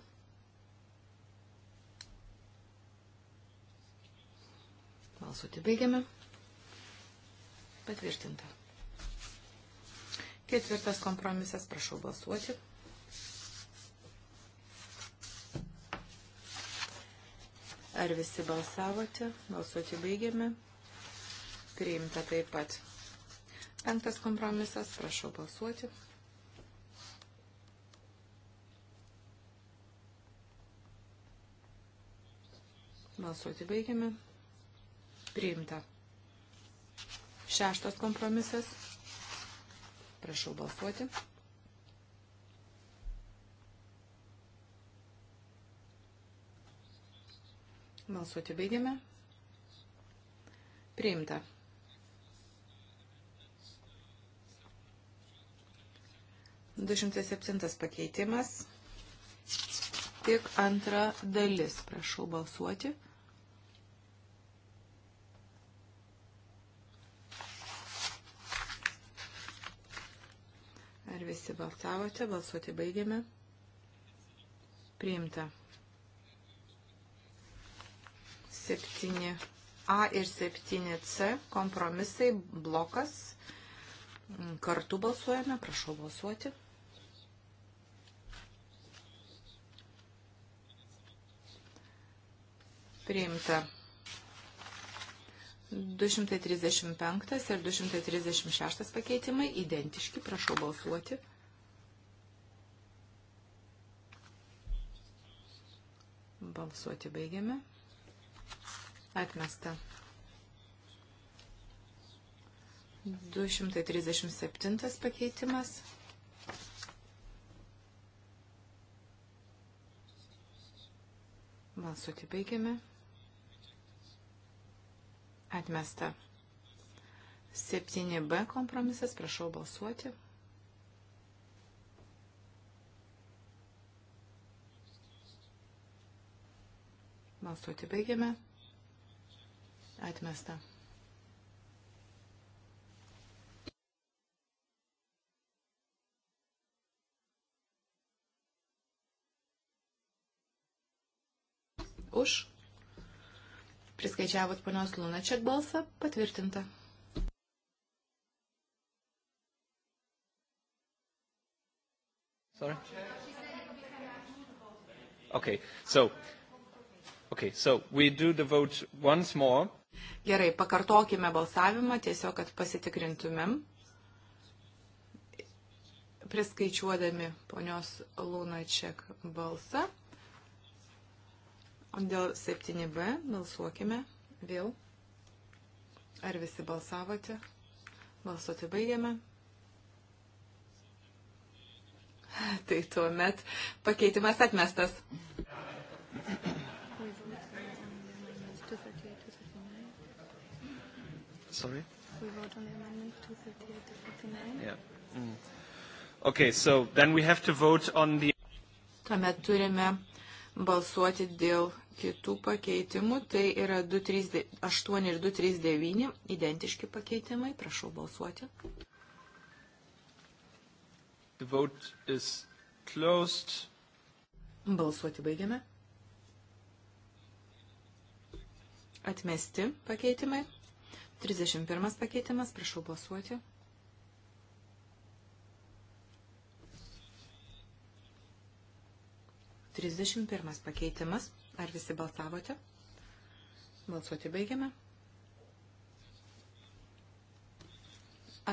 Balsuoti baigiame. Patvirtinta. Ketvirtas kompromisas. Prašau balsuoti. Ar visi balsavote? Balsuoti baigiame priimta taip pat. Penktas kompromisas, prašau balsuoti. Balsuoti baigiame. Priimta. Šeštas kompromisas. Prašau balsuoti. Balsuoti baigiame. Priimta. 207 pakeitimas. Tik antra dalis. Prašau balsuoti. Ar visi balsavote? Balsuoti baigiame. Priimta. 7A ir 7C kompromisai blokas. Kartu balsuojame. Prašau balsuoti. priimta. 235 ir 236 pakeitimai identiški, prašau balsuoti. Balsuoti baigiame. Atmesta. 237 pakeitimas. Balsuoti baigiame. Atmesta. 7b kompromisas, prašau balsuoti. Balsuoti baigiame. Atmesta. Už Priskaičiavot ponios Lunačiak balsą patvirtinta. Sorry? Okay, so, okay, so we do the vote once more. Gerai, pakartokime balsavimą, tiesiog, kad pasitikrintumėm, priskaičiuodami ponios Lunačiak balsą. Dėl 7b balsuokime vėl. Ar visi balsavote? Balsuoti baigiame. Tai tuomet pakeitimas atmestas. Sorry? We vote on the amendment 238 to 59. Yeah. Mm. Okay, so then we have to vote on the... Tuomet turime balsuoti dėl kitų pakeitimų. Tai yra 238 ir 239 identiški pakeitimai. Prašau balsuoti. The vote is closed. Balsuoti baigiame. Atmesti pakeitimai. 31 pakeitimas, prašau balsuoti. 31 pakeitimas. Ar visi balsavote? Balsuoti baigiame.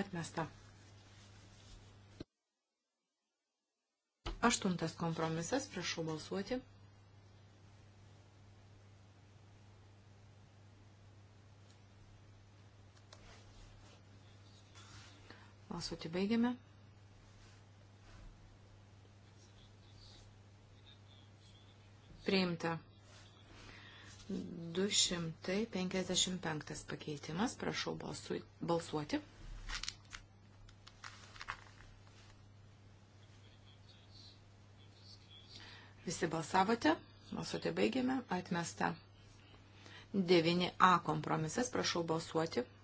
Atmesta. Aštuntas kompromisas. Prašau balsuoti. Balsuoti baigiame. priimta. 255 pakeitimas, prašau balsu, balsuoti. Visi balsavote, balsuoti baigėme, atmesta. 9a kompromisas, prašau balsuoti. 9a kompromisas.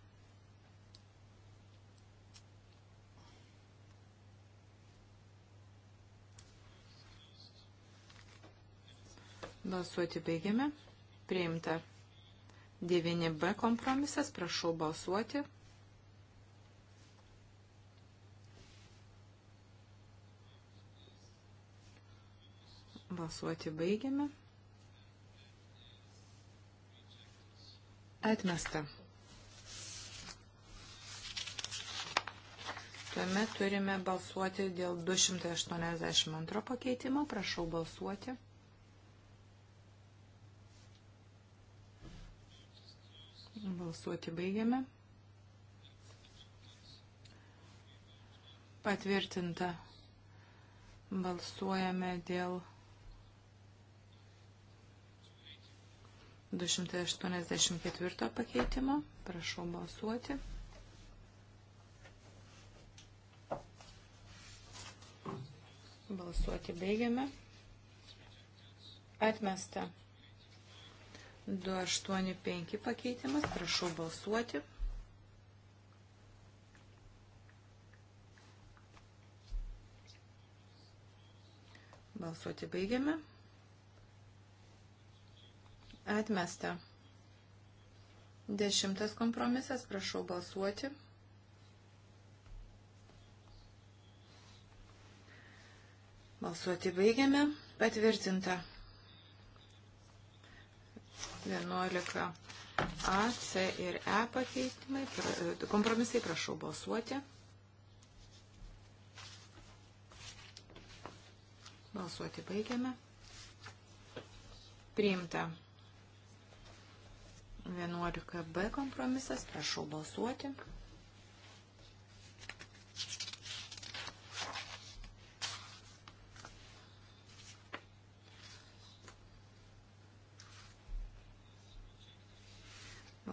Balsuoti baigiame. Priimta. 9b kompromisas. Prašau balsuoti. Balsuoti baigiame. Atmesta. Tuomet turime balsuoti dėl 282 pakeitimo. Prašau balsuoti. Balsuoti baigiame. Patvirtinta. Balsuojame dėl 284 pakeitimo. Prašau balsuoti. Balsuoti baigiame. Atmesta. 285 pakeitimas. Prašau balsuoti. Balsuoti baigiame. Atmesta. Dešimtas kompromisas. Prašau balsuoti. Balsuoti baigiame. Patvirtinta. 11A, C ir E pakeitimai. E, kompromisai prašau balsuoti. Balsuoti baigiame. Priimta. 11B kompromisas. Prašau balsuoti. Balsuoti.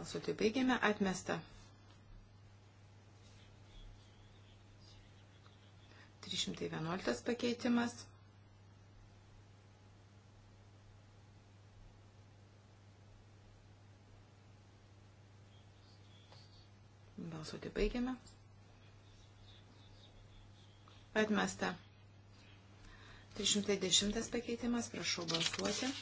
Balsuoti baigėme. Atmesta. 311 pakeitimas. Balsuoti baigėme. Atmesta. 310 pakeitimas. Prašau balsuoti.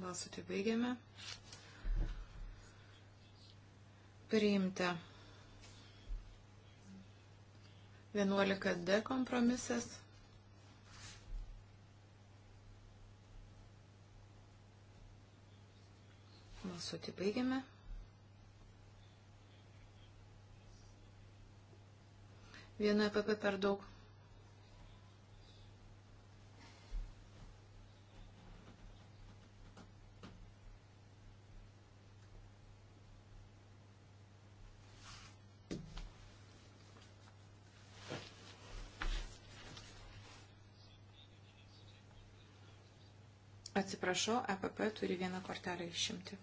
Balsuoti baigiame. Priimta. 11D kompromisas. Balsuoti baigiame. Viena PP e per daug. Atsiprašau, EPP turi vieną kortelę išimti.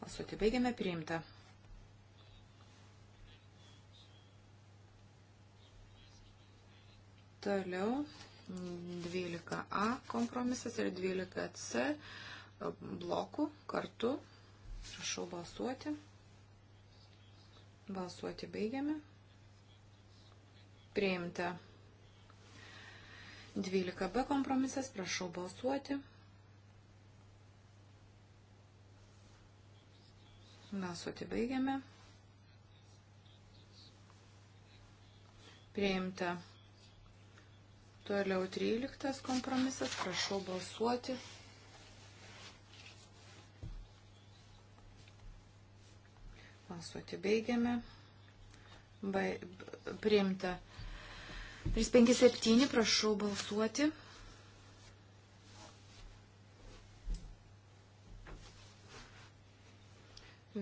Balsuoti baigiame priimta. Toliau 12A kompromisas ir 12C blokų kartu. Prašau balsuoti. Balsuoti baigiame. Priimta. 12b kompromisas, prašau balsuoti. Balsuoti baigiame. Priimta. Toliau 13 kompromisas, prašau balsuoti. Balsuoti. Balsuoti baigiame. Ba, priimta. 357, prašau balsuoti.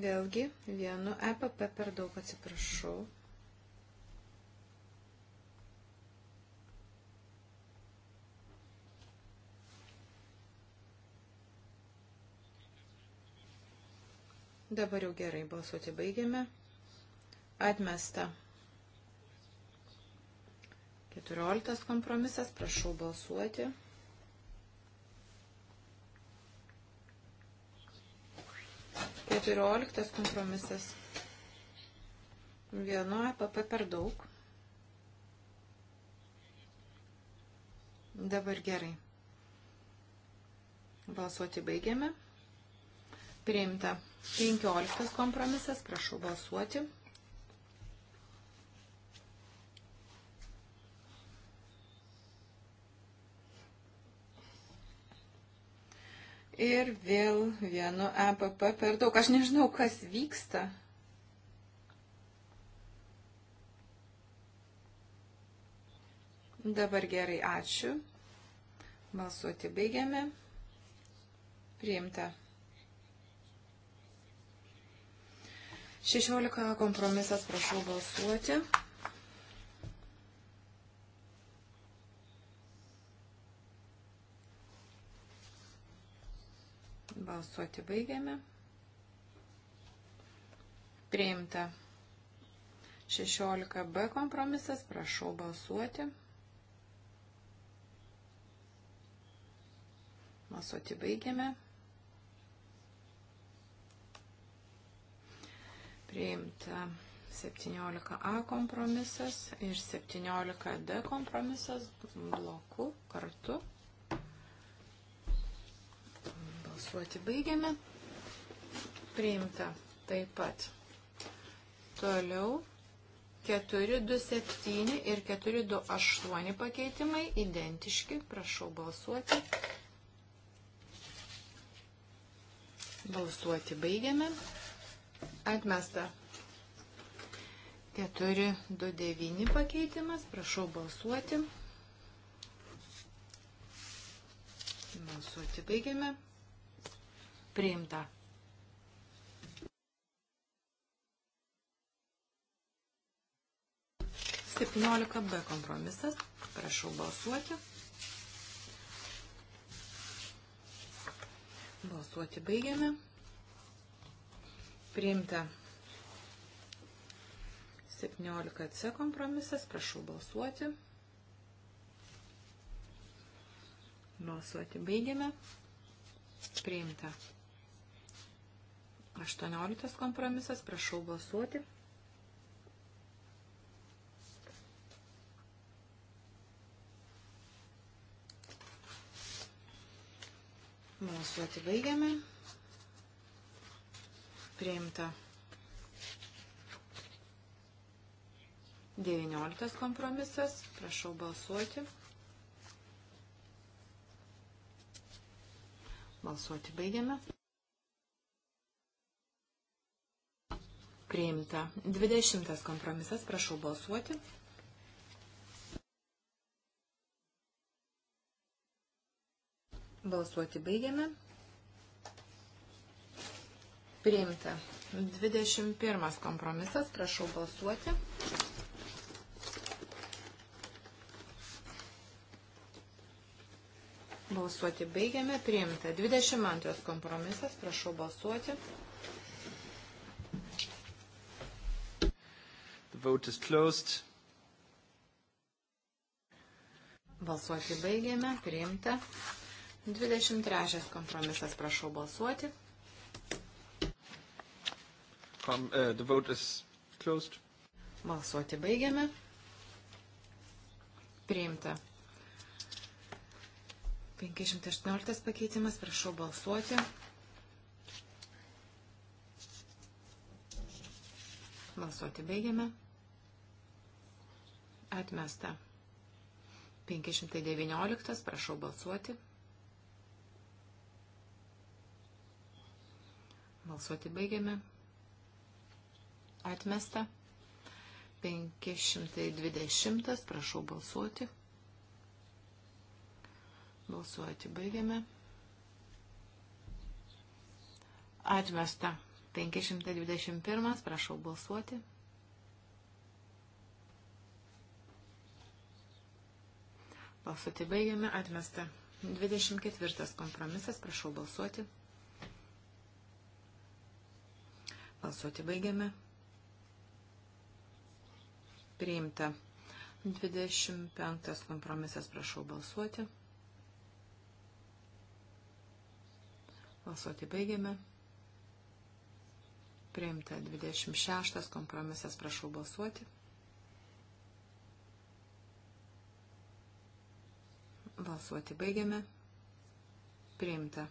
Vėlgi, vienu EPP per daug atsiprašau. Dabar jau gerai, balsuoti baigiame. Atmesta. 14 kompromisas, prašau balsuoti. Keturioliktas kompromisas. Vienu APP e per daug. Dabar gerai. Balsuoti baigiame. Priimta. 15 kompromisas, prašau balsuoti. Ir vėl vienu EPP per daug. Aš nežinau, kas vyksta. Dabar gerai, ačiū. Balsuoti baigiame. Priimta. 16 kompromisas, prašau balsuoti. Balsuoti baigiame. Priimta. 16b kompromisas, prašau balsuoti. Balsuoti baigiame. priimta 17A kompromisas ir 17D kompromisas bloku kartu. Balsuoti baigiame. Priimta taip pat. Toliau 427 ir 428 pakeitimai identiški. Prašau balsuoti. Balsuoti baigiame. Atmesta. 429 pakeitimas. Prašau balsuoti. Balsuoti baigiame. Priimta. Septyniolika B kompromisas. Prašau balsuoti. Balsuoti baigiame. Priimta. 17C kompromisas. Prašau balsuoti. Balsuoti baigiame. Priimta. 18 kompromisas. Prašau balsuoti. Balsuoti baigiame priimta. 19 kompromisas, prašau balsuoti. Balsuoti baigiame. Priimta. 20 kompromisas, prašau balsuoti. Balsuoti baigiame. Priimta. 21 kompromisas. Prašau balsuoti. Balsuoti baigiame. Priimta. 22 kompromisas. Prašau balsuoti. The vote is closed. Balsuoti baigiame. Priimta. 23 kompromisas. Prašau balsuoti. Come, uh, the vote is closed. Balsuoti baigiame. Priimta. 518 pakeitimas, prašau balsuoti. Balsuoti baigiame. Atmesta. 519, prašau balsuoti. Balsuoti baigiame. Atmesta. 520. Prašau balsuoti. Balsuoti baigiame. Atmesta. 521. Prašau balsuoti. Balsuoti baigiame. Atmesta. 24. Kompromisas. Prašau balsuoti. Balsuoti baigiame priimta. 25 kompromisas, prašau balsuoti. Balsuoti baigiame. Priimta 26 kompromisas, prašau balsuoti. Balsuoti baigiame. Priimta.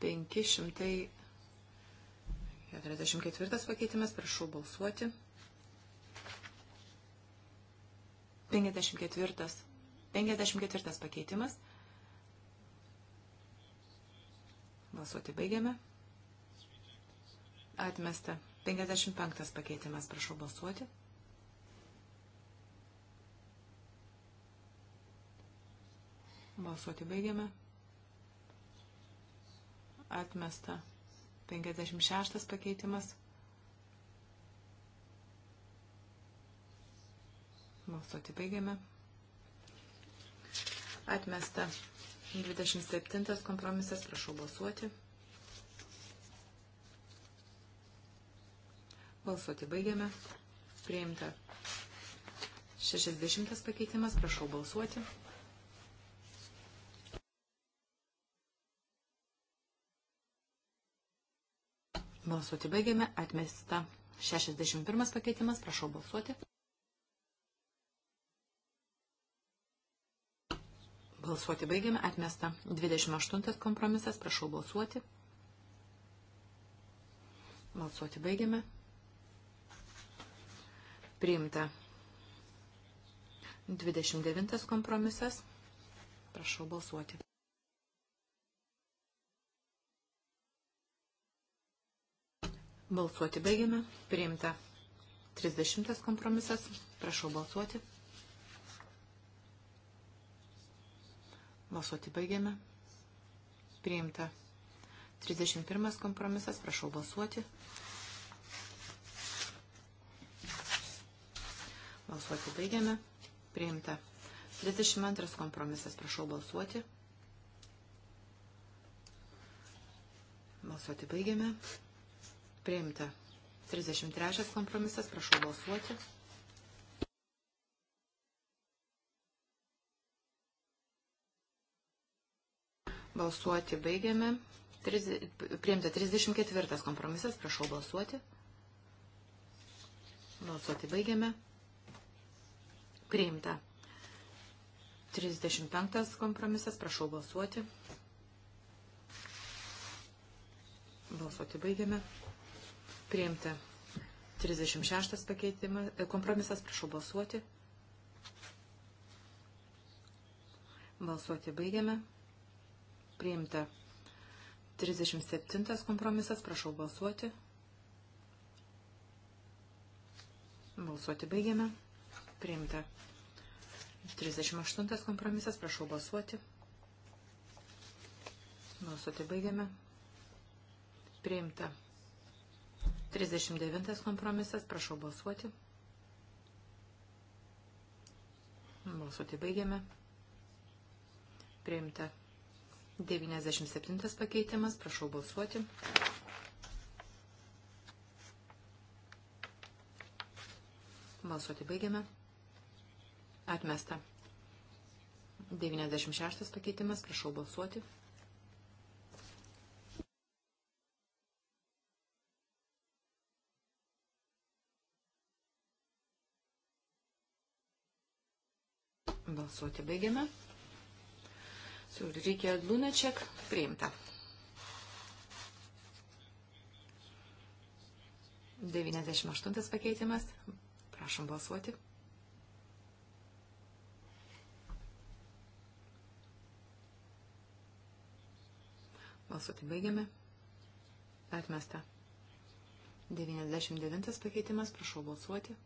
544 pakeitimas, prašau balsuoti. 54. 54 pakeitimas. Balsuoti baigiame. Atmesta. 55 pakeitimas. Prašau balsuoti. Balsuoti baigiame. Atmesta. 56 pakeitimas. Balsuoti baigiame. Atmesta. 27 kompromisas. Prašau balsuoti. Balsuoti baigiame. Priimta. 60 pakeitimas. Prašau balsuoti. Balsuoti baigiame. Atmesta. 61 pakeitimas. Prašau balsuoti. Balsuoti baigiame. Atmesta. 28 kompromisas. Prašau balsuoti. Balsuoti baigiame. Priimta. 29 kompromisas. Prašau balsuoti. Balsuoti baigiame. Priimta. 30 kompromisas. Prašau balsuoti. Balsuoti baigiame. Priimta. 31 kompromisas. Prašau balsuoti. Balsuoti baigiame. Priimta. 32 kompromisas. Prašau balsuoti. Balsuoti baigiame. Priimta. 33 kompromisas. Prašau balsuoti. Balsuoti baigiame. Priimta 34 kompromisas, prašau balsuoti. Balsuoti baigiame. Priimta. 35 kompromisas, prašau balsuoti. Balsuoti baigiame. Priimta. 36 pakeitimas, e, kompromisas, prašau balsuoti. Balsuoti baigiame priimta. 37 kompromisas, prašau balsuoti. Balsuoti baigiame. Priimta. 38 kompromisas, prašau balsuoti. Balsuoti baigiame. Priimta. 39 kompromisas, prašau balsuoti. Balsuoti baigiame. Priimta. 97 pakeitimas, prašau balsuoti. Balsuoti baigiame. Atmesta. 96 pakeitimas, prašau balsuoti. Balsuoti baigiame. Ulrike Lunaček priimta. 98 pakeitimas. Prašom balsuoti. Balsuoti baigiame. Atmesta. 99 pakeitimas. Prašau balsuoti.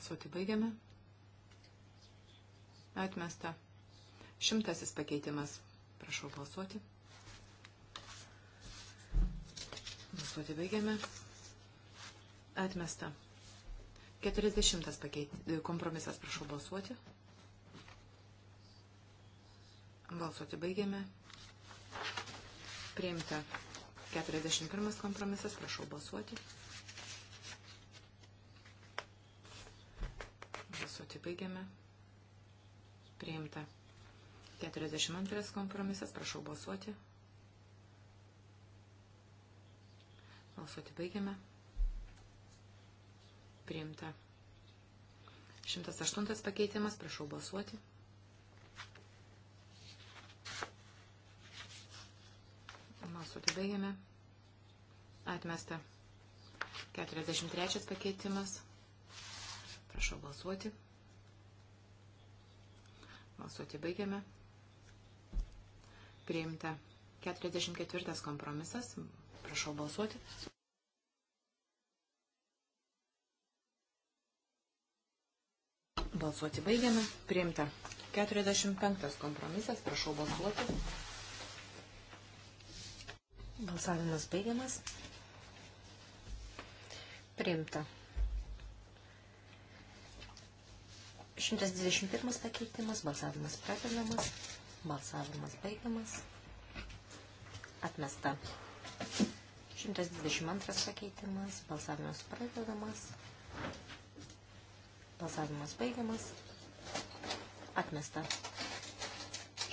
Balsuoti baigiame. Atmesta. Šimtasis pakeitimas. Prašau balsuoti. Balsuoti baigiame. Atmesta. Keturiasdešimtas pakeit... E, kompromisas. Prašau balsuoti. Balsuoti baigiame. Priimta. 41 kompromisas. Prašau balsuoti. Balsuoti baigiame. Priimta. 42 kompromisas. Prašau balsuoti. Balsuoti baigiame. Priimta. 108 pakeitimas. Prašau balsuoti. Balsuoti baigiame. Atmesta. 43 pakeitimas. Prašau balsuoti. Balsuoti baigiame. Priimta. 44 kompromisas. Prašau balsuoti. Balsuoti baigiame. Priimta. 45 kompromisas. Prašau balsuoti. Balsavimas baigiamas. Priimta. 121 pakeitimas, balsavimas pradedamas, balsavimas baigiamas, atmesta. 122 pakeitimas, balsavimas pradedamas, balsavimas baigiamas, atmesta.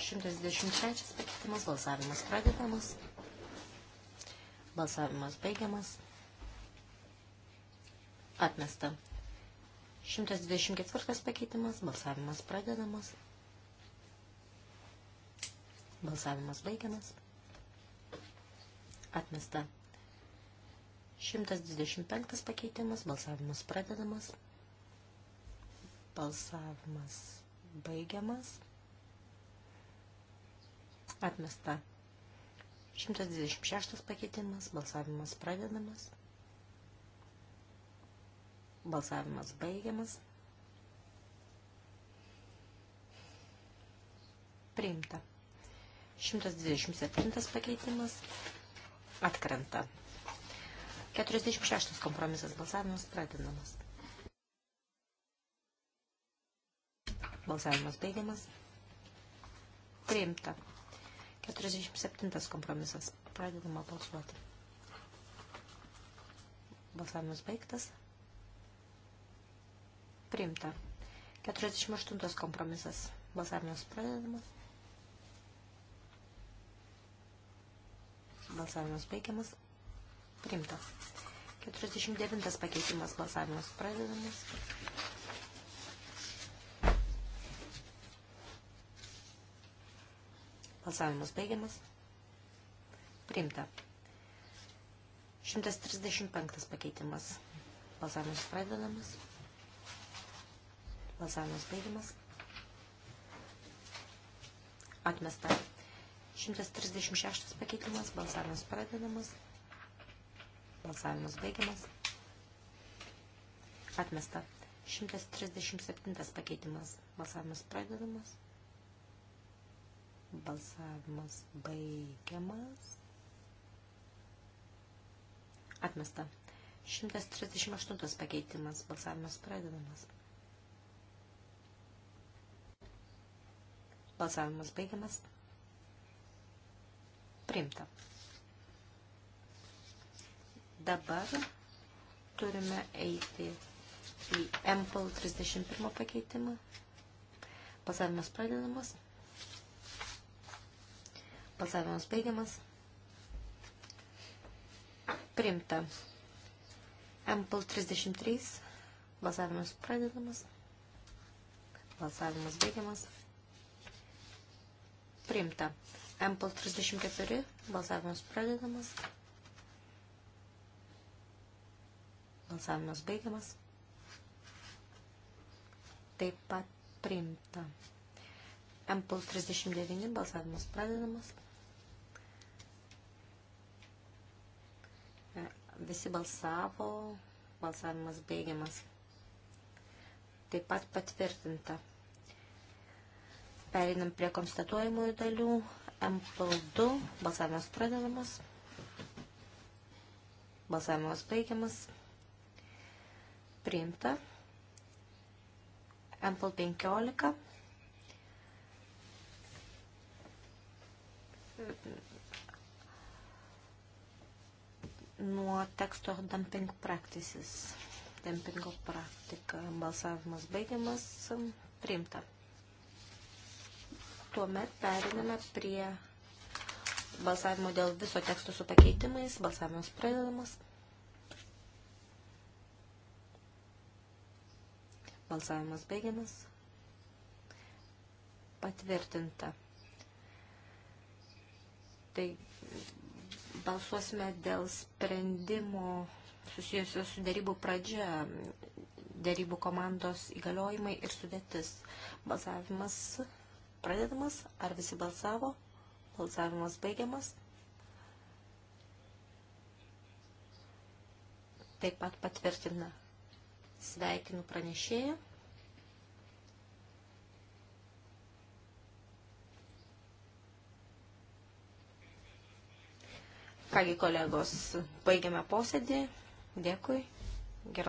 123 pakeitimas, balsavimas pradedamas, balsavimas baigiamas, atmesta. 124 pakeitimas, balsavimas pradedamas. Balsavimas baigiamas. Atmesta. 125 pakeitimas, balsavimas pradedamas. Balsavimas baigiamas. Atmesta. 126 pakeitimas, balsavimas pradedamas. Balsavimas baigiamas. Priimta. 127 pakeitimas atkrenta. 46 kompromisas balsavimas pradinamas. Balsavimas baigiamas. Priimta. 47 kompromisas pradedama balsuoti. Balsavimas baigtas. Priimta. 48 kompromisas. Balsavimas pradedamas. Balsavimas baigiamas. Priimta. 49 pakeitimas. Balsavimas pradedamas. Balsavimas baigiamas. Priimta. 135 pakeitimas. Balsavimas pradedamas. Priimta. Balsavimas baigiamas. Atmesta. 136 pakeitimas. Balsavimas pradedamas. Balsavimas baigiamas. Atmesta. 137 pakeitimas. Balsavimas pradedamas. Balsavimas baigiamas. Atmesta. 138 pakeitimas. Balsavimas pradedamas. Balsavimas baigiamas. Priimta. Dabar turime eiti į MPL 31 pakeitimą. Balsavimas pradedamas. Balsavimas baigiamas. Priimta. MPL 33. Balsavimas pradedamas. Balsavimas baigiamas. Priimta. MPL 34. Balsavimas pradedamas. Balsavimas baigiamas. Taip pat priimta. MPL 39. Balsavimas pradedamas. Visi balsavo. Balsavimas baigiamas. Taip pat patvirtinta. Pereinam prie konstatuojamųjų dalių. MPL2. Balsavimas pradedamas. Balsavimas baigiamas. Priimta. MPL15. Nuo teksto dumping practices. Dumpingo praktika. Balsavimas baigiamas. Priimta. Tuomet periname prie balsavimo dėl viso teksto su pakeitimais. Balsavimas pradedamas. Balsavimas baigiamas. Patvirtinta. Tai balsuosime dėl sprendimo susijusio su darybų pradžia, darybų komandos įgaliojimai ir sudėtis. Balsavimas pradedamas, ar visi balsavo, balsavimas baigiamas. Taip pat patvirtina sveikinu pranešėją. Kągi kolegos, baigiame posėdį. Dėkui.